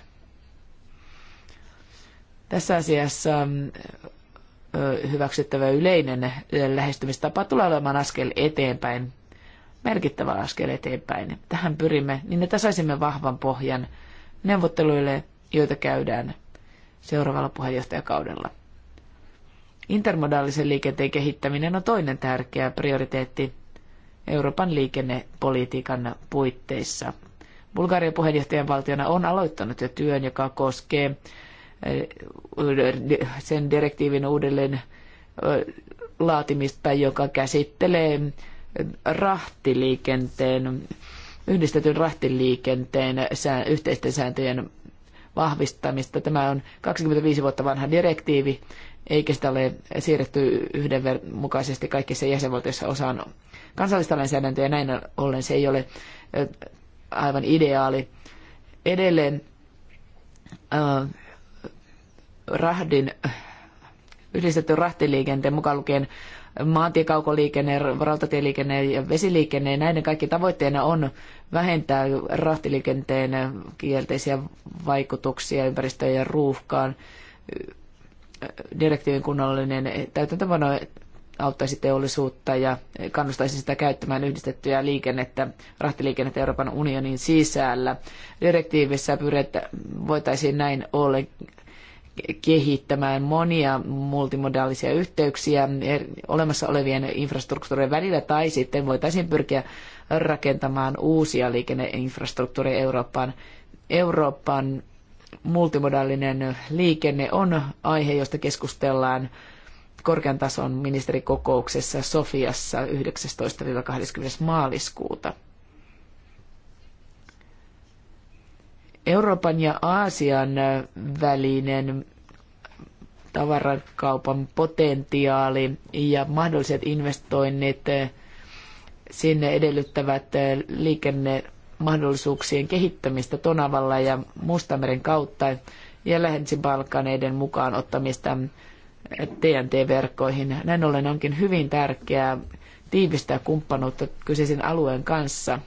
Tässä asiassa hyväksyttävä yleinen lähestymistapa tulee olemaan askel eteenpäin, merkittävä askel eteenpäin. Tähän pyrimme, niin että saisimme vahvan pohjan neuvotteluille, joita käydään seuraavalla puheenjohtajakaudella. Intermodaalisen liikenteen kehittäminen on toinen tärkeä prioriteetti Euroopan liikennepolitiikan puitteissa. Bulgarian puheenjohtajan valtiona on aloittanut jo työn, joka koskee eh, sen direktiivin uudelleen eh, laatimista, joka käsittelee rahtiliikenteen, yhdistetyn rahtiliikenteen yhteisten sääntöjen vahvistamista. Tämä on 25 vuotta vanha direktiivi eikä sitä ole siirretty yhdenmukaisesti kaikissa jäsenvaltioissa osaan kansallista lainsäädäntöä, ja näin ollen se ei ole aivan ideaali. Edelleen äh, rahdin, yhdistetty rahtiliikenteen mukaan lukien maantiekaukoliikenne, rautatieliikenne ja vesiliikenne, näiden kaikki tavoitteena on vähentää rahtiliikenteen kielteisiä vaikutuksia ympäristöön ja ruuhkaan direktiivin kunnollinen täytäntöpano auttaisi teollisuutta ja kannustaisi sitä käyttämään yhdistettyä liikennettä, rahtiliikennettä Euroopan unionin sisällä. Direktiivissä pyritään, voitaisiin näin ollen kehittämään monia multimodaalisia yhteyksiä er, olemassa olevien infrastruktuurien välillä tai sitten voitaisiin pyrkiä rakentamaan uusia liikenneinfrastruktuureja Eurooppaan. Euroopan multimodaalinen liikenne on aihe, josta keskustellaan korkean tason ministerikokouksessa Sofiassa 19-20. maaliskuuta. Euroopan ja Aasian välinen tavarakaupan potentiaali ja mahdolliset investoinnit sinne edellyttävät liikenne mahdollisuuksien kehittämistä Tonavalla ja Mustameren kautta ja Länsi-Balkaneiden mukaan ottamista TNT-verkkoihin. Näin ollen onkin hyvin tärkeää tiivistää kumppanuutta kyseisen alueen kanssa.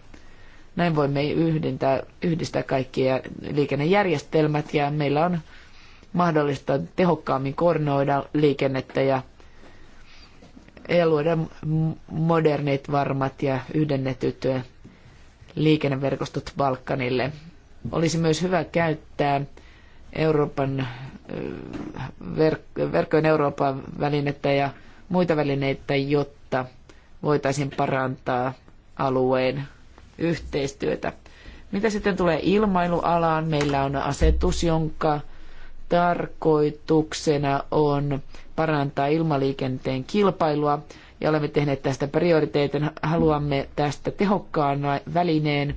Näin voimme yhdintää, yhdistää kaikkia liikennejärjestelmät ja meillä on mahdollista tehokkaammin koordinoida liikennettä ja, ja luoda modernit, varmat ja yhdennetyt liikenneverkostot Balkanille. Olisi myös hyvä käyttää Euroopan verk- verkkojen Euroopan välinettä ja muita välineitä, jotta voitaisiin parantaa alueen yhteistyötä. Mitä sitten tulee ilmailualaan? Meillä on asetus, jonka tarkoituksena on parantaa ilmaliikenteen kilpailua ja olemme tehneet tästä prioriteetin. Haluamme tästä tehokkaan välineen,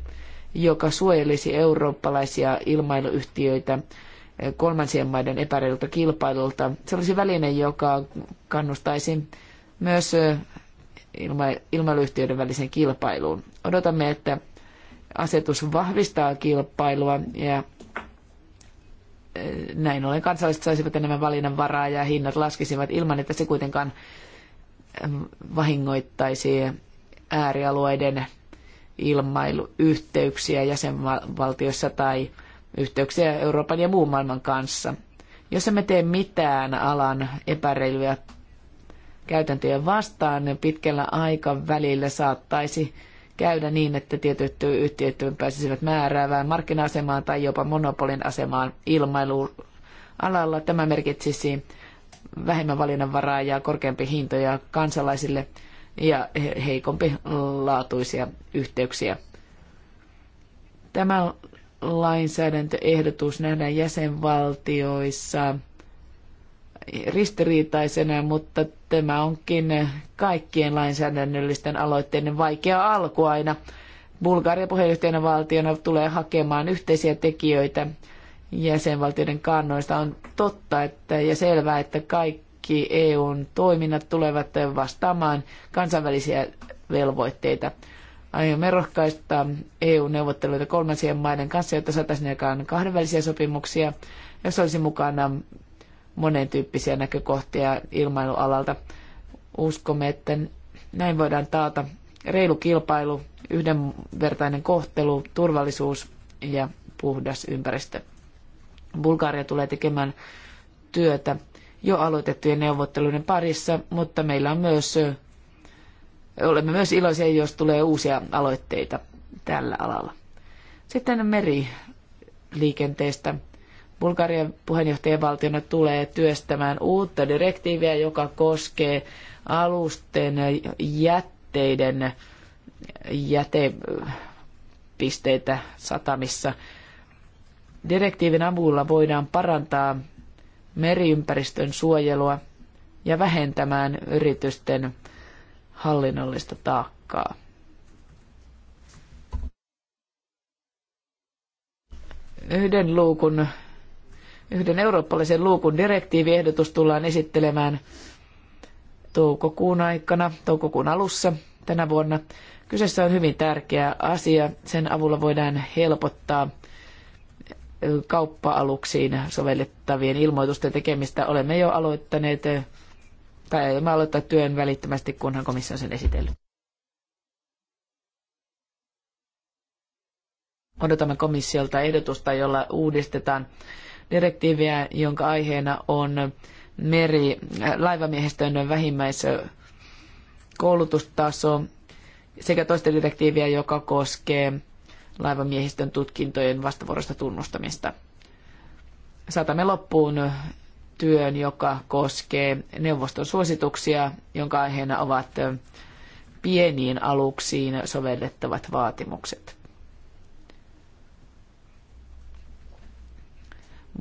joka suojelisi eurooppalaisia ilmailuyhtiöitä kolmansien maiden epäreilulta kilpailulta. Se olisi väline, joka kannustaisi myös ilma- ilmailuyhtiöiden väliseen kilpailuun. Odotamme, että asetus vahvistaa kilpailua ja näin ollen kansalaiset saisivat enemmän valinnanvaraa ja hinnat laskisivat ilman, että se kuitenkaan vahingoittaisi äärialueiden ilmailuyhteyksiä jäsenvaltioissa tai yhteyksiä Euroopan ja muun maailman kanssa. Jos emme tee mitään alan epäreilyjä käytäntöjä vastaan, niin pitkällä aikavälillä saattaisi käydä niin, että tietyt yhtiöt pääsisivät määräävään markkina-asemaan tai jopa monopolin asemaan ilmailualalla. Tämä merkitsisi vähemmän valinnanvaraa ja korkeampi hintoja kansalaisille ja heikompi laatuisia yhteyksiä. Tämä lainsäädäntöehdotus nähdään jäsenvaltioissa ristiriitaisena, mutta tämä onkin kaikkien lainsäädännöllisten aloitteiden vaikea alku aina. Bulgaria puheenjohtajana valtiona tulee hakemaan yhteisiä tekijöitä jäsenvaltioiden kannoista. On totta että, ja selvää, että kaikki EUn toiminnat tulevat vastaamaan kansainvälisiä velvoitteita. Aiomme rohkaista EU-neuvotteluita kolmansien maiden kanssa, jotta saataisiin aikaan kahdenvälisiä sopimuksia, jos olisi mukana monen tyyppisiä näkökohtia ilmailualalta. Uskomme, että näin voidaan taata reilu kilpailu, yhdenvertainen kohtelu, turvallisuus ja puhdas ympäristö. Bulgaria tulee tekemään työtä jo aloitettujen neuvotteluiden parissa, mutta meillä on myös, olemme myös iloisia, jos tulee uusia aloitteita tällä alalla. Sitten meriliikenteestä. Bulgarian puheenjohtajavaltiona tulee työstämään uutta direktiiviä, joka koskee alusten jätteiden jätepisteitä satamissa – Direktiivin avulla voidaan parantaa meriympäristön suojelua ja vähentämään yritysten hallinnollista taakkaa. Yhden luukun, yhden eurooppalaisen luukun direktiiviehdotus tullaan esittelemään toukokuun aikana, toukokuun alussa tänä vuonna. Kyseessä on hyvin tärkeä asia. Sen avulla voidaan helpottaa kauppa-aluksiin sovellettavien ilmoitusten tekemistä. Olemme jo aloittaneet, tai aiomme aloittaa työn välittömästi, kunhan komissio on sen esitellyt. Odotamme komissiolta ehdotusta, jolla uudistetaan direktiiviä, jonka aiheena on meri, äh, laivamiehistön vähimmäiskoulutustaso sekä toista direktiiviä, joka koskee laivamiehistön tutkintojen vastavuoroista tunnustamista. Saatamme loppuun työn, joka koskee neuvoston suosituksia, jonka aiheena ovat pieniin aluksiin sovellettavat vaatimukset.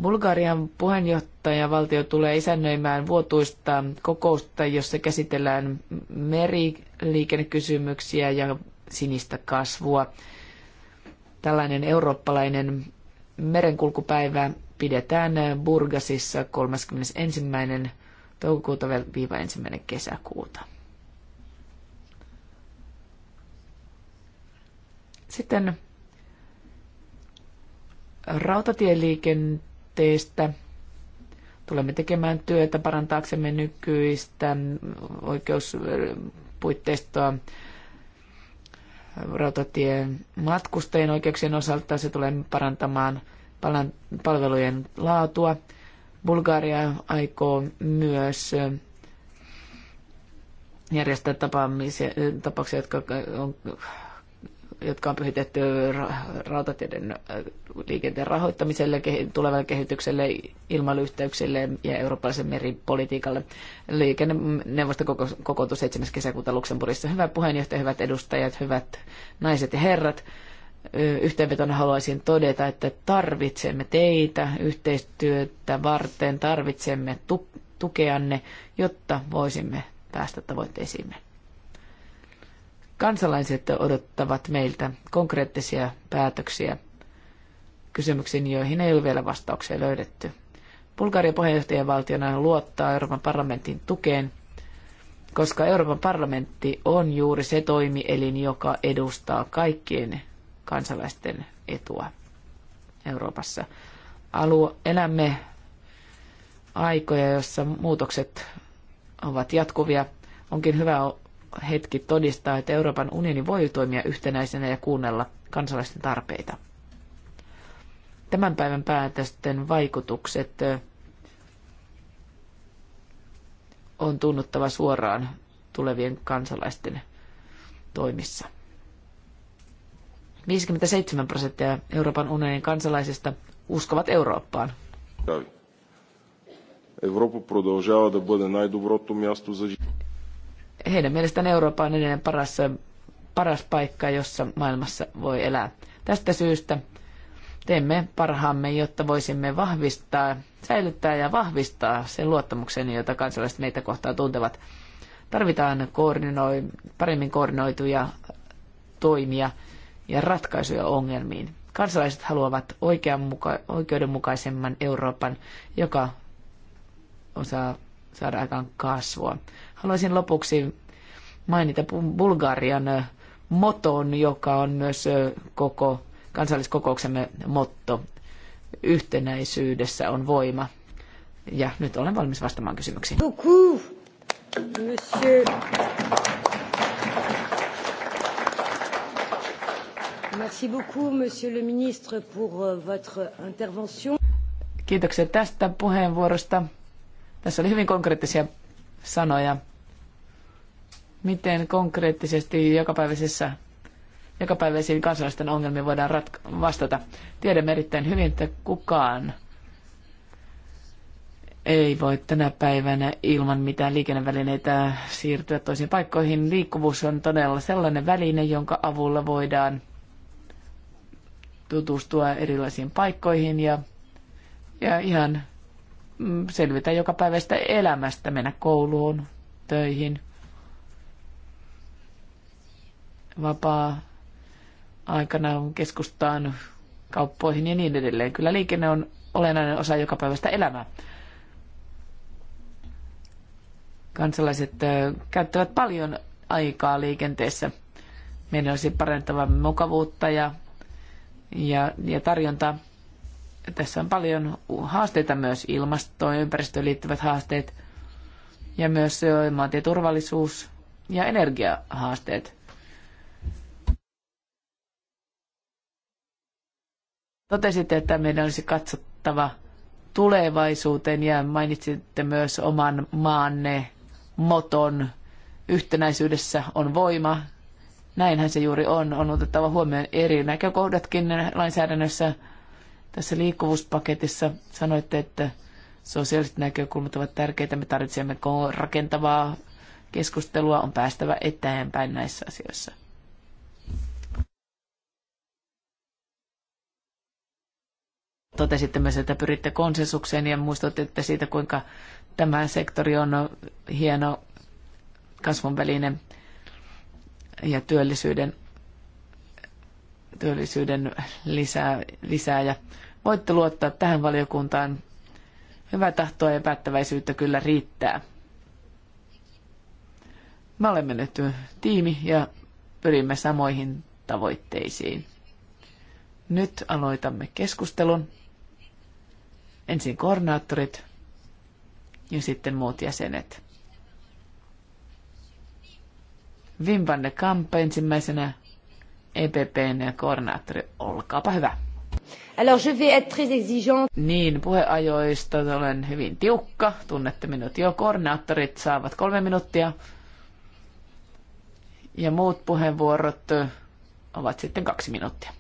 Bulgarian puheenjohtajavaltio tulee isännöimään vuotuista kokousta, jossa käsitellään meriliikennekysymyksiä ja sinistä kasvua. Tällainen eurooppalainen merenkulkupäivä pidetään Burgasissa 31. toukokuuta viiva 1. kesäkuuta. Sitten rautatieliikenteestä tulemme tekemään työtä parantaaksemme nykyistä oikeuspuitteistoa rautatien matkustajien oikeuksien osalta. Se tulee parantamaan palvelujen laatua. Bulgaria aikoo myös järjestää tapaamisia, tapauksia, jotka on jotka on pyhitetty rautateiden äh, liikenteen rahoittamiselle, tulevalle kehitykselle, ilmailuyhteyksille ja eurooppalaisen meripolitiikalle. Liikenneneuvosto kokoontui 7. kesäkuuta Luxemburgissa. Hyvä puheenjohtaja, hyvät edustajat, hyvät naiset ja herrat. Yhteenvetona haluaisin todeta, että tarvitsemme teitä yhteistyötä varten, tarvitsemme tukeanne, jotta voisimme päästä tavoitteisiimme. Kansalaiset odottavat meiltä konkreettisia päätöksiä kysymyksiin, joihin ei ole vielä vastauksia löydetty. Bulgarian puheenjohtajavaltiona luottaa Euroopan parlamentin tukeen, koska Euroopan parlamentti on juuri se toimielin, joka edustaa kaikkien kansalaisten etua Euroopassa. Alue, elämme aikoja, jossa muutokset ovat jatkuvia. Onkin hyvä hetki todistaa, että Euroopan unioni voi toimia yhtenäisenä ja kuunnella kansalaisten tarpeita. Tämän päivän päätösten vaikutukset on tunnuttava suoraan tulevien kansalaisten toimissa. 57 prosenttia Euroopan unionin kansalaisista uskovat Eurooppaan. Европа продължава да бъде най-доброто място за heidän mielestään Eurooppa on edelleen paras, paras paikka, jossa maailmassa voi elää. Tästä syystä teemme parhaamme, jotta voisimme vahvistaa, säilyttää ja vahvistaa sen luottamuksen, jota kansalaiset meitä kohtaan tuntevat. Tarvitaan koordinoi, paremmin koordinoituja toimia ja ratkaisuja ongelmiin. Kansalaiset haluavat oikeanmuka- oikeudenmukaisemman Euroopan, joka osaa saada aikaan kasvua. Haluaisin lopuksi mainita Bulgarian äh, moton, joka on myös äh, koko kansalliskokouksemme motto. Yhtenäisyydessä on voima. Ja nyt olen valmis vastaamaan kysymyksiin. Monsieur. Merci beaucoup, monsieur le ministre, pour euh, votre intervention. Kiitoksia tästä puheenvuorosta. Tässä oli hyvin konkreettisia sanoja miten konkreettisesti jokapäiväisessä jokapäiväisiin kansalaisten ongelmiin voidaan ratka- vastata. Tiedämme erittäin hyvin, että kukaan ei voi tänä päivänä ilman mitään liikennevälineitä siirtyä toisiin paikkoihin. Liikkuvuus on todella sellainen väline, jonka avulla voidaan tutustua erilaisiin paikkoihin ja, ja ihan mm, selvitä jokapäiväistä elämästä, mennä kouluun, töihin – vapaa-aikana keskustaan, kauppoihin ja niin edelleen. Kyllä liikenne on olennainen osa jokapäiväistä elämää. Kansalaiset käyttävät paljon aikaa liikenteessä. Meidän olisi parantava mukavuutta ja, ja, ja tarjontaa. Tässä on paljon haasteita myös ilmastoon, ympäristöön liittyvät haasteet ja myös maantieturvallisuus ja energiahaasteet. Totesitte, että meidän olisi katsottava tulevaisuuteen ja mainitsitte myös oman maanne moton yhtenäisyydessä on voima. Näinhän se juuri on. On otettava huomioon eri näkökohdatkin lainsäädännössä. Tässä liikkuvuuspaketissa sanoitte, että sosiaaliset näkökulmat ovat tärkeitä. Me tarvitsemme rakentavaa keskustelua. On päästävä eteenpäin näissä asioissa. Totesitte myös, että pyritte konsensukseen ja muistutitte siitä, kuinka tämä sektori on hieno kasvun väline ja työllisyyden, työllisyyden lisää, lisääjä. Voitte luottaa tähän valiokuntaan. Hyvää tahtoa ja päättäväisyyttä kyllä riittää. Me olemme nyt tiimi ja pyrimme samoihin tavoitteisiin. Nyt aloitamme keskustelun. Ensin koordinaattorit ja sitten muut jäsenet. Wim van de Kamp ensimmäisenä EPPn koordinaattori. Olkaapa hyvä. Alors je vais être très exigeant. Niin, puheajoista olen hyvin tiukka. Tunnette minut jo. Koordinaattorit saavat kolme minuuttia. Ja muut puheenvuorot ovat sitten kaksi minuuttia.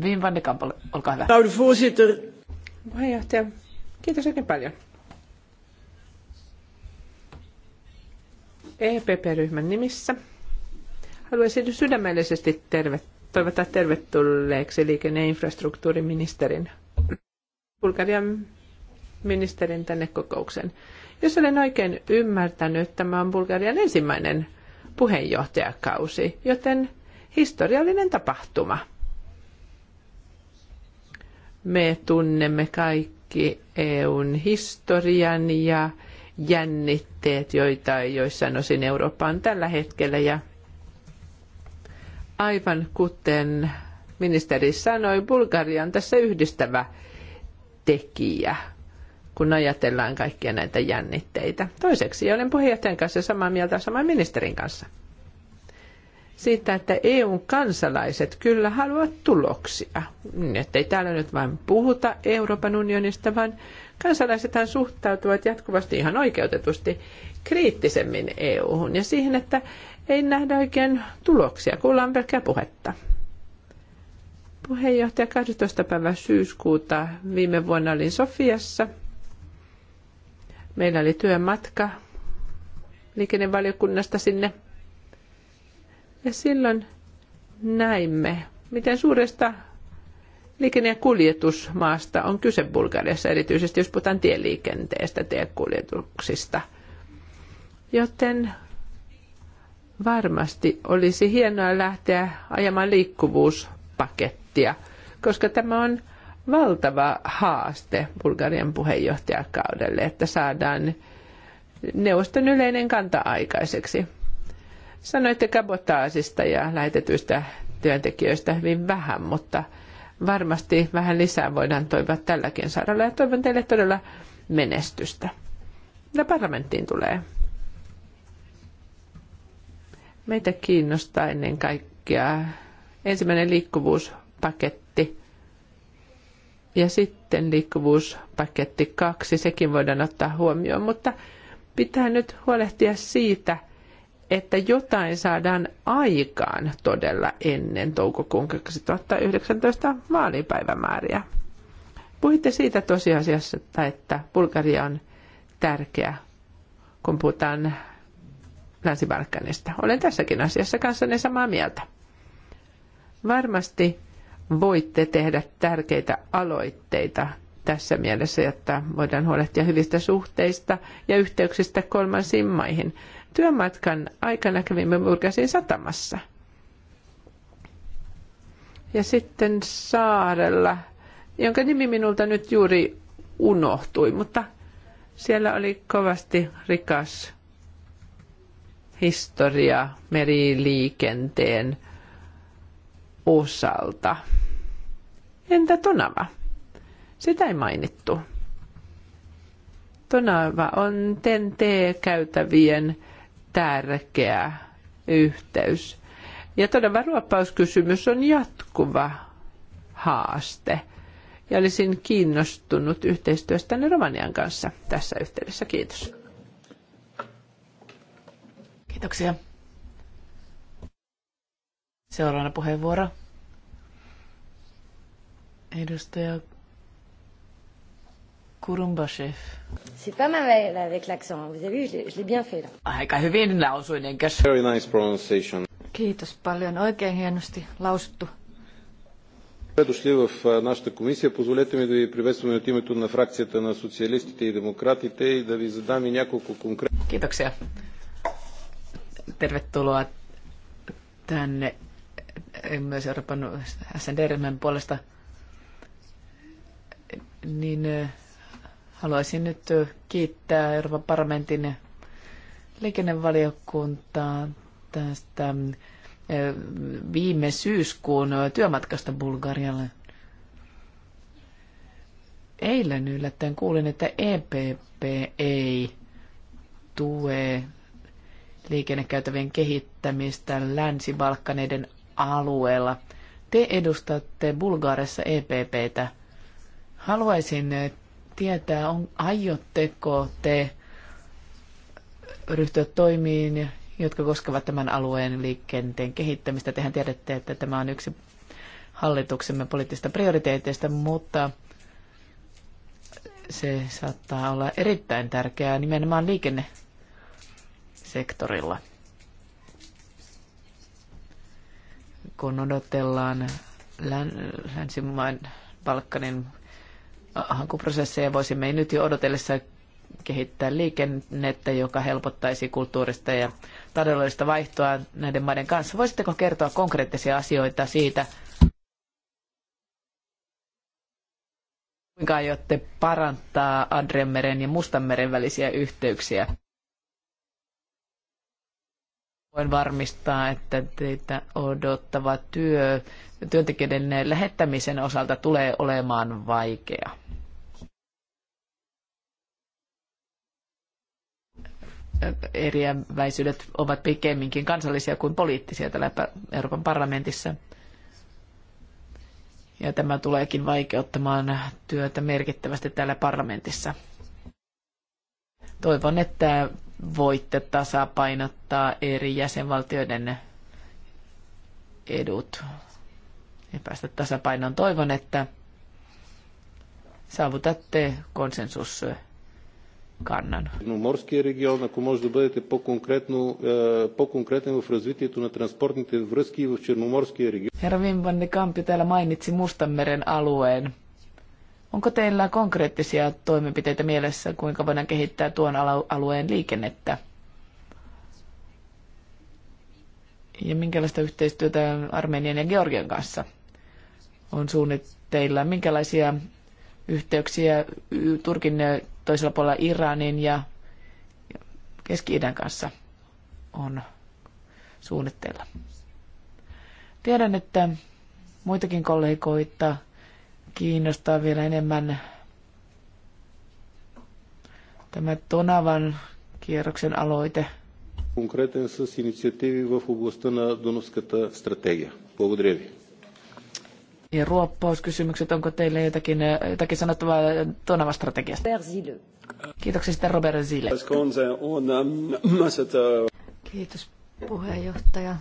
Wim van de Kamp, olkaa hyvä. Mevrouw de voorzitter, puheenjohtaja. Kiitos oikein paljon. EPP-ryhmän nimissä haluaisin sydämellisesti terve, toivottaa tervetulleeksi liikenneinfrastruktuuriministerin Bulgarian ministerin tänne kokoukseen. Jos olen oikein ymmärtänyt, tämä on Bulgarian ensimmäinen puheenjohtajakausi, joten historiallinen tapahtuma – me tunnemme kaikki EUn historian ja jännitteet, joita joissain osin sanoisin Eurooppaan tällä hetkellä. Ja aivan kuten ministeri sanoi, Bulgaria on tässä yhdistävä tekijä, kun ajatellaan kaikkia näitä jännitteitä. Toiseksi olen puheenjohtajan kanssa samaa mieltä saman ministerin kanssa siitä, että EUn kansalaiset kyllä haluavat tuloksia. Niin, että ei täällä nyt vain puhuta Euroopan unionista, vaan kansalaisethan suhtautuvat jatkuvasti ihan oikeutetusti kriittisemmin EUhun ja siihen, että ei nähdä oikein tuloksia, kuullaan pelkkää puhetta. Puheenjohtaja 12. päivä syyskuuta viime vuonna olin Sofiassa. Meillä oli työmatka liikennevaliokunnasta sinne ja silloin näimme, miten suuresta liikenne- ja kuljetusmaasta on kyse Bulgariassa, erityisesti jos puhutaan tieliikenteestä, tiekuljetuksista. Joten varmasti olisi hienoa lähteä ajamaan liikkuvuuspakettia, koska tämä on valtava haaste Bulgarian puheenjohtajakaudelle, että saadaan neuvoston yleinen kanta aikaiseksi. Sanoitte kabotaasista ja lähetetyistä työntekijöistä hyvin vähän, mutta varmasti vähän lisää voidaan toivoa tälläkin saralla ja toivon teille todella menestystä. Mitä parlamenttiin tulee? Meitä kiinnostaa ennen kaikkea ensimmäinen liikkuvuuspaketti ja sitten liikkuvuuspaketti kaksi, sekin voidaan ottaa huomioon, mutta pitää nyt huolehtia siitä, että jotain saadaan aikaan todella ennen toukokuun 2019 vaalipäivämääriä. Puhitte siitä tosiasiassa, että Bulgaria on tärkeä, kun puhutaan länsi -Balkanista. Olen tässäkin asiassa kanssanne samaa mieltä. Varmasti voitte tehdä tärkeitä aloitteita tässä mielessä, että voidaan huolehtia hyvistä suhteista ja yhteyksistä kolmansiin maihin. Työmatkan aikana kävimme Murgasin satamassa. Ja sitten saarella, jonka nimi minulta nyt juuri unohtui, mutta siellä oli kovasti rikas historia meriliikenteen osalta. Entä Tonava? Sitä ei mainittu. Tonava on tnt käytävien tärkeä yhteys. Ja todella ruoppauskysymys on jatkuva haaste. Ja olisin kiinnostunut yhteistyöstänne Romanian kanssa tässä yhteydessä. Kiitos. Kiitoksia. Seuraavana puheenvuoro. Edustaja Kurumbashev. C'est pas mal avec l'accent, vous avez vu, je l'ai bien fait là. Aika hyvin lausuin, enkäs? Very nice pronunciation. Kiitos paljon, oikein hienosti lausuttu. Дошли в нашата комисия. Позволете ми да ви приветстваме от името на фракцията на социалистите и демократите и да ви задам и няколко конкретни... Kiitoksia. Tervetuloa tänne myös Euroopan SND-ryhmän puolesta. Niin Haluaisin nyt kiittää Euroopan parlamentin liikennevaliokuntaa tästä viime syyskuun työmatkasta Bulgarialle. Eilen yllättäen kuulin, että EPP ei tue liikennekäytävien kehittämistä Länsi-Balkaneiden alueella. Te edustatte Bulgaarissa EPPtä. Haluaisin tietää, on, aiotteko te ryhtyä toimiin, jotka koskevat tämän alueen liikenteen kehittämistä. Tehän tiedätte, että tämä on yksi hallituksemme poliittista prioriteeteista, mutta se saattaa olla erittäin tärkeää nimenomaan liikennesektorilla. Kun odotellaan länsimaan Balkanin hakuprosesseja voisimme nyt jo odotellessa kehittää liikennettä, joka helpottaisi kulttuurista ja taloudellista vaihtoa näiden maiden kanssa. Voisitteko kertoa konkreettisia asioita siitä, kuinka aiotte parantaa Adrianmeren ja Mustanmeren välisiä yhteyksiä? Voin varmistaa, että teitä odottava työ työntekijöiden lähettämisen osalta tulee olemaan vaikea. Eriäväisyydet ovat pikemminkin kansallisia kuin poliittisia täällä Euroopan parlamentissa. Ja tämä tuleekin vaikeuttamaan työtä merkittävästi täällä parlamentissa. Toivon, että voitte tasapainottaa eri jäsenvaltioiden edut ja päästä tasapainoon. Toivon, että saavutatte konsensus kannan. Морския регион, ако може да бъдете по-конкретно, по-конкретен в развитието на транспортните връзки в Черноморския регион. Herra Wim van de täällä mainitsi Mustanmeren alueen. Onko teillä konkreettisia toimenpiteitä mielessä, kuinka voidaan kehittää tuon alueen liikennettä? Ja minkälaista yhteistyötä Armenian ja Georgian kanssa on suunnitteilla? Minkälaisia yhteyksiä Turkin toisella puolella Iranin ja Keski-idän kanssa on suunnitteilla? Tiedän, että muitakin kollegoita kiinnostaa vielä enemmän tämä Tonavan kierroksen aloite. Конкретен с инициативи в областта на Дунавската стратегия. Благодаря Ja ruoppauskysymykset, onko teille jotakin, jotakin sanottavaa Tonavan strategiasta? Kiitoksia sitten Robert Zille. Oh, uh, Kiitos puheenjohtaja.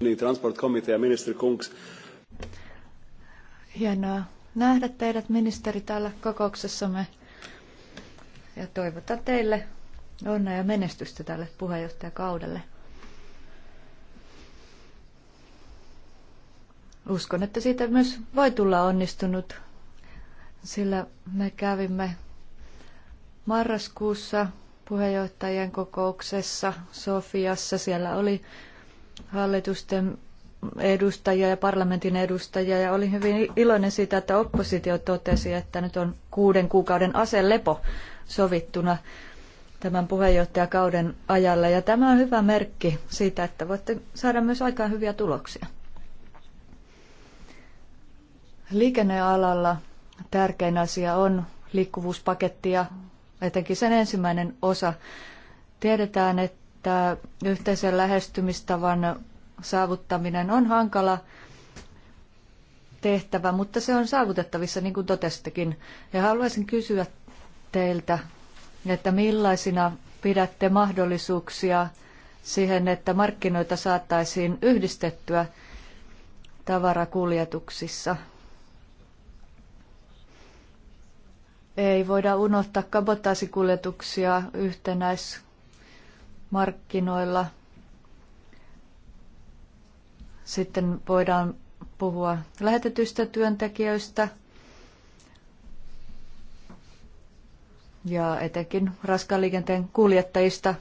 Niin, transportkomitea ministeri Kungs Hienoa nähdä teidät, ministeri, täällä kokouksessamme. Ja toivotan teille onnea ja menestystä tälle puheenjohtajakaudelle. Uskon, että siitä myös voi tulla onnistunut, sillä me kävimme marraskuussa puheenjohtajien kokouksessa Sofiassa. Siellä oli hallitusten edustajia ja parlamentin edustajia ja olin hyvin iloinen siitä, että oppositio totesi, että nyt on kuuden kuukauden aselepo sovittuna tämän puheenjohtajakauden ajalle. Ja tämä on hyvä merkki siitä, että voitte saada myös aikaan hyviä tuloksia. Liikennealalla tärkein asia on liikkuvuuspaketti ja etenkin sen ensimmäinen osa. Tiedetään, että yhteisen lähestymistavan saavuttaminen on hankala tehtävä, mutta se on saavutettavissa, niin kuin totesittekin. Ja haluaisin kysyä teiltä, että millaisina pidätte mahdollisuuksia siihen, että markkinoita saataisiin yhdistettyä tavarakuljetuksissa? Ei voida unohtaa kabotaasikuljetuksia yhtenäismarkkinoilla – sitten voidaan puhua lähetetyistä työntekijöistä ja etenkin raskaan liikenteen kuljettajista,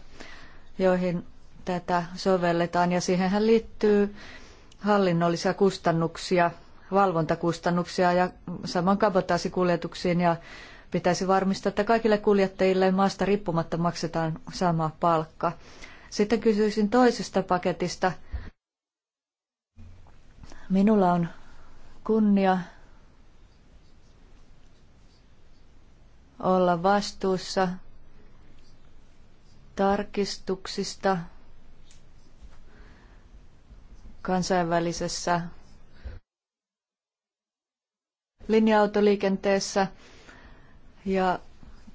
joihin tätä sovelletaan. Ja siihenhän liittyy hallinnollisia kustannuksia, valvontakustannuksia ja saman kabotaasikuljetuksiin ja pitäisi varmistaa, että kaikille kuljettajille maasta riippumatta maksetaan sama palkka. Sitten kysyisin toisesta paketista, Minulla on kunnia olla vastuussa tarkistuksista kansainvälisessä linja-autoliikenteessä ja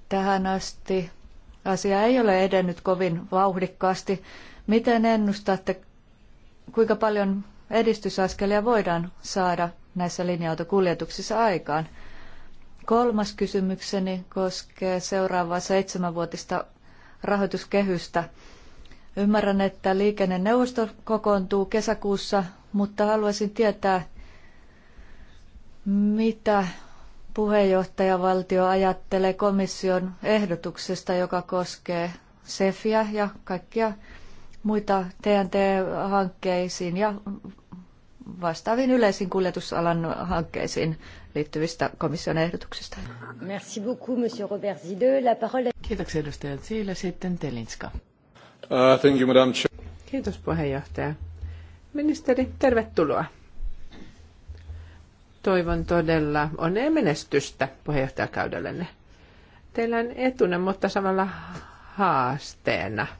tähän asti asia ei ole edennyt kovin vauhdikkaasti. Miten ennustatte, kuinka paljon edistysaskelia voidaan saada näissä linja-autokuljetuksissa aikaan? Kolmas kysymykseni koskee seuraavaa seitsemänvuotista rahoituskehystä. Ymmärrän, että liikenneneuvosto kokoontuu kesäkuussa, mutta haluaisin tietää, mitä puheenjohtajavaltio ajattelee komission ehdotuksesta, joka koskee SEFiä ja kaikkia muita TNT-hankkeisiin ja vastaaviin yleisiin kuljetusalan hankkeisiin liittyvistä komission ehdotuksista. Merci beaucoup, monsieur Robert La parole... Kiitoksia edustaja Zille. Sitten Telinska. Uh, thank you, madam. Kiitos puheenjohtaja. Ministeri, tervetuloa. Toivon todella onnea menestystä puheenjohtajakaudellenne. Teillä on etunen, mutta samalla haasteena –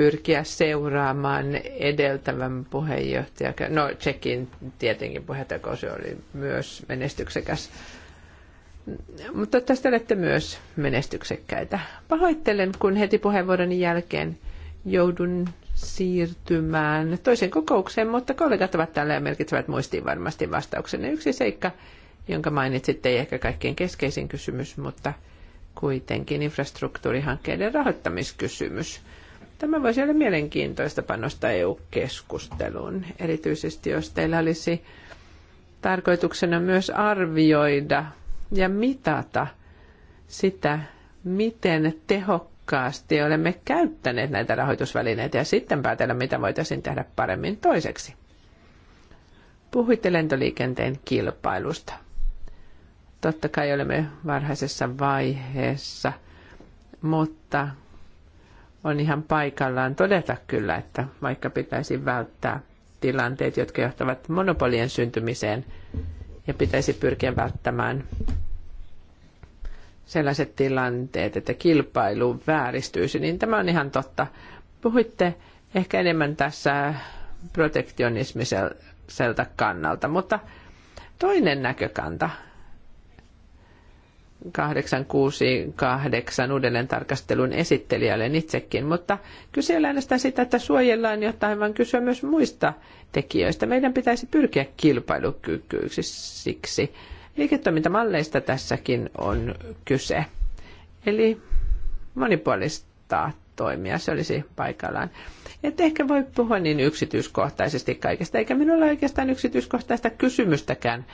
pyrkiä seuraamaan edeltävän puheenjohtajan, no Tsekin tietenkin puheenjohtajakausi oli myös menestyksekäs. Mutta tästä olette myös menestyksekkäitä. Pahoittelen, kun heti puheenvuoroni jälkeen joudun siirtymään toiseen kokoukseen, mutta kollegat ovat täällä ja merkitsevät muistiin varmasti vastauksenne. Yksi seikka, jonka mainitsitte, ei ehkä kaikkein keskeisin kysymys, mutta kuitenkin infrastruktuurihankkeiden rahoittamiskysymys. Tämä voisi olla mielenkiintoista panosta EU-keskusteluun, erityisesti jos teillä olisi tarkoituksena myös arvioida ja mitata sitä, miten tehokkaasti olemme käyttäneet näitä rahoitusvälineitä ja sitten päätellä, mitä voitaisiin tehdä paremmin toiseksi. Puhuitte lentoliikenteen kilpailusta. Totta kai olemme varhaisessa vaiheessa, mutta on ihan paikallaan todeta kyllä, että vaikka pitäisi välttää tilanteet, jotka johtavat monopolien syntymiseen ja pitäisi pyrkiä välttämään sellaiset tilanteet, että kilpailu vääristyisi, niin tämä on ihan totta. Puhuitte ehkä enemmän tässä protektionismiselta kannalta, mutta toinen näkökanta, 868 uudelleen tarkastelun esittelijälle itsekin, mutta kyse ei ole sitä, että suojellaan jotain, vaan kysyä myös muista tekijöistä. Meidän pitäisi pyrkiä kilpailukykyisiksi. Liiketoimintamalleista tässäkin on kyse. Eli monipuolistaa toimia, se olisi paikallaan. Et ehkä voi puhua niin yksityiskohtaisesti kaikesta, eikä minulla oikeastaan yksityiskohtaista kysymystäkään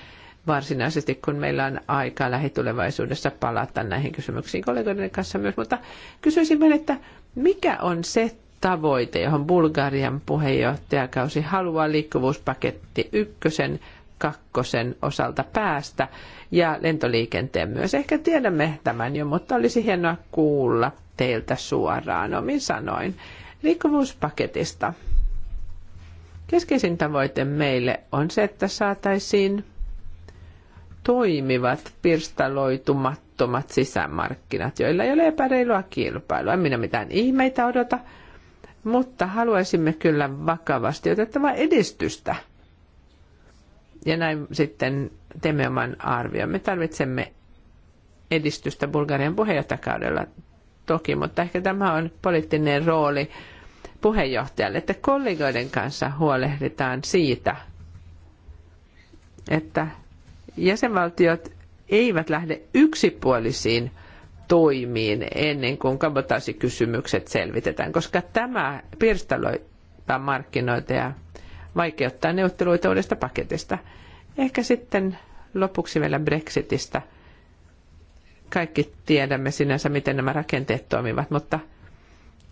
varsinaisesti, kun meillä on aikaa lähitulevaisuudessa palata näihin kysymyksiin kollegoiden kanssa myös. Mutta kysyisin vielä, että mikä on se tavoite, johon Bulgarian puheenjohtajakausi haluaa liikkuvuuspaketti ykkösen, kakkosen osalta päästä ja lentoliikenteen myös. Ehkä tiedämme tämän jo, mutta olisi hienoa kuulla teiltä suoraan omin sanoin. Liikkuvuuspaketista. Keskeisin tavoite meille on se, että saataisiin toimivat pirstaloitumattomat sisämarkkinat, joilla ei ole epäreilua kilpailua. En minä mitään ihmeitä odota, mutta haluaisimme kyllä vakavasti otettavaa edistystä. Ja näin sitten teemme oman arvion. Me tarvitsemme edistystä Bulgarian puheenjohtajakaudella toki, mutta ehkä tämä on poliittinen rooli puheenjohtajalle, että kollegoiden kanssa huolehditaan siitä, että jäsenvaltiot eivät lähde yksipuolisiin toimiin ennen kuin kabotaasikysymykset selvitetään, koska tämä pirstaloi markkinoita ja vaikeuttaa neuvotteluita uudesta paketista. Ehkä sitten lopuksi vielä Brexitistä. Kaikki tiedämme sinänsä, miten nämä rakenteet toimivat, mutta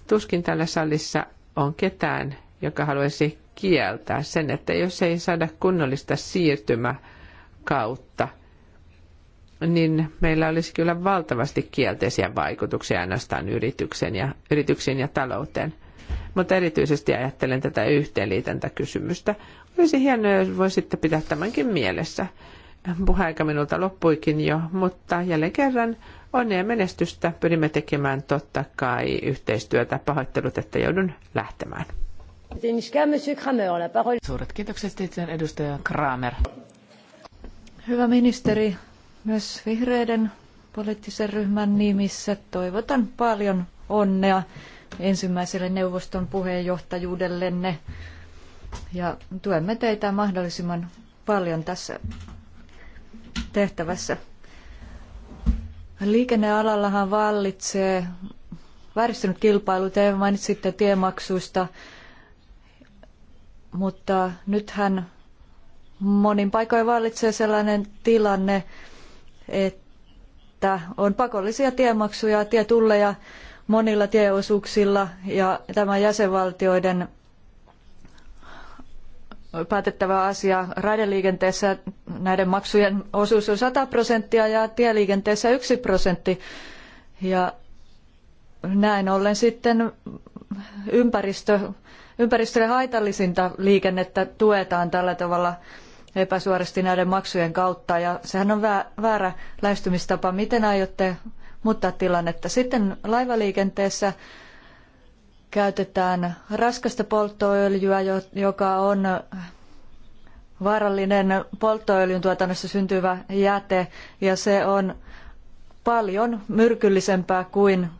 tuskin tällä salissa on ketään, joka haluaisi kieltää sen, että jos ei saada kunnollista siirtymää kautta, niin meillä olisi kyllä valtavasti kielteisiä vaikutuksia ainoastaan yrityksen ja, yrityksiin ja talouteen. Mutta erityisesti ajattelen tätä yhteenliitäntäkysymystä. Olisi hienoa, jos voisitte pitää tämänkin mielessä. Puheaika minulta loppuikin jo, mutta jälleen kerran onnea menestystä. Pyrimme tekemään totta kai yhteistyötä. Pahoittelut, että joudun lähtemään. Suuret kiitokset edustaja Kramer. Hyvä ministeri, myös vihreiden poliittisen ryhmän nimissä toivotan paljon onnea ensimmäiselle neuvoston puheenjohtajuudellenne ja tuemme teitä mahdollisimman paljon tässä tehtävässä. Liikennealallahan vallitsee vääristynyt kilpailu. Te mainitsitte tiemaksuista, mutta nythän monin paikoin vallitsee sellainen tilanne, että on pakollisia tiemaksuja, tietulleja monilla tieosuuksilla ja tämä jäsenvaltioiden päätettävä asia. Raideliikenteessä näiden maksujen osuus on 100 prosenttia ja tieliikenteessä 1 prosentti. Ja näin ollen sitten ympäristö, ympäristölle haitallisinta liikennettä tuetaan tällä tavalla – epäsuorasti näiden maksujen kautta ja sehän on väärä lähestymistapa. Miten aiotte muuttaa tilannetta? Sitten laivaliikenteessä käytetään raskasta polttoöljyä, joka on vaarallinen polttoöljyn tuotannossa syntyvä jäte ja se on paljon myrkyllisempää kuin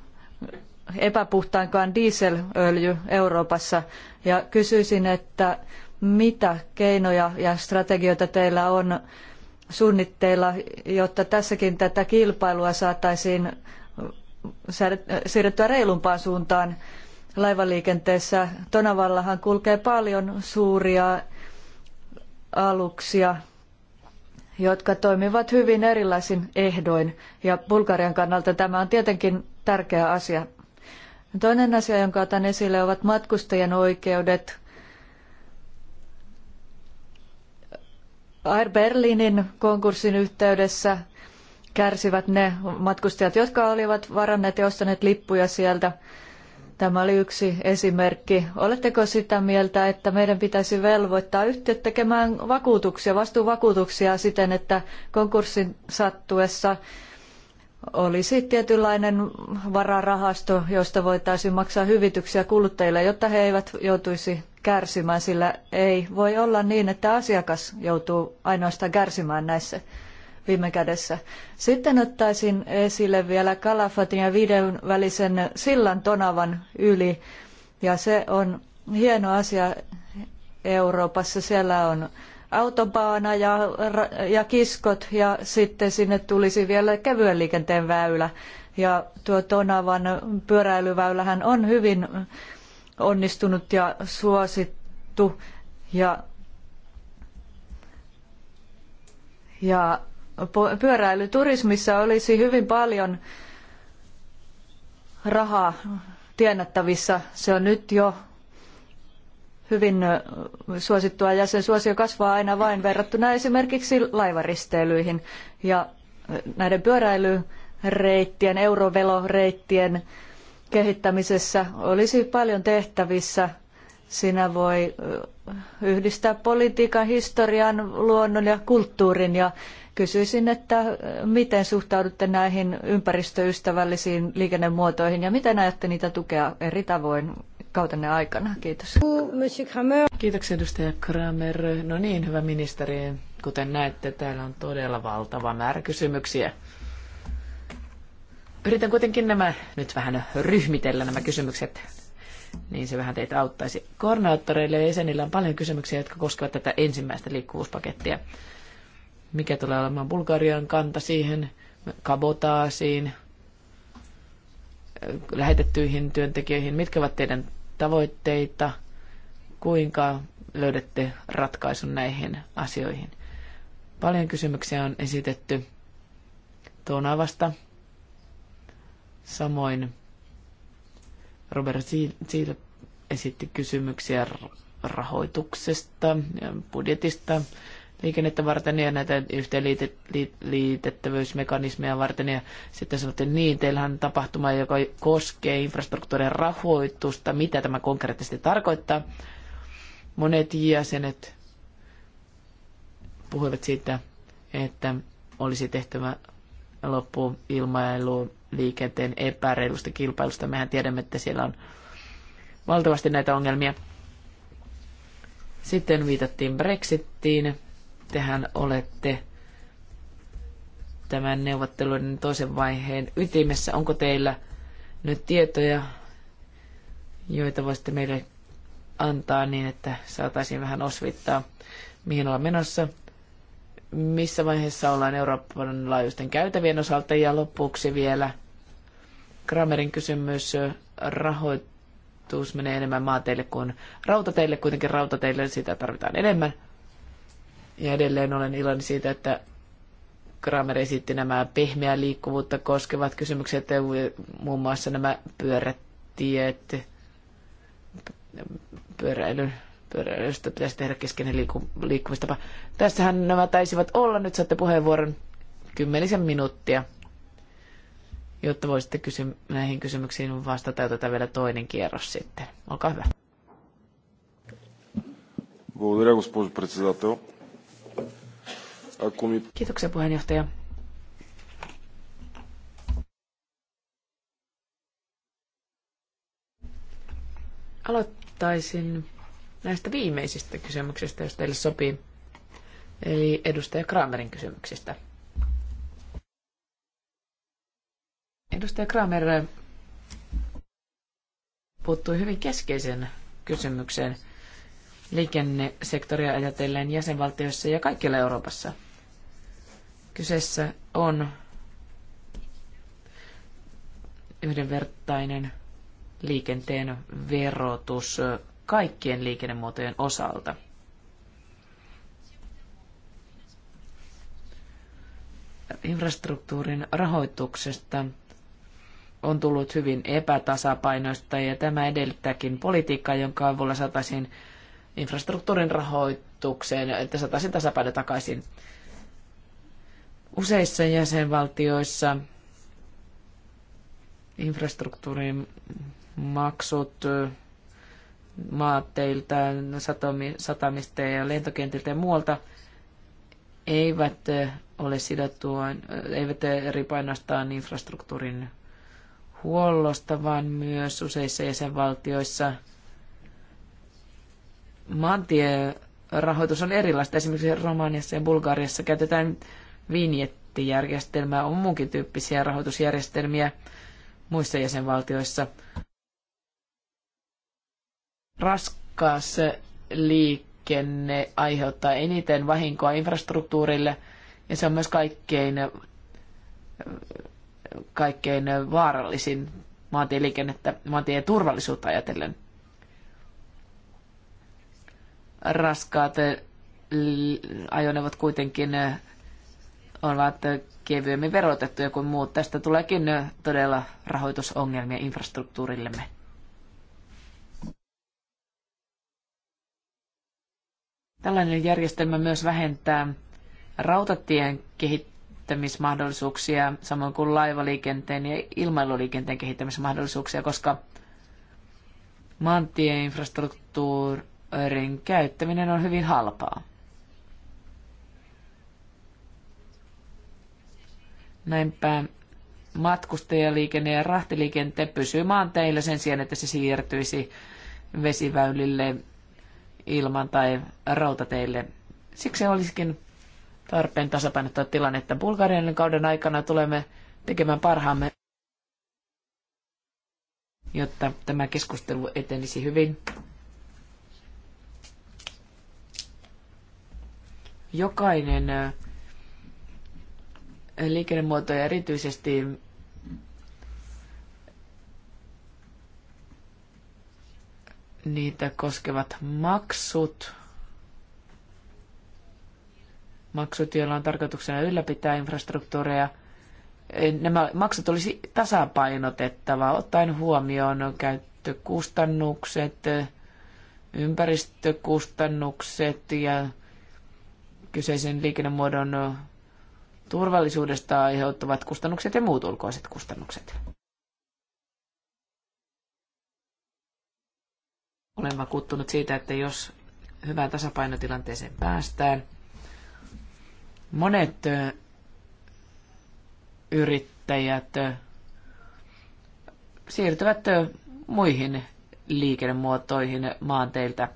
epäpuhtaankaan dieselöljy Euroopassa. Ja kysyisin, että mitä keinoja ja strategioita teillä on suunnitteilla, jotta tässäkin tätä kilpailua saataisiin siirrettyä reilumpaan suuntaan laivaliikenteessä. Tonavallahan kulkee paljon suuria aluksia, jotka toimivat hyvin erilaisin ehdoin. Ja Bulgarian kannalta tämä on tietenkin tärkeä asia. Toinen asia, jonka otan esille, ovat matkustajien oikeudet. Air Berlinin konkurssin yhteydessä kärsivät ne matkustajat, jotka olivat varanneet ja ostaneet lippuja sieltä. Tämä oli yksi esimerkki. Oletteko sitä mieltä, että meidän pitäisi velvoittaa yhtiöt tekemään vakuutuksia, vastuuvakuutuksia siten, että konkurssin sattuessa olisi tietynlainen vararahasto, josta voitaisiin maksaa hyvityksiä kuluttajille, jotta he eivät joutuisi kärsimään, sillä ei voi olla niin, että asiakas joutuu ainoastaan kärsimään näissä viime kädessä. Sitten ottaisin esille vielä Kalafatin ja Videon välisen sillan Tonavan yli, ja se on hieno asia Euroopassa. Siellä on autobaana ja, ja kiskot ja sitten sinne tulisi vielä kevyen liikenteen väylä. Ja tuo Tonavan pyöräilyväylähän on hyvin onnistunut ja suosittu ja, ja pyöräilyturismissa olisi hyvin paljon rahaa tienattavissa. Se on nyt jo hyvin suosittua ja sen suosio kasvaa aina vain verrattuna esimerkiksi laivaristeilyihin. Ja näiden pyöräilyreittien, euroveloreittien kehittämisessä olisi paljon tehtävissä. Siinä voi yhdistää politiikan, historian, luonnon ja kulttuurin ja kysyisin, että miten suhtaudutte näihin ympäristöystävällisiin liikennemuotoihin ja miten ajatte niitä tukea eri tavoin kautenne aikana. Kiitos. Kiitoksia edustaja Kramer. No niin, hyvä ministeri. Kuten näette, täällä on todella valtava määrä kysymyksiä. Yritän kuitenkin nämä nyt vähän ryhmitellä nämä kysymykset, niin se vähän teitä auttaisi. Koordinaattoreille ja jäsenillä on paljon kysymyksiä, jotka koskevat tätä ensimmäistä liikkuvuuspakettia. Mikä tulee olemaan Bulgarian kanta siihen, kabotaasiin, lähetettyihin työntekijöihin. Mitkä ovat teidän tavoitteita, kuinka löydätte ratkaisun näihin asioihin. Paljon kysymyksiä on esitetty tuonavasta samoin Robert Zil esitti kysymyksiä rahoituksesta ja budjetista liikennettä varten ja näitä yhteenliitettävyysmekanismeja varten. Ja sitten sanottiin, niin, teillähän on tapahtuma, joka koskee infrastruktuurin rahoitusta, mitä tämä konkreettisesti tarkoittaa. Monet jäsenet puhuivat siitä, että olisi tehtävä loppuun liikenteen epäreilusta kilpailusta. Mehän tiedämme, että siellä on valtavasti näitä ongelmia. Sitten viitattiin Brexittiin Tehän olette tämän neuvotteluiden toisen vaiheen ytimessä. Onko teillä nyt tietoja, joita voisitte meille antaa niin, että saataisiin vähän osvittaa, mihin ollaan menossa, missä vaiheessa ollaan Euroopan laajuisten käytävien osalta ja lopuksi vielä Kramerin kysymys rahoitus menee enemmän maateille kuin rautateille. Kuitenkin rautateille sitä tarvitaan enemmän. Ja edelleen olen iloinen siitä, että Kramer esitti nämä pehmeää liikkuvuutta koskevat kysymykset, muun muassa nämä pyörätiet, pyöräilyn, pyöräilystä pitäisi tehdä keskeinen liikku, liikkumistapa. Tässähän nämä taisivat olla. Nyt saatte puheenvuoron kymmenisen minuuttia, jotta voisitte kysy- näihin kysymyksiin vastata ja tätä vielä toinen kierros sitten. Olkaa hyvä. Благодаря, госпожо председател. Kiitoksia puheenjohtaja. Aloittaisin näistä viimeisistä kysymyksistä, jos teille sopii. Eli edustaja Kramerin kysymyksistä. Edustaja Kramer puuttui hyvin keskeisen kysymykseen – liikennesektoria ajatellen jäsenvaltioissa ja kaikkialla Euroopassa. Kyseessä on yhdenvertainen liikenteen verotus kaikkien liikennemuotojen osalta. Infrastruktuurin rahoituksesta on tullut hyvin epätasapainoista ja tämä edellyttääkin politiikkaa, jonka avulla saataisiin infrastruktuurin rahoitukseen, että saataisiin tasapaino takaisin. Useissa jäsenvaltioissa infrastruktuurin maksut maatteilta, satamista ja lentokentiltä ja muualta eivät ole sidottua, eivät ripainastaan infrastruktuurin huollosta, vaan myös useissa jäsenvaltioissa – maantierahoitus on erilaista. Esimerkiksi Romaniassa ja Bulgariassa käytetään vinjettijärjestelmää, on muunkin tyyppisiä rahoitusjärjestelmiä muissa jäsenvaltioissa. Raskas liikenne aiheuttaa eniten vahinkoa infrastruktuurille ja se on myös kaikkein, kaikkein vaarallisin maantieliikennettä, maantien turvallisuutta ajatellen raskaat eh, ajoneuvot kuitenkin eh, ovat eh, kevyemmin verotettuja kuin muut. Tästä tuleekin todella rahoitusongelmia infrastruktuurillemme. Tällainen järjestelmä myös vähentää rautatien kehittämismahdollisuuksia, samoin kuin laivaliikenteen ja ilmailuliikenteen kehittämismahdollisuuksia, koska maantieinfrastruktuuri Ren käyttäminen on hyvin halpaa. Näinpä matkustajaliikenne ja rahtiliikenteen pysyy maanteillä sen sijaan, että se siirtyisi vesiväylille ilman tai rautateille. Siksi olisikin tarpeen tasapainottaa tilannetta. Bulgarian kauden aikana tulemme tekemään parhaamme, jotta tämä keskustelu etenisi hyvin jokainen äh, liikennemuoto ja erityisesti niitä koskevat maksut, maksut, joilla on tarkoituksena ylläpitää infrastruktuuria, äh, nämä maksut olisi tasapainotettava ottaen huomioon käyttökustannukset, äh, ympäristökustannukset ja kyseisen liikennemuodon turvallisuudesta aiheuttavat kustannukset ja muut ulkoiset kustannukset. Olen vakuuttunut siitä, että jos hyvään tasapainotilanteeseen päästään, monet yrittäjät siirtyvät muihin liikennemuotoihin maanteiltä,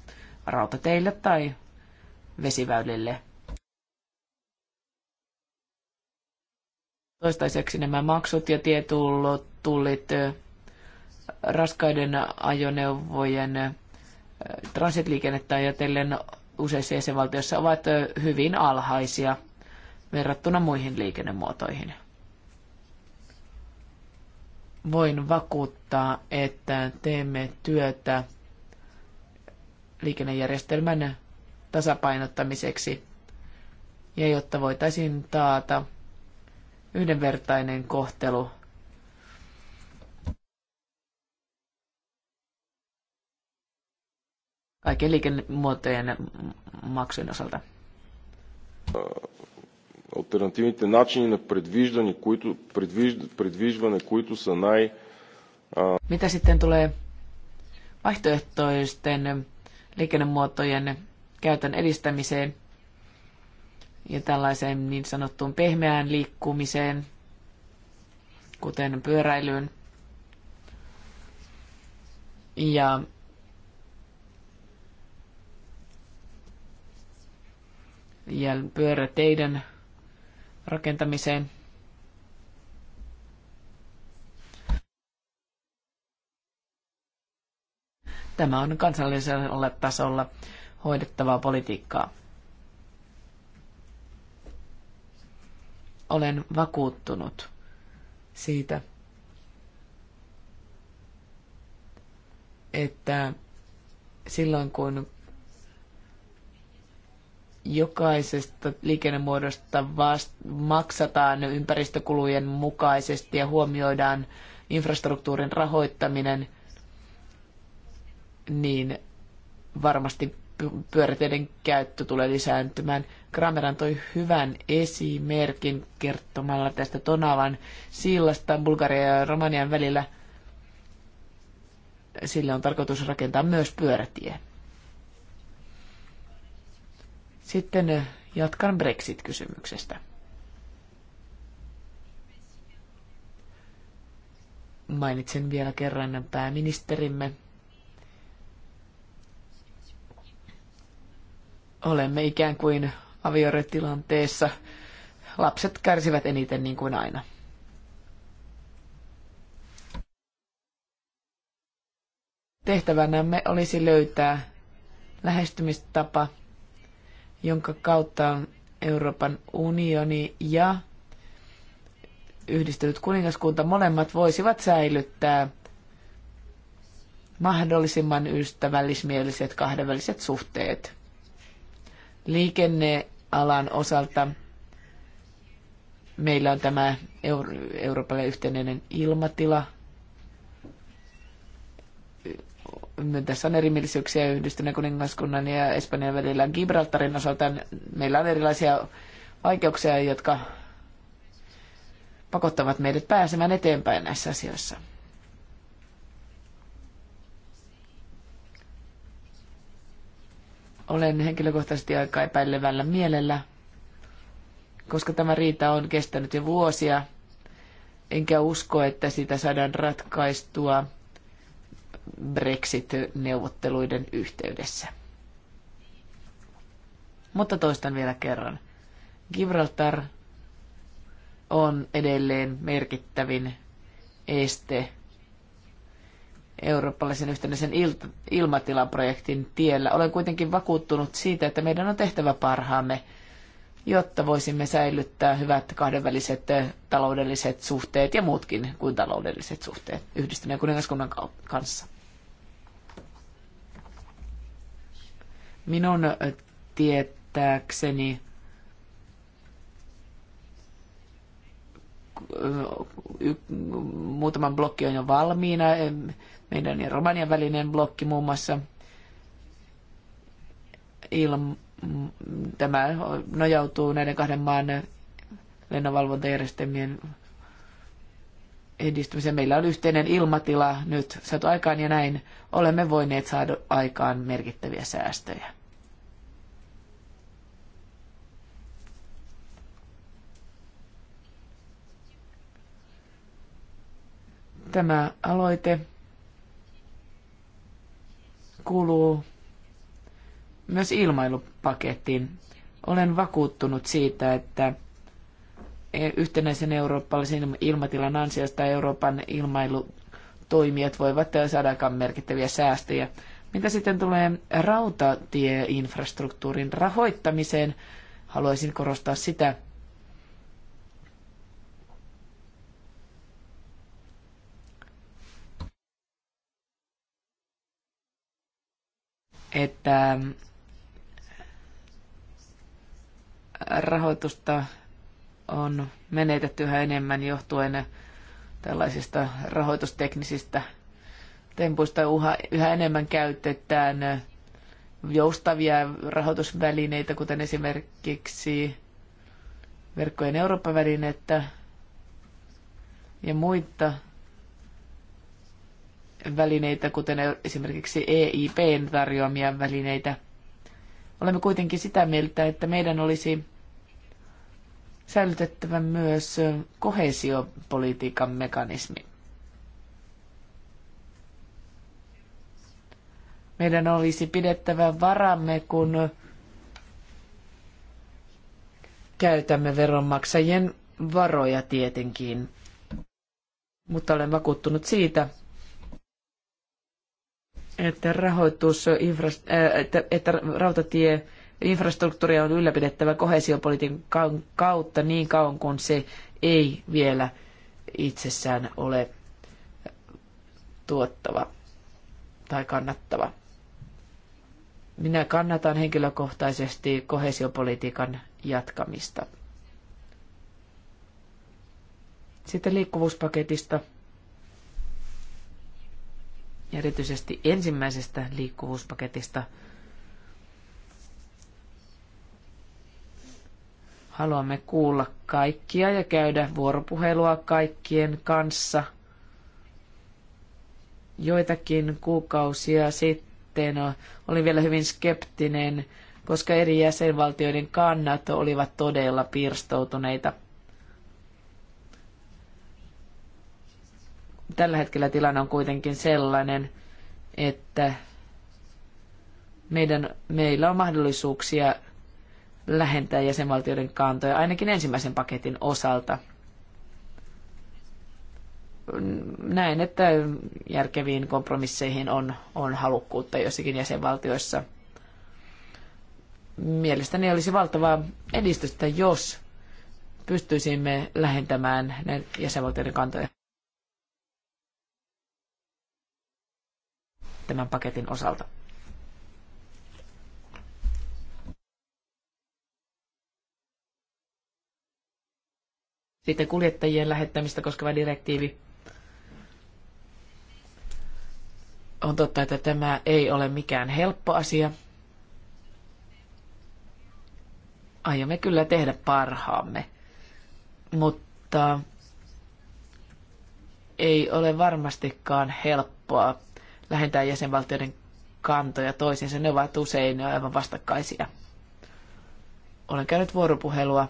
rautateille tai vesiväylille – Toistaiseksi nämä maksut ja tietullut tullit raskaiden ajoneuvojen transitliikennettä ajatellen useissa jäsenvaltioissa ovat hyvin alhaisia verrattuna muihin liikennemuotoihin. Voin vakuuttaa, että teemme työtä liikennejärjestelmän tasapainottamiseksi ja jotta voitaisiin taata yhdenvertainen kohtelu. kaiken liikennemuotojen maksujen osalta. Alternatiivit начини на предвиждане, които, предвижване, които са най... Mitä sitten tulee vaihtoehtoisten liikennemuotojen käytön edistämiseen, ja tällaiseen niin sanottuun pehmeään liikkumiseen, kuten pyöräilyyn. Ja ja pyöräteiden rakentamiseen. Tämä on kansallisella tasolla hoidettavaa politiikkaa. olen vakuuttunut siitä, että silloin kun jokaisesta liikennemuodosta vast- maksataan ympäristökulujen mukaisesti ja huomioidaan infrastruktuurin rahoittaminen, niin varmasti pyöriteiden käyttö tulee lisääntymään. Kramer antoi hyvän esimerkin kertomalla tästä Tonavan sillasta Bulgaria ja Romanian välillä. Sille on tarkoitus rakentaa myös pyörätie. Sitten eh, jatkan Brexit-kysymyksestä. Mainitsen vielä kerran pääministerimme olemme ikään kuin avioerotilanteessa. Lapset kärsivät eniten niin kuin aina. Tehtävänämme olisi löytää lähestymistapa, jonka kautta on Euroopan unioni ja yhdistynyt kuningaskunta molemmat voisivat säilyttää mahdollisimman ystävällismieliset kahdenväliset suhteet. Liikennealan osalta meillä on tämä Euro- Euroopan yhteinen ilmatila. Tässä on erimielisyyksiä yhdistyneen kuningaskunnan ja Espanjan välillä Gibraltarin osalta. Meillä on erilaisia vaikeuksia, jotka pakottavat meidät pääsemään eteenpäin näissä asioissa. Olen henkilökohtaisesti aika epäilevällä mielellä, koska tämä riita on kestänyt jo vuosia, enkä usko, että sitä saadaan ratkaistua Brexit-neuvotteluiden yhteydessä. Mutta toistan vielä kerran. Gibraltar on edelleen merkittävin este eurooppalaisen yhtenäisen il- ilmatilaprojektin tiellä. Olen kuitenkin vakuuttunut siitä, että meidän on tehtävä parhaamme, jotta voisimme säilyttää hyvät kahdenväliset taloudelliset suhteet ja muutkin kuin taloudelliset suhteet yhdistyneen kuningaskunnan kanssa. Minun tietääkseni muutaman blokki on jo valmiina meidän ja Romanian välinen blokki muun muassa. Ilm, tämä nojautuu näiden kahden maan lennonvalvontajärjestelmien edistymiseen. Meillä on yhteinen ilmatila nyt saatu aikaan ja näin olemme voineet saada aikaan merkittäviä säästöjä. Tämä aloite kuluu myös ilmailupakettiin. Olen vakuuttunut siitä, että e, yhtenäisen eurooppalaisen ilmatilan ansiosta Euroopan ilmailutoimijat voivat saada merkittäviä säästöjä. Mitä sitten tulee rautatieinfrastruktuurin rahoittamiseen, haluaisin korostaa sitä, että äh, rahoitusta on menetetty yhä enemmän johtuen tällaisista rahoitusteknisistä tempuista. Yhä enemmän käytetään joustavia rahoitusvälineitä, kuten esimerkiksi verkkojen Eurooppa-välinettä ja muita välineitä, kuten esimerkiksi EIPn tarjoamia välineitä. Olemme kuitenkin sitä mieltä, että meidän olisi säilytettävä myös kohesiopolitiikan mekanismi. Meidän olisi pidettävä varamme, kun käytämme veronmaksajien varoja tietenkin. Mutta olen vakuuttunut siitä, että rahoitus, infra, äh, että, että rautatie on ylläpidettävä kohesiopolitiikan kautta niin kauan kuin se ei vielä itsessään ole tuottava tai kannattava. Minä kannatan henkilökohtaisesti kohesiopolitiikan jatkamista. Sitten liikkuvuuspaketista erityisesti ensimmäisestä liikkuvuuspaketista. Haluamme kuulla kaikkia ja käydä vuoropuhelua kaikkien kanssa. Joitakin kuukausia sitten olin vielä hyvin skeptinen, koska eri jäsenvaltioiden kannat olivat todella pirstoutuneita – Tällä hetkellä tilanne on kuitenkin sellainen, että meidän, meillä on mahdollisuuksia lähentää jäsenvaltioiden kantoja ainakin ensimmäisen paketin osalta. Näin, että järkeviin kompromisseihin on, on halukkuutta jossakin jäsenvaltioissa. Mielestäni olisi valtavaa edistystä, jos pystyisimme lähentämään jäsenvaltioiden kantoja. tämän paketin osalta. Sitten kuljettajien lähettämistä koskeva direktiivi. On totta, että tämä ei ole mikään helppo asia. Aiomme kyllä tehdä parhaamme, mutta ei ole varmastikaan helppoa lähentää jäsenvaltioiden kantoja toisiinsa. Ne ovat usein aivan vastakkaisia. Olen käynyt vuoropuhelua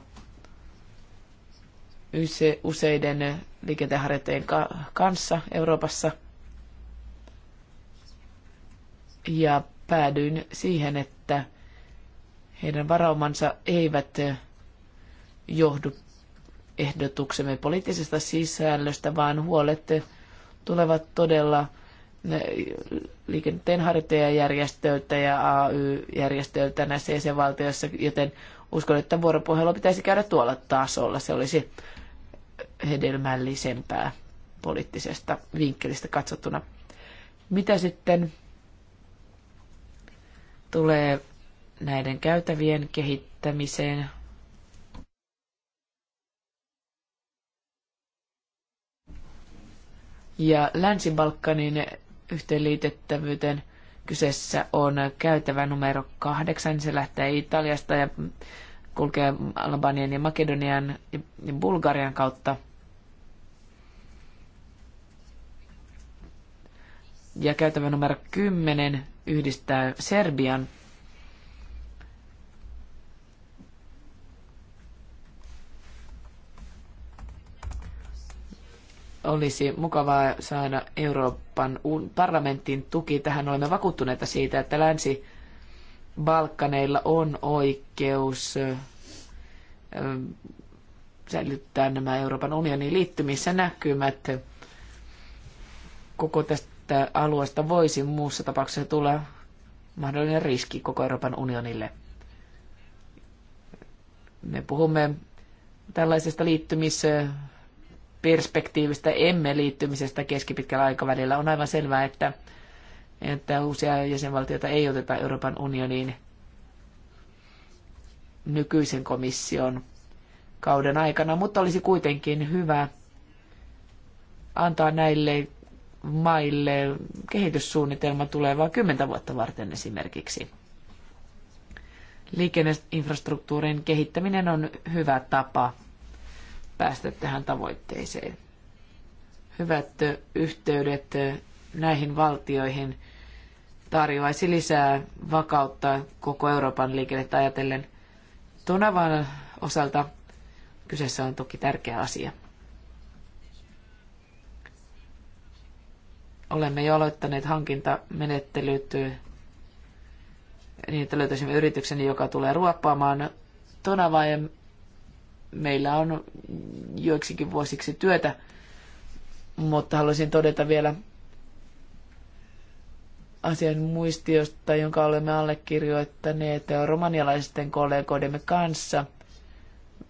useiden liikenteenharjoittajien kanssa Euroopassa ja päädyin siihen, että heidän varaumansa eivät johdu ehdotuksemme poliittisesta sisällöstä, vaan huolet tulevat todella liikenteenharjoittajajärjestöiltä ja AY-järjestöiltä näissä jäsenvaltioissa, joten uskon, että vuoropuhelua pitäisi käydä tuolla tasolla. Se olisi hedelmällisempää poliittisesta vinkkelistä katsottuna. Mitä sitten tulee näiden käytävien kehittämiseen? Ja Länsi-Balkanin yhteenliitettävyyteen. Kyseessä on käytävä numero kahdeksan. Se lähtee Italiasta ja kulkee Albanian ja Makedonian ja Bulgarian kautta. Ja käytävä numero 10 yhdistää Serbian olisi mukavaa saada Euroopan. Euroopan parlamentin tuki tähän. Olemme vakuuttuneita siitä, että Länsi-Balkaneilla on oikeus säilyttää nämä Euroopan unionin liittymissä näkymät. Koko tästä alueesta voisi muussa tapauksessa tulla mahdollinen riski koko Euroopan unionille. Me puhumme tällaisesta liittymisestä perspektiivistä, emme liittymisestä keskipitkällä aikavälillä. On aivan selvää, että, että uusia jäsenvaltioita ei oteta Euroopan unioniin nykyisen komission kauden aikana, mutta olisi kuitenkin hyvä antaa näille maille kehityssuunnitelma tulevaa kymmentä vuotta varten esimerkiksi. Liikenneinfrastruktuurin kehittäminen on hyvä tapa päästä tähän tavoitteeseen. Hyvät yhteydet näihin valtioihin tarjoaisi lisää vakautta koko Euroopan liikennettä ajatellen. Tonavan osalta kyseessä on toki tärkeä asia. Olemme jo aloittaneet hankintamenettelyt niin, että löytäisimme yrityksen, joka tulee ruoppaamaan Tonavaa ja meillä on joiksikin vuosiksi työtä, mutta haluaisin todeta vielä asian muistiosta, jonka olemme allekirjoittaneet romanialaisten kollegoidemme kanssa.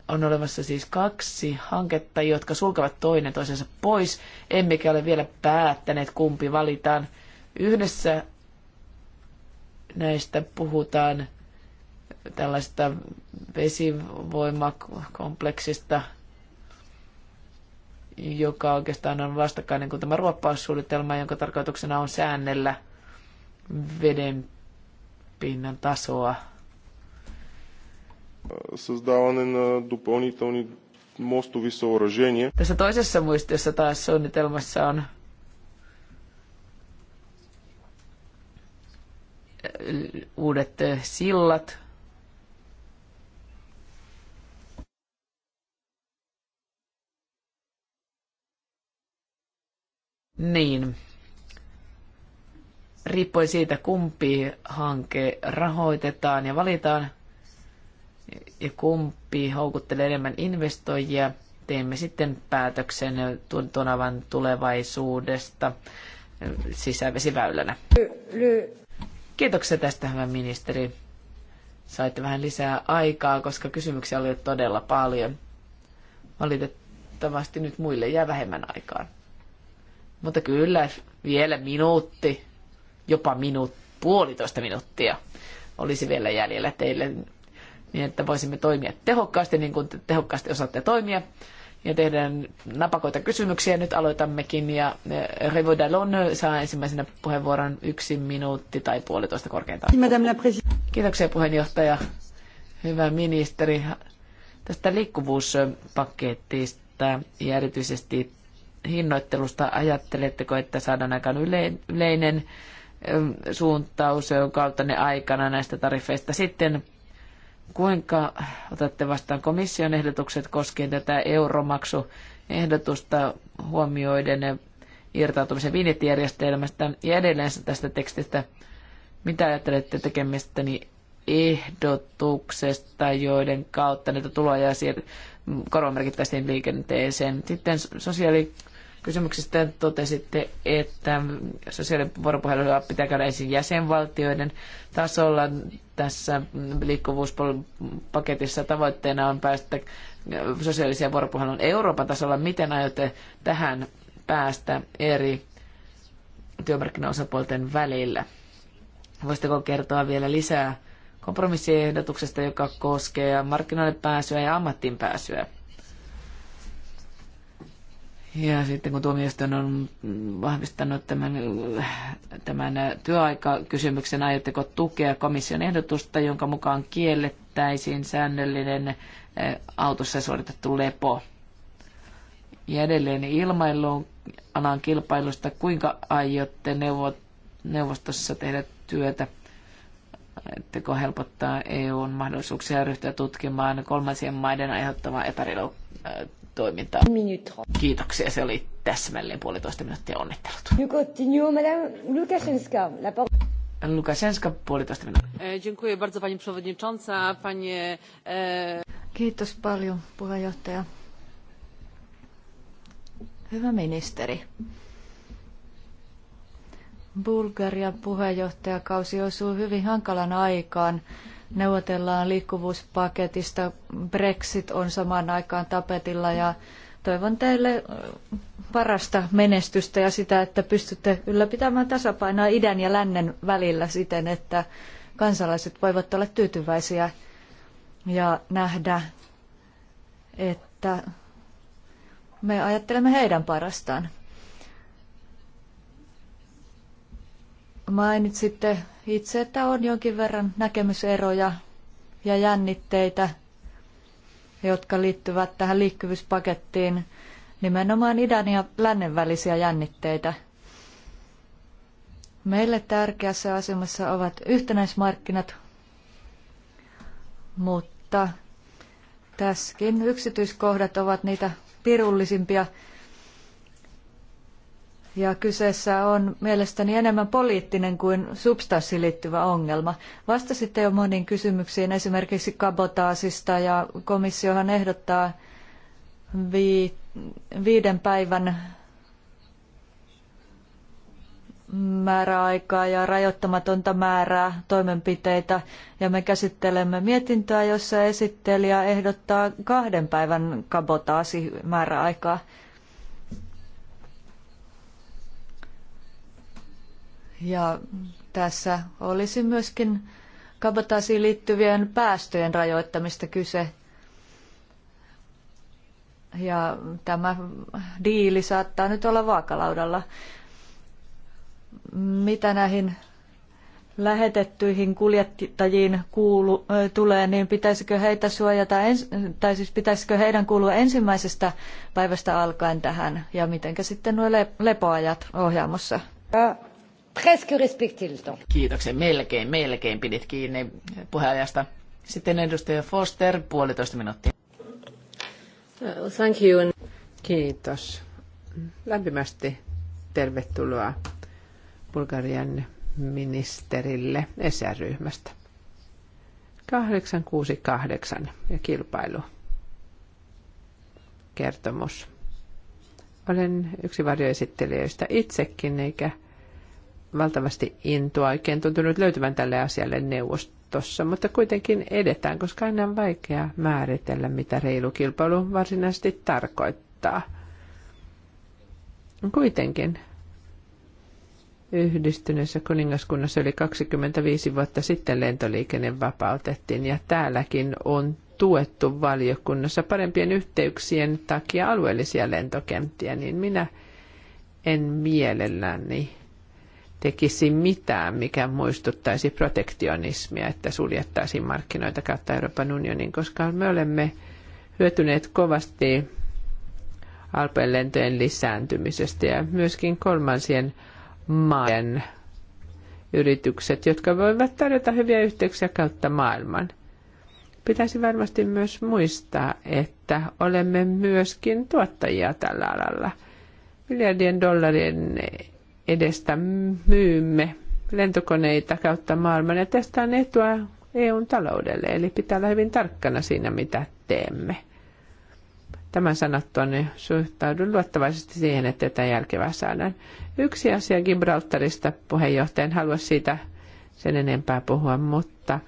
On olemassa siis kaksi hanketta, jotka sulkevat toinen toisensa pois, emmekä ole vielä päättäneet, kumpi valitaan. Yhdessä näistä puhutaan tällaista vesivoimakompleksista, joka oikeastaan on vastakkainen niin kuin tämä ruoppaussuunnitelma, jonka tarkoituksena on säännellä veden pinnan tasoa. Tässä toisessa muistiossa taas suunnitelmassa on uudet sillat, Niin. Riippuen siitä, kumpi hanke rahoitetaan ja valitaan ja kumpi houkuttelee enemmän investoijia, teemme sitten päätöksen Tonavan tulevaisuudesta sisävesiväylänä. Kiitoksia tästä, hyvä ministeri. Saitte vähän lisää aikaa, koska kysymyksiä oli todella paljon. Valitettavasti nyt muille jää vähemmän aikaa. Mutta kyllä vielä minuutti, jopa minuut, puolitoista minuuttia olisi vielä jäljellä teille, niin että voisimme toimia tehokkaasti, niin kuin te tehokkaasti osaatte toimia. Ja tehdään napakoita kysymyksiä. Nyt aloitammekin ja eh, Revo Dallon saa ensimmäisenä puheenvuoron yksi minuutti tai puolitoista korkeintaan. Kiitoksia puheenjohtaja. Hyvä ministeri. Tästä liikkuvuuspaketista ja erityisesti hinnoittelusta. Ajatteletteko, että saadaan aika yleinen suuntaus ne aikana näistä tarifeista sitten? Kuinka otatte vastaan komission ehdotukset koskien tätä euromaksuehdotusta huomioiden irtautumisen vinjettijärjestelmästä ja edelleen tästä tekstistä? Mitä ajattelette tekemistäni ehdotuksesta, joiden kautta näitä tuloja korvamerkittäisiin liikenteeseen. Sitten sosiaalikysymyksistä totesitte, että sosiaalivuoropuhelua pitää käydä ensin jäsenvaltioiden tasolla. Tässä liikkuvuuspaketissa tavoitteena on päästä sosiaalisia vuoropuhelun Euroopan tasolla. Miten aiotte tähän päästä eri työmarkkinaosapuolten välillä? Voisitteko kertoa vielä lisää kompromissiehdotuksesta, joka koskee markkinoille pääsyä ja ammattiin pääsyä. Ja sitten kun tuomioistuin on vahvistanut tämän, tämän työaikakysymyksen, aiotteko tukea komission ehdotusta, jonka mukaan kiellettäisiin säännöllinen eh, autossa suoritettu lepo? Ja edelleen ilmailuun alan kilpailusta, kuinka aiotte neuvostossa tehdä työtä teko helpottaa EUn mahdollisuuksia ryhtyä tutkimaan kolmansien maiden aiheuttamaa epäreilua äh, toimintaa? Kiitoksia, se oli täsmälleen puolitoista minuuttia onnittelut. Lukashenska, puolitoista minuuttia. Eh, eh, Kiitos paljon puheenjohtaja. Hyvä ministeri. Bulgarian puheenjohtajakausi osuu hyvin hankalan aikaan. Neuvotellaan liikkuvuuspaketista, Brexit on samaan aikaan tapetilla ja toivon teille äh, parasta menestystä ja sitä, että pystytte ylläpitämään tasapainoa idän ja lännen välillä siten, että kansalaiset voivat olla tyytyväisiä ja nähdä, että me ajattelemme heidän parastaan. Mainitsitte itse, että on jonkin verran näkemyseroja ja jännitteitä, jotka liittyvät tähän liikkuvuuspakettiin, nimenomaan idän ja lännen välisiä jännitteitä. Meille tärkeässä asemassa ovat yhtenäismarkkinat, mutta tässäkin yksityiskohdat ovat niitä pirullisimpia – ja kyseessä on mielestäni enemmän poliittinen kuin substanssiin liittyvä ongelma. Vastasitte jo moniin kysymyksiin esimerkiksi kabotaasista ja komissiohan ehdottaa vi- viiden päivän määräaikaa ja rajoittamatonta määrää toimenpiteitä ja me käsittelemme mietintöä, jossa esittelijä ehdottaa kahden päivän kabotaasi määräaikaa. Ja tässä olisi myöskin kabotaasiin liittyvien päästöjen rajoittamista kyse. Ja tämä diili saattaa nyt olla vaakalaudalla. Mitä näihin lähetettyihin kuljettajiin kuulu, tulee, niin pitäisikö heitä suojata, tai siis pitäisikö heidän kuulua ensimmäisestä päivästä alkaen tähän, ja miten sitten nuo lepoajat ohjaamossa? Presque respecté le temps. Kiitoksia. Melkein, melkein pidit kiinni puheenajasta. Sitten edustaja Foster, puolitoista minuuttia. Uh, thank you. Kiitos. Lämpimästi tervetuloa Bulgarian ministerille sr ryhmästä 868 ja kilpailu. Kertomus. Olen yksi varjoesittelijöistä itsekin, eikä valtavasti intoa oikein tuntunut löytyvän tälle asialle neuvostossa, mutta kuitenkin edetään, koska aina on vaikea määritellä, mitä reilu kilpailu varsinaisesti tarkoittaa. Kuitenkin yhdistyneessä kuningaskunnassa yli 25 vuotta sitten lentoliikenne vapautettiin ja täälläkin on tuettu valiokunnassa parempien yhteyksien takia alueellisia lentokenttiä, niin minä en mielelläni tekisi mitään, mikä muistuttaisi protektionismia, että suljettaisiin markkinoita kautta Euroopan unionin, koska me olemme hyötyneet kovasti alpeenlentojen lisääntymisestä ja myöskin kolmansien maiden yritykset, jotka voivat tarjota hyviä yhteyksiä kautta maailman. Pitäisi varmasti myös muistaa, että olemme myöskin tuottajia tällä alalla. Miljardien dollarien edestä myymme lentokoneita kautta maailman ja tästä on etua EUn taloudelle, eli pitää olla hyvin tarkkana siinä, mitä teemme. Tämän sanottua niin suhtaudun luottavaisesti siihen, että tätä järkevää saadaan. Yksi asia Gibraltarista puheenjohtajan halua siitä sen enempää puhua, mutta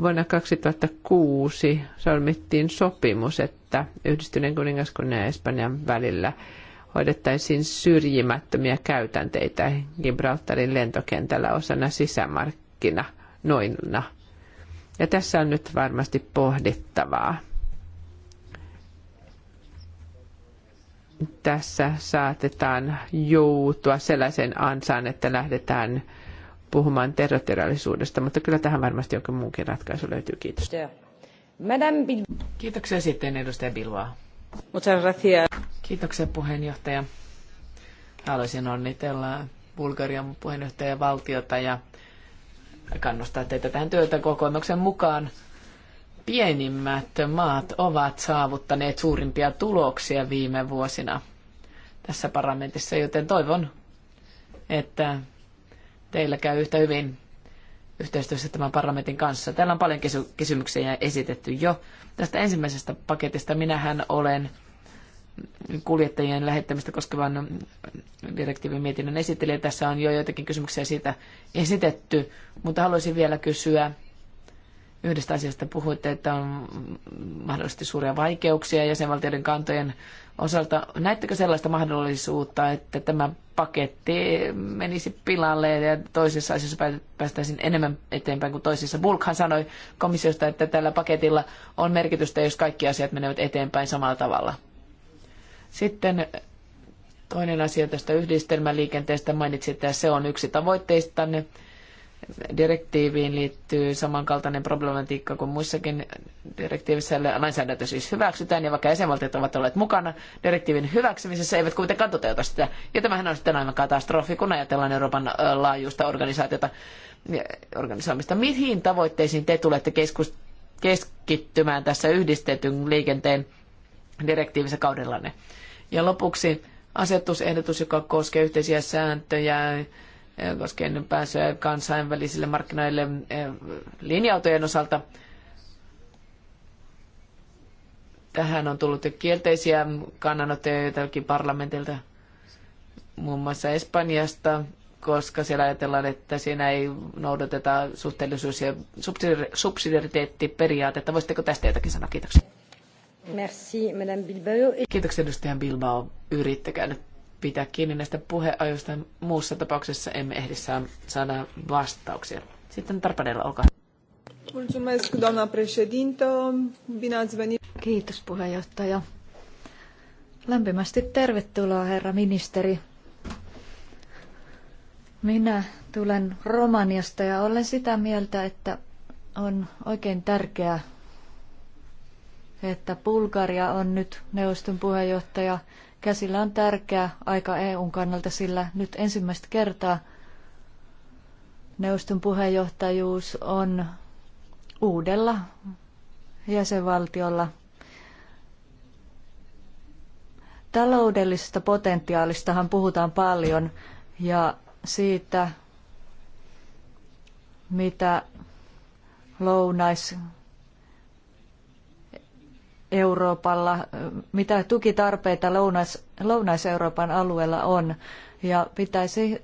vuonna 2006 solmittiin sopimus, että Yhdistyneen kuningaskunnan ja Espanjan välillä – hoidettaisiin syrjimättömiä käytänteitä Gibraltarin lentokentällä osana sisämarkkina noinna. Ja tässä on nyt varmasti pohdittavaa. Tässä saatetaan joutua sellaisen ansaan, että lähdetään puhumaan terroterallisuudesta, mutta kyllä tähän varmasti jokin muunkin ratkaisu löytyy. Kiitos. Kiitoksia sitten edustaja Bilvaa. Muchas gracias. Kiitoksia puheenjohtaja. Haluaisin onnitella Bulgarian puheenjohtajavaltiota ja kannustaa teitä tähän työtäkokoomuksen mukaan. Pienimmät maat ovat saavuttaneet suurimpia tuloksia viime vuosina tässä parlamentissa, joten toivon, että teillä käy yhtä hyvin yhteistyössä tämän parlamentin kanssa. Täällä on paljon kysymyksiä esitetty jo. Tästä ensimmäisestä paketista minähän olen kuljettajien lähettämistä koskevan direktiivin mietinnön esittelijä. Tässä on jo joitakin kysymyksiä siitä esitetty, mutta haluaisin vielä kysyä yhdestä asiasta puhuitte, että on mahdollisesti suuria vaikeuksia jäsenvaltioiden kantojen osalta. Näettekö sellaista mahdollisuutta, että tämä paketti menisi pilalle ja toisessa asiassa päästäisiin enemmän eteenpäin kuin toisessa? Bulkhan sanoi komissiosta, että tällä paketilla on merkitystä, jos kaikki asiat menevät eteenpäin samalla tavalla. Sitten toinen asia tästä yhdistelmäliikenteestä mainitsi, että se on yksi tavoitteistanne. Direktiiviin liittyy samankaltainen problematiikka kuin muissakin direktiivissä. Lainsäädäntö siis hyväksytään ja vaikka jäsenvaltiot ovat olleet mukana direktiivin hyväksymisessä, eivät kuitenkaan toteuta sitä. Ja tämähän on sitten aivan katastrofi, kun ajatellaan Euroopan laajuista organisaatiota organisoimista. Mihin tavoitteisiin te tulette keskittymään tässä yhdistetyn liikenteen direktiivissä kaudellanne? Ja lopuksi asetusehdotus, joka koskee yhteisiä sääntöjä, eh, koskien pääsyä kansainvälisille markkinoille eh, linja-autojen osalta. Tähän on tullut kielteisiä kannanottoja joitakin parlamentilta, muun muassa Espanjasta, koska siellä ajatellaan, että siinä ei noudateta suhteellisuus- ja subsidiariteettiperiaatetta. Voisitteko tästä jotakin sanoa? Kiitoksia. Merci, Madame Bilbao. Kiitoksia edustajan Bilbao. Yrittäkää nyt pitää kiinni näistä puheajoista. Muussa tapauksessa emme ehdi saada vastauksia. Sitten Tarpanella, olkaa Mulțumesc, doamna președintă. Bine ați venit. Kiitos, puheenjohtaja. Lämpimästi tervetuloa, herra ministeri. Minä tulen Romaniasta ja olen sitä mieltä, että on oikein tärkeää että Bulgaria on nyt neuvoston puheenjohtaja. Käsillä on tärkeä aika EUn kannalta, sillä nyt ensimmäistä kertaa neuvoston puheenjohtajuus on uudella jäsenvaltiolla. Taloudellisesta potentiaalistahan puhutaan paljon ja siitä, mitä lounais Euroopalla, mitä tukitarpeita Lounais, Lounais-Euroopan alueella on. Ja pitäisi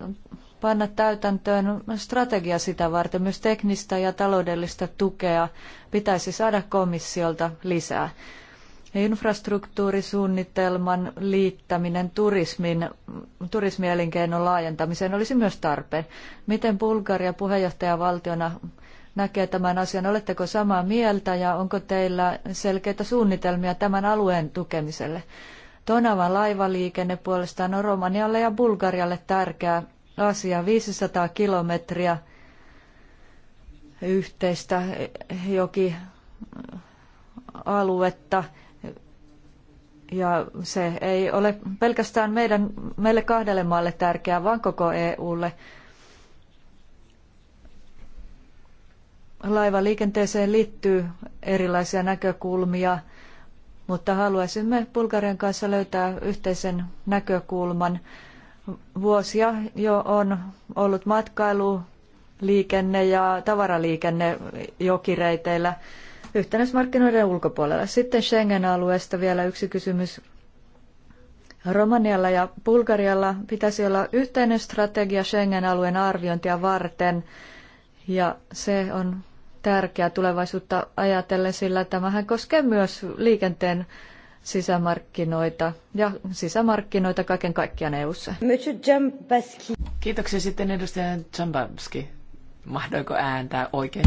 panna täytäntöön strategia sitä varten. Myös teknistä ja taloudellista tukea pitäisi saada komissiolta lisää. Infrastruktuurisuunnitelman liittäminen turismin, turismielinkeinon laajentamiseen olisi myös tarpeen. Miten Bulgaria puheenjohtajavaltiona näkee tämän asian. Oletteko samaa mieltä ja onko teillä selkeitä suunnitelmia tämän alueen tukemiselle? Tonavan laivaliikenne puolestaan on Romanialle ja Bulgarialle tärkeä asia. 500 kilometriä yhteistä jokialuetta. Ja se ei ole pelkästään meidän, meille kahdelle maalle tärkeää, vaan koko EUlle. Laivaliikenteeseen liittyy erilaisia näkökulmia, mutta haluaisimme Bulgarian kanssa löytää yhteisen näkökulman. Vuosia jo on ollut matkailu, liikenne ja tavaraliikenne jokireiteillä yhtenäismarkkinoiden ulkopuolella. Sitten Schengen-alueesta vielä yksi kysymys. Romanialla ja Bulgarialla pitäisi olla yhteinen strategia Schengen-alueen arviointia varten, ja se on tärkeä tulevaisuutta ajatellen, sillä tämähän koskee myös liikenteen sisämarkkinoita ja sisämarkkinoita kaiken kaikkiaan EU-ssa. Kiitoksia sitten edustaja Jambaski. Mahdoiko ääntää oikein?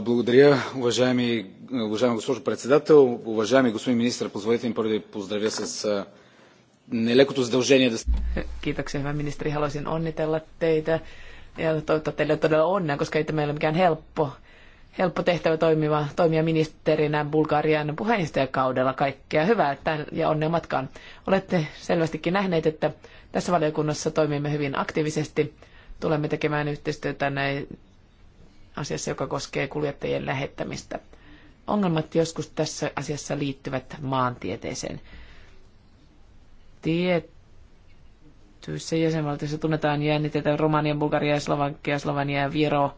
Благодаря, уважаеми, уважаема госпожо председател, уважаеми господин министр, позволите ми първо да поздравя с нелекото задължение да... Kiitoksia, hyvä ministeri. Haluaisin onnitella teitä ja toivottavasti teille todella onnea, koska ei tämä ole mikään helppo, helppo tehtävä toimiva, toimia ministerinä Bulgarian puheenjohtajakaudella. Kaikkea hyvää tämän, ja onnea matkaan. Olette selvästikin nähneet, että tässä valiokunnassa toimimme hyvin aktiivisesti. Tulemme tekemään yhteistyötä näin asiassa, joka koskee kuljettajien lähettämistä. Ongelmat joskus tässä asiassa liittyvät maantieteeseen. Tiet tietyissä jäsenvaltioissa tunnetaan jännitteitä Romania, Bulgaria, Slovakia, Slovenia, Viro.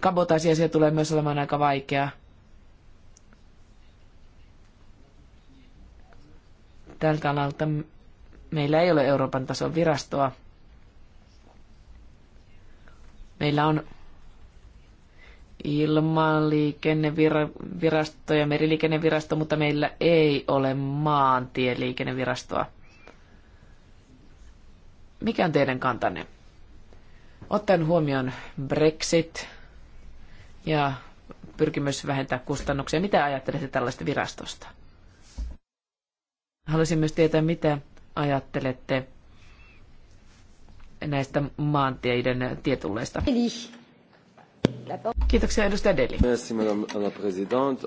Kabotaasiasia tulee myös olemaan aika vaikea. Tältä alalta meillä ei ole Euroopan tason virastoa. Meillä on ilmaliikennevirasto ja meriliikennevirasto, mutta meillä ei ole maantieliikennevirastoa. Mikä on teidän kantanne? Ottaen huomioon Brexit ja pyrkimys vähentää kustannuksia, mitä ajattelette tällaista virastosta? Haluaisin myös tietää, mitä ajattelette näistä maantieiden tietulleista. Kiitoksia edustaja Deli. Merci madame la présidente.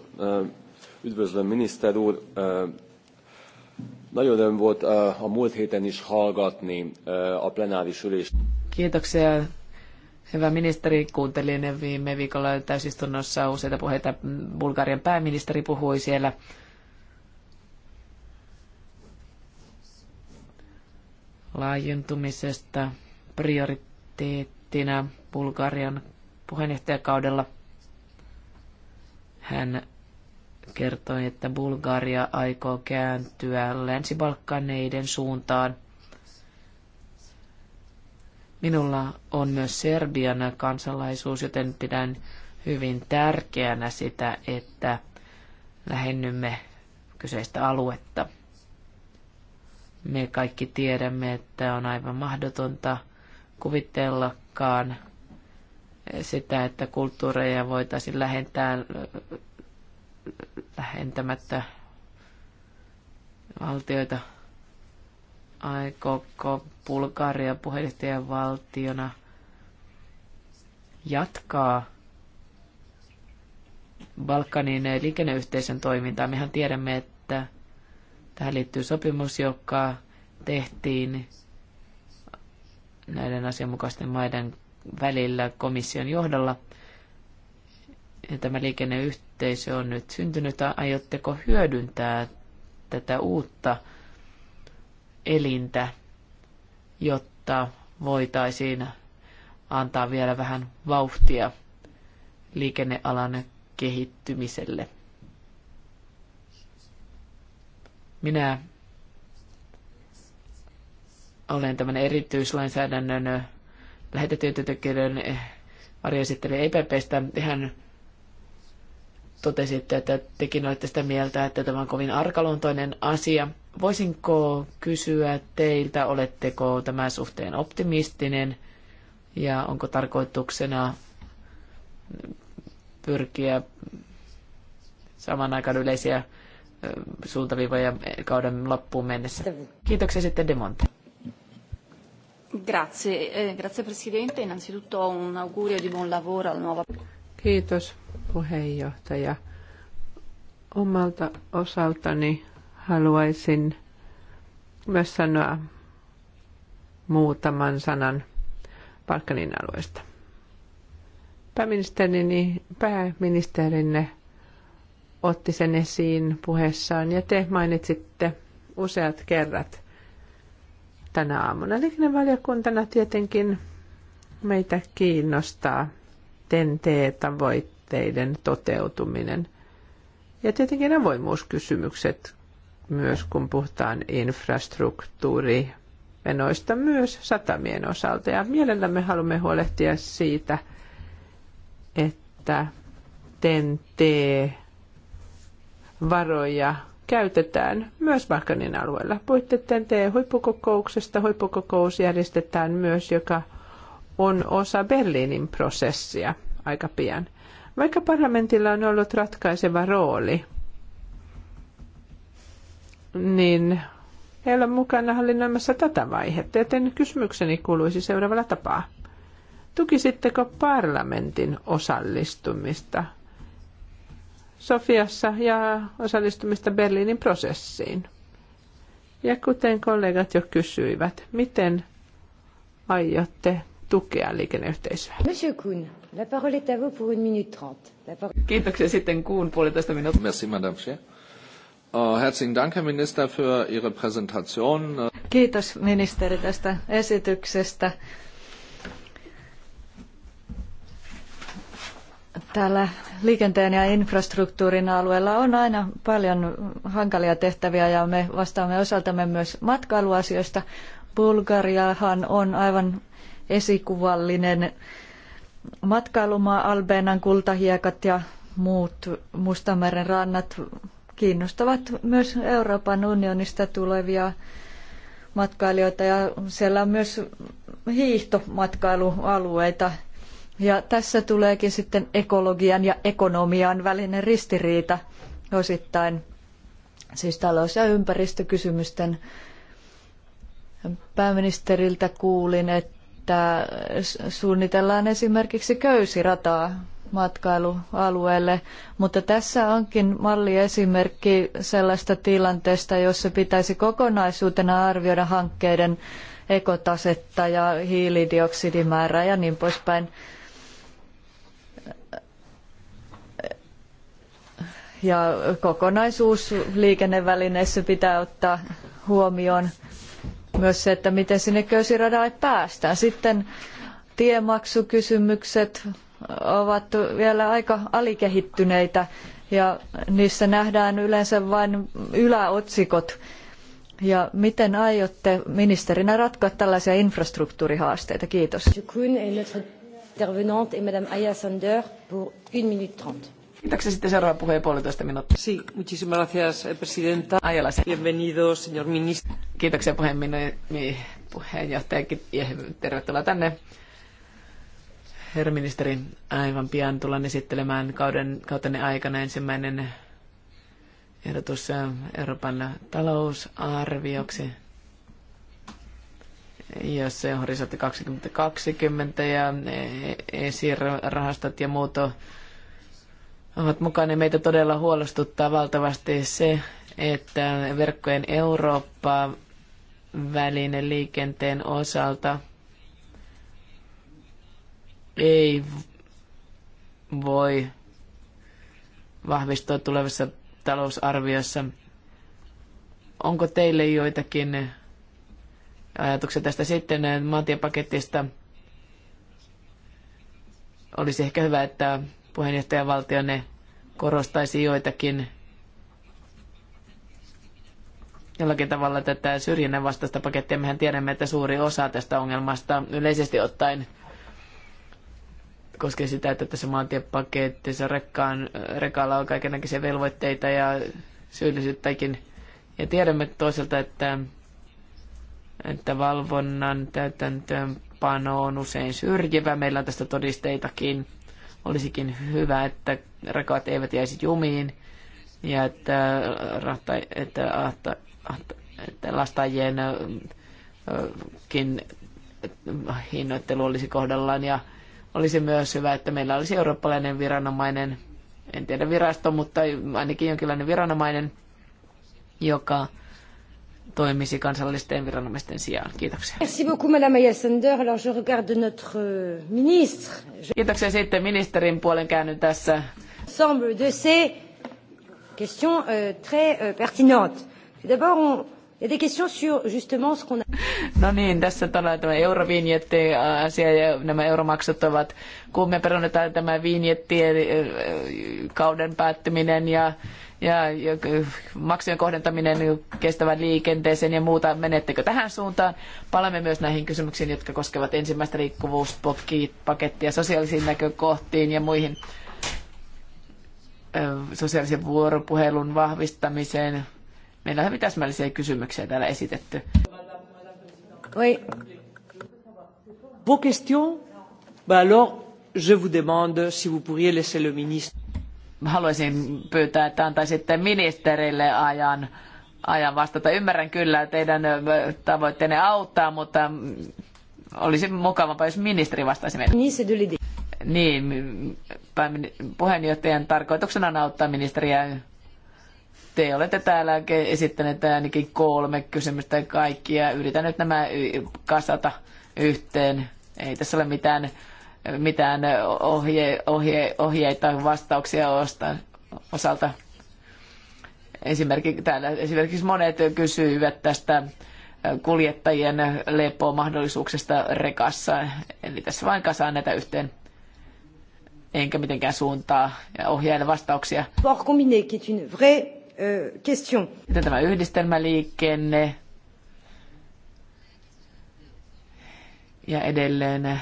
Üdvözlöm miniszter úr. Nagyon öröm volt a múlt héten is hallgatni a plenáris ülést. Kiitoksia Hyvä ministeri, kuuntelin viime viikolla täysistunnossa useita puheita. Bulgarian pääministeri puhui siellä. laajentumisesta prioriteettina Bulgarian puheenjohtajakaudella. Hän kertoi, että Bulgaria aikoo kääntyä länsibalkaneiden suuntaan. Minulla on myös Serbian kansalaisuus, joten pidän hyvin tärkeänä sitä, että lähennymme kyseistä aluetta. Me kaikki tiedämme, että on aivan mahdotonta kuvitellakaan sitä, että kulttuureja voitaisiin lähentää lähentämättä valtioita. Aikooko Bulgaria puheenjohtajan valtiona jatkaa Balkanin liikenneyhteisön toimintaa? Mehän tiedämme, että tähän liittyy sopimus, joka tehtiin näiden asianmukaisten maiden välillä komission johdolla. Ja tämä liikenneyhteisö on nyt syntynyt. Aiotteko hyödyntää tätä uutta elintä, jotta voitaisiin antaa vielä vähän vauhtia liikennealan kehittymiselle. Minä olen tämän erityislainsäädännön lähetettyjen työntekijöiden eh, varjoesittelijä EPPstä. Hän totesitte, että tekin olette sitä mieltä, että tämä on kovin arkaluontoinen asia. Voisinko kysyä teiltä, oletteko tämän suhteen optimistinen ja onko tarkoituksena pyrkiä saman aikaan yleisiä eh, suuntaviivoja kauden loppuun mennessä? Kiitoksia sitten Demonte. Grazie, eh, grazie Presidente. Innanzitutto un augurio di buon lavoro al nuovo... Kiitos puheenjohtaja. Omalta osaltani haluaisin myös sanoa muutaman sanan Balkanin alueesta. Pääministerini, pääministerinne otti sen esiin puheessaan ja te mainitsitte useat kerrat – tänä aamuna. Liikennevaliokuntana tietenkin meitä kiinnostaa TEN-T-tavoitteiden toteutuminen ja tietenkin avoimuuskysymykset myös, kun puhutaan infrastruktuuri menoista myös satamien osalta. Ja mielellämme haluamme huolehtia siitä, että TEN-T varoja käytetään myös Balkanin alueella. Puhuitte TNT-huippukokouksesta. Huippukokous järjestetään myös, joka on osa Berliinin prosessia aika pian. Vaikka parlamentilla on ollut ratkaiseva rooli, niin ei ole mukana hallinnoimassa tätä vaihetta, joten kysymykseni kuuluisi seuraavalla tapaa. Tukisitteko parlamentin osallistumista Sofiassa ja osallistumista Berliinin prosessiin. Ja kuten kollegat jo kysyivät, miten aiotte tukea liikenneyhteisöä? Monsieur Kuhn, la parole est à vous pour une minute trente. parole. Kiitoksia sitten Kuhn puolitoista minuuttia. Merci, madame Oh, Herzlichen Dank, Herr Minister, für Ihre Präsentation. Uh, Kiitos ministeri tästä esityksestä. Täällä liikenteen ja infrastruktuurin alueella on aina paljon hankalia tehtäviä ja me vastaamme osaltamme myös matkailuasioista. Bulgariahan on aivan esikuvallinen matkailumaa, Albeenan kultahiekat ja muut Mustameren rannat kiinnostavat myös Euroopan unionista tulevia matkailijoita ja siellä on myös hiihtomatkailualueita ja tässä tuleekin sitten ekologian ja ekonomian välinen ristiriita osittain, siis talous- ja ympäristökysymysten. Pääministeriltä kuulin, että suunnitellaan esimerkiksi köysirataa matkailualueelle, mutta tässä onkin malliesimerkki sellaista tilanteesta, jossa pitäisi kokonaisuutena arvioida hankkeiden ekotasetta ja hiilidioksidimäärää ja niin poispäin. ja kokonaisuus liikennevälineissä pitää ottaa huomioon myös se, että miten sinne köysiradalle päästään. Sitten tiemaksukysymykset ovat vielä aika alikehittyneitä ja niissä nähdään yleensä vain yläotsikot. Ja miten aiotte ministerinä ratkoa tällaisia infrastruktuurihaasteita? Kiitos. Kiitoksia sitten seuraava puhe puolitoista minuuttia. Sí, muchísimas gracias, eh, presidenta. Ajala. Bienvenido, señor ministro. Kiitoksia puheenjohtaja ja tervetuloa tänne. Herra ministeri, aivan pian tullaan esittelemään kauden, kautenne aikana ensimmäinen ehdotus eh, Euroopan talousarvioksi, jossa on horisontti 2020 ja eh, esirahastot ja muut ovat mukana. Meitä todella huolestuttaa valtavasti se, että verkkojen Eurooppa välinen liikenteen osalta ei voi vahvistua tulevassa talousarviossa. Onko teille joitakin ajatuksia tästä sitten maantiepaketista? Olisi ehkä hyvä, että puheenjohtajavaltionne korostaisi joitakin jollakin tavalla tätä syrjinnän vastaista pakettia. Mehän tiedämme, että suuri osa tästä ongelmasta yleisesti ottaen koskee sitä, että tässä maantiepaketissa rekkaan, rekalla on kaikenlaisia velvoitteita ja syyllisyyttäkin. Ja tiedämme toisaalta, että, että valvonnan täytäntöönpano on usein syrjivä. Meillä on tästä todisteitakin. Olisikin hyvä, että rakat eivät jäisi jumiin ja että, rahta, että, ahta, ahta, että lastajienkin hinnoittelu olisi kohdallaan ja olisi myös hyvä, että meillä olisi eurooppalainen viranomainen, en tiedä virasto, mutta ainakin jonkinlainen viranomainen, joka toimisi kansallisten viranomaisten sijaan. Kiitoksia. Merci beaucoup, Madame Yessander. Alors je regarde notre euh, ministre. Kiitoksia sitten ministerin puolen käännyn tässä. Ensemble de ces questions euh, très euh, pertinentes. D'abord, on... Il y a des questions sur justement ce qu'on a... No niin, tässä on tämä eurovinjetti-asia äh, ja nämä euromaksut ovat, kun me perunetaan tämä vinjettien äh, kauden päättyminen ja ja, maksujen kohdentaminen kestävän liikenteeseen ja muuta. Menettekö tähän suuntaan? Palaamme myös näihin kysymyksiin, jotka koskevat ensimmäistä riikkuvuuspakettia sosiaalisiin näkökohtiin ja muihin sosiaalisen vuoropuhelun vahvistamiseen. Meillä on hyvin täsmällisiä kysymyksiä täällä esitetty. Oui. Vos questions? Bah alors, je vous demande si vous pourriez laisser le ministre haluaisin pyytää, että antaisitte ministerille ajan, ajan vastata. Ymmärrän kyllä teidän tavoitteenne auttaa, mutta mm, olisi mukavampaa, jos ministeri vastaisi meille. Niin se tyli. Niin, puheenjohtajan tarkoituksena on auttaa ministeriä. Te olette täällä esittäneet ainakin kolme kysymystä kaikkia. Yritän nyt nämä kasata yhteen. Ei tässä ole mitään mitään ohje, ohje, ohjeita vastauksia ostan, osalta. Esimerkiksi, täällä, esimerkiksi monet kysyivät tästä kuljettajien lepomahdollisuuksista rekassa. Eli tässä vain kasaan näitä yhteen enkä mitenkään suuntaa ja ohjailla vastauksia. Euh, Miten tämä yhdistelmäliikenne ja edelleen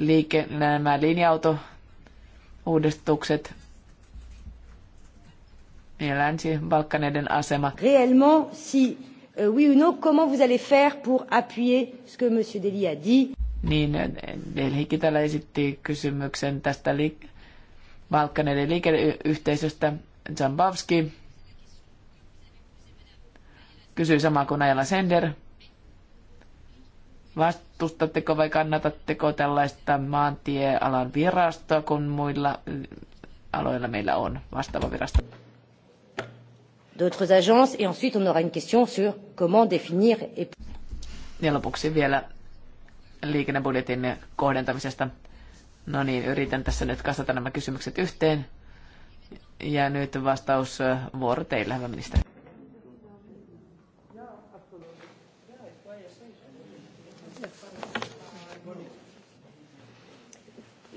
liike, nämä linja-auto-uudistukset ja Länsi-Balkaneiden asema. Réellement, si euh, oui ou non, comment vous allez faire pour appuyer ce que Deli a dit? Niin, Delhikin täällä esitti kysymyksen tästä li- Balkaneiden liikeyhteisöstä. Zambavski kysyi samaa kuin Ajala Sender. Vastustatteko vai kannatatteko tällaista maantiealan virastoa, kun muilla aloilla meillä on vastaava virasto? d'autres agences et ensuite on aura une question sur comment définir et ja lopuksi vielä liikennebudjetin kohdentamisesta. No niin, yritän tässä nyt kasata nämä kysymykset yhteen. Ja nyt vastausvuoro teille, hyvä ministeri.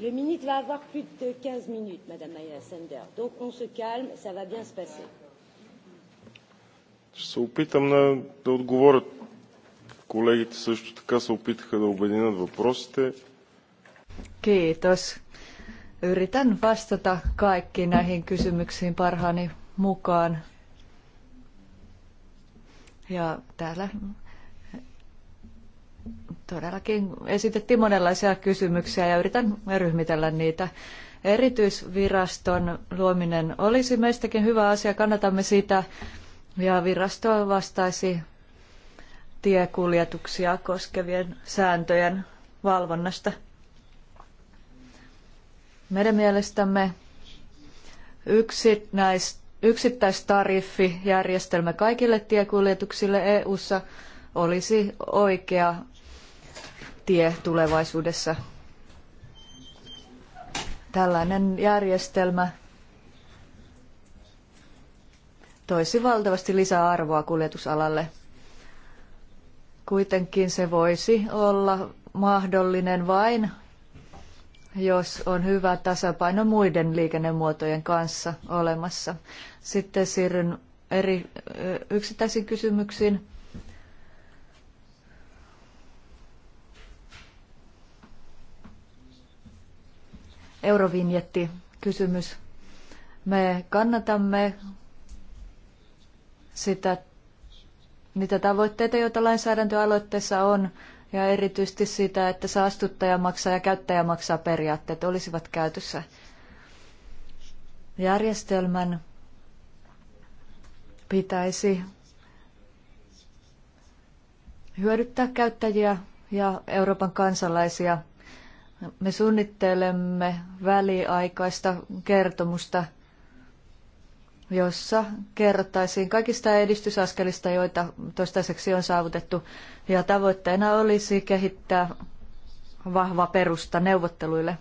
Le ministre va avoir plus de 15 minutes, Madame Maya Sender. Donc on se calme, ça va bien se passer. Ще се опитам на, да отговоря. Колегите също така се опитаха да обединят въпросите. Kiitos. Yritän vastata kaikkiin näihin kysymyksiin parhaani mukaan. Ja täällä todellakin esitettiin monenlaisia kysymyksiä ja yritän ryhmitellä niitä. Erityisviraston luominen olisi meistäkin hyvä asia, kannatamme sitä. Ja virasto vastaisi tiekuljetuksia koskevien sääntöjen valvonnasta. Meidän mielestämme yksittäis, yksittäistariffijärjestelmä kaikille tiekuljetuksille EU-ssa olisi oikea tie tulevaisuudessa. Tällainen järjestelmä toisi valtavasti lisää arvoa kuljetusalalle. Kuitenkin se voisi olla mahdollinen vain, jos on hyvä tasapaino muiden liikennemuotojen kanssa olemassa. Sitten siirryn eri yksittäisiin kysymyksiin. eurovinjetti kysymys. Me kannatamme sitä, niitä tavoitteita, joita lainsäädäntöaloitteessa on, ja erityisesti sitä, että saastuttaja maksaa ja käyttäjä maksaa periaatteet olisivat käytössä järjestelmän pitäisi hyödyttää käyttäjiä ja Euroopan kansalaisia – me suunnittelemme väliaikaista kertomusta, jossa kerrottaisiin kaikista edistysaskelista, joita toistaiseksi on saavutettu. Ja tavoitteena olisi kehittää vahva perusta neuvotteluille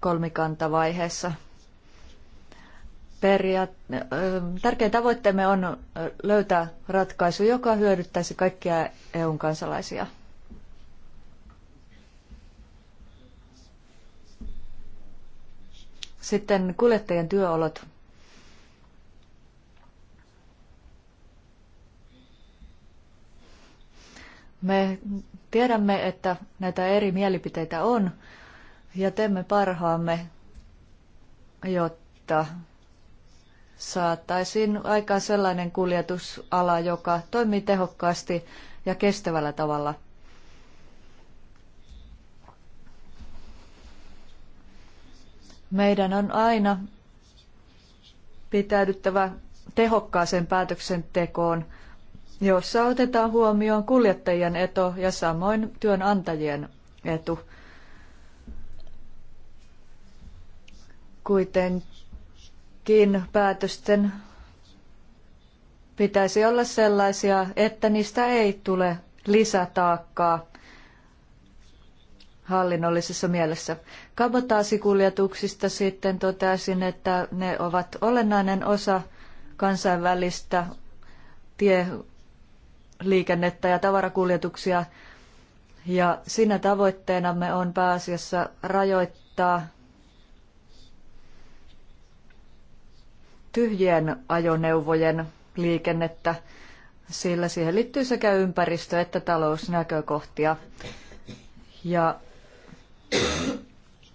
kolmikantavaiheessa. Periaat- tärkein tavoitteemme on löytää ratkaisu, joka hyödyttäisi kaikkia EUn kansalaisia. Sitten kuljettajien työolot. Me tiedämme, että näitä eri mielipiteitä on ja teemme parhaamme, jotta saattaisiin aikaan sellainen kuljetusala, joka toimii tehokkaasti ja kestävällä tavalla – Meidän on aina pitäydyttävä tehokkaaseen päätöksentekoon, jossa otetaan huomioon kuljettajien etu ja samoin työnantajien etu. Kuitenkin päätösten pitäisi olla sellaisia, että niistä ei tule lisätaakkaa hallinnollisessa mielessä. Kabotaasikuljetuksista sitten totesin, että ne ovat olennainen osa kansainvälistä tieliikennettä ja tavarakuljetuksia. Ja siinä tavoitteenamme on pääasiassa rajoittaa tyhjien ajoneuvojen liikennettä, sillä siihen liittyy sekä ympäristö- että talousnäkökohtia. Ja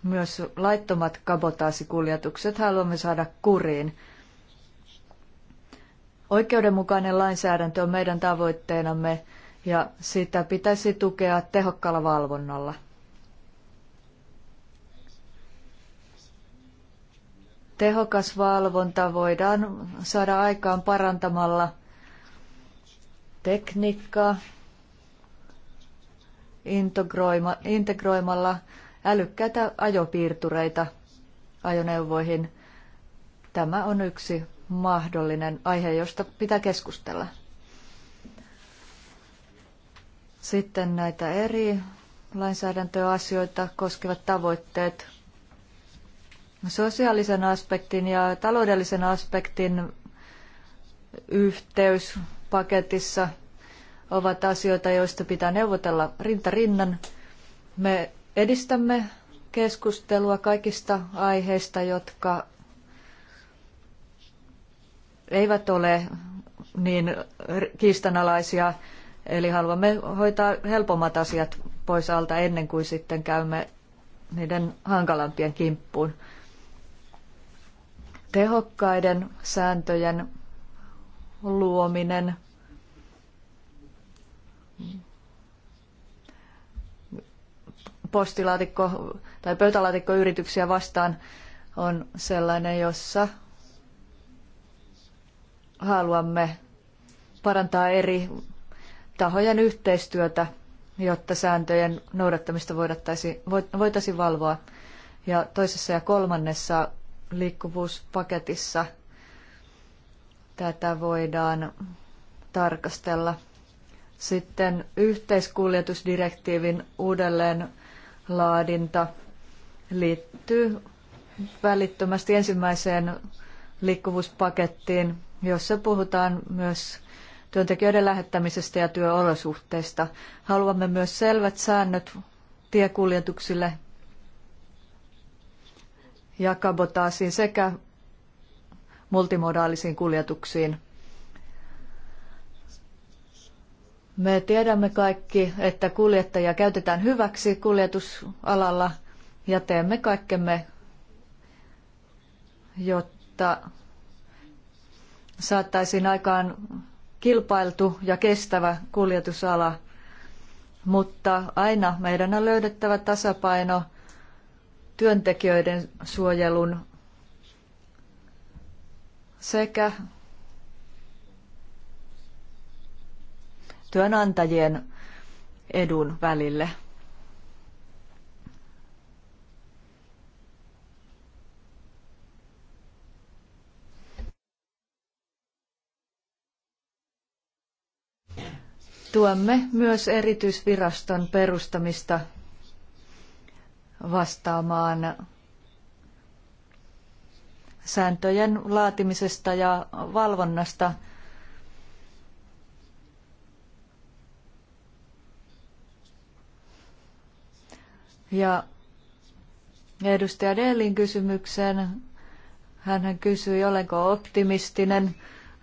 myös laittomat kabotaasikuljetukset haluamme saada kuriin. Oikeudenmukainen lainsäädäntö on meidän tavoitteenamme ja sitä pitäisi tukea tehokkaalla valvonnalla. Tehokas valvonta voidaan saada aikaan parantamalla tekniikkaa, integroimalla älykkäitä ajopiirtureita ajoneuvoihin. Tämä on yksi mahdollinen aihe, josta pitää keskustella. Sitten näitä eri lainsäädäntöasioita koskevat tavoitteet. Sosiaalisen aspektin ja taloudellisen aspektin yhteys paketissa ovat asioita, joista pitää neuvotella rinta rinnan. Me edistämme keskustelua kaikista aiheista, jotka eivät ole niin kiistanalaisia, eli haluamme hoitaa helpommat asiat pois alta ennen kuin sitten käymme niiden hankalampien kimppuun. Tehokkaiden sääntöjen luominen postilaatikko- tai pöytälaatikkoyrityksiä vastaan on sellainen, jossa haluamme parantaa eri tahojen yhteistyötä, jotta sääntöjen noudattamista voitaisiin valvoa. Ja toisessa ja kolmannessa liikkuvuuspaketissa tätä voidaan tarkastella. Sitten yhteiskuljetusdirektiivin uudelleen laadinta liittyy välittömästi ensimmäiseen liikkuvuuspakettiin, jossa puhutaan myös työntekijöiden lähettämisestä ja työolosuhteista. Haluamme myös selvät säännöt tiekuljetuksille ja kabotaasiin sekä multimodaalisiin kuljetuksiin. Me tiedämme kaikki, että kuljettajia käytetään hyväksi kuljetusalalla ja teemme kaikkemme, jotta saattaisiin aikaan kilpailtu ja kestävä kuljetusala. Mutta aina meidän on löydettävä tasapaino työntekijöiden suojelun sekä työnantajien edun välille. Tuemme myös erityisviraston perustamista vastaamaan sääntöjen laatimisesta ja valvonnasta Ja edustaja Dellin kysymykseen, hän kysyi, olenko optimistinen.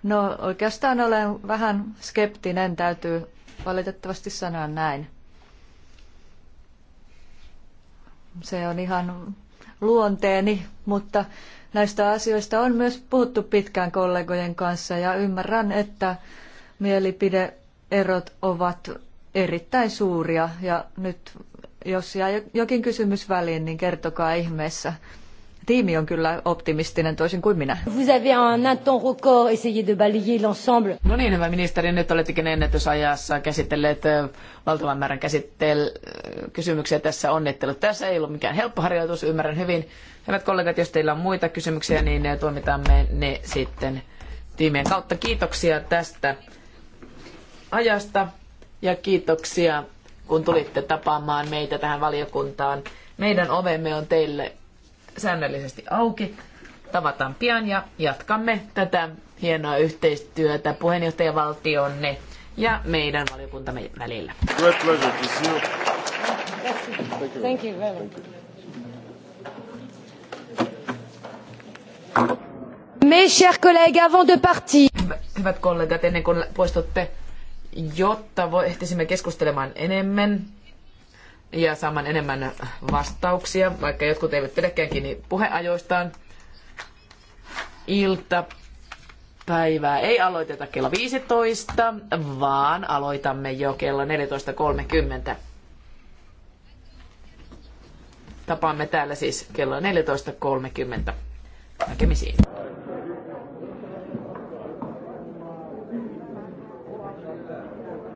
No oikeastaan olen vähän skeptinen, täytyy valitettavasti sanoa näin. Se on ihan luonteeni, mutta näistä asioista on myös puhuttu pitkään kollegojen kanssa ja ymmärrän, että mielipideerot ovat erittäin suuria ja nyt jos jää jokin kysymys väliin, niin kertokaa ihmeessä. Tiimi on kyllä optimistinen toisin kuin minä. Vous avez un temps record essayé de balayer l'ensemble. No niin, hyvä ministeri, nyt olettekin ennätysajassa käsitelleet valtavan määrän käsittel- kysymyksiä tässä onnittelut. Tässä ei ollut mikään helppo harjoitus, ymmärrän hyvin. Hyvät kollegat, jos teillä on muita kysymyksiä, niin toimitamme ne sitten tiimien kautta. Kiitoksia tästä ajasta ja kiitoksia kun tulitte tapaamaan meitä tähän valiokuntaan. Meidän ovemme on teille säännöllisesti auki. Tavataan pian ja jatkamme tätä hienoa yhteistyötä puheenjohtajavaltionne ja meidän valiokuntamme välillä. Great pleasure to see you. Thank you very much. Mes chers collègues, avant de partir. Hyvät kollegat, ennen kuin poistutte jotta ehtisimme keskustelemaan enemmän ja saamaan enemmän vastauksia, vaikka jotkut eivät pidäkään kiinni puheajoistaan. Iltapäivää ei aloiteta kello 15, vaan aloitamme jo kello 14.30. Tapaamme täällä siis kello 14.30. Näkemisiin.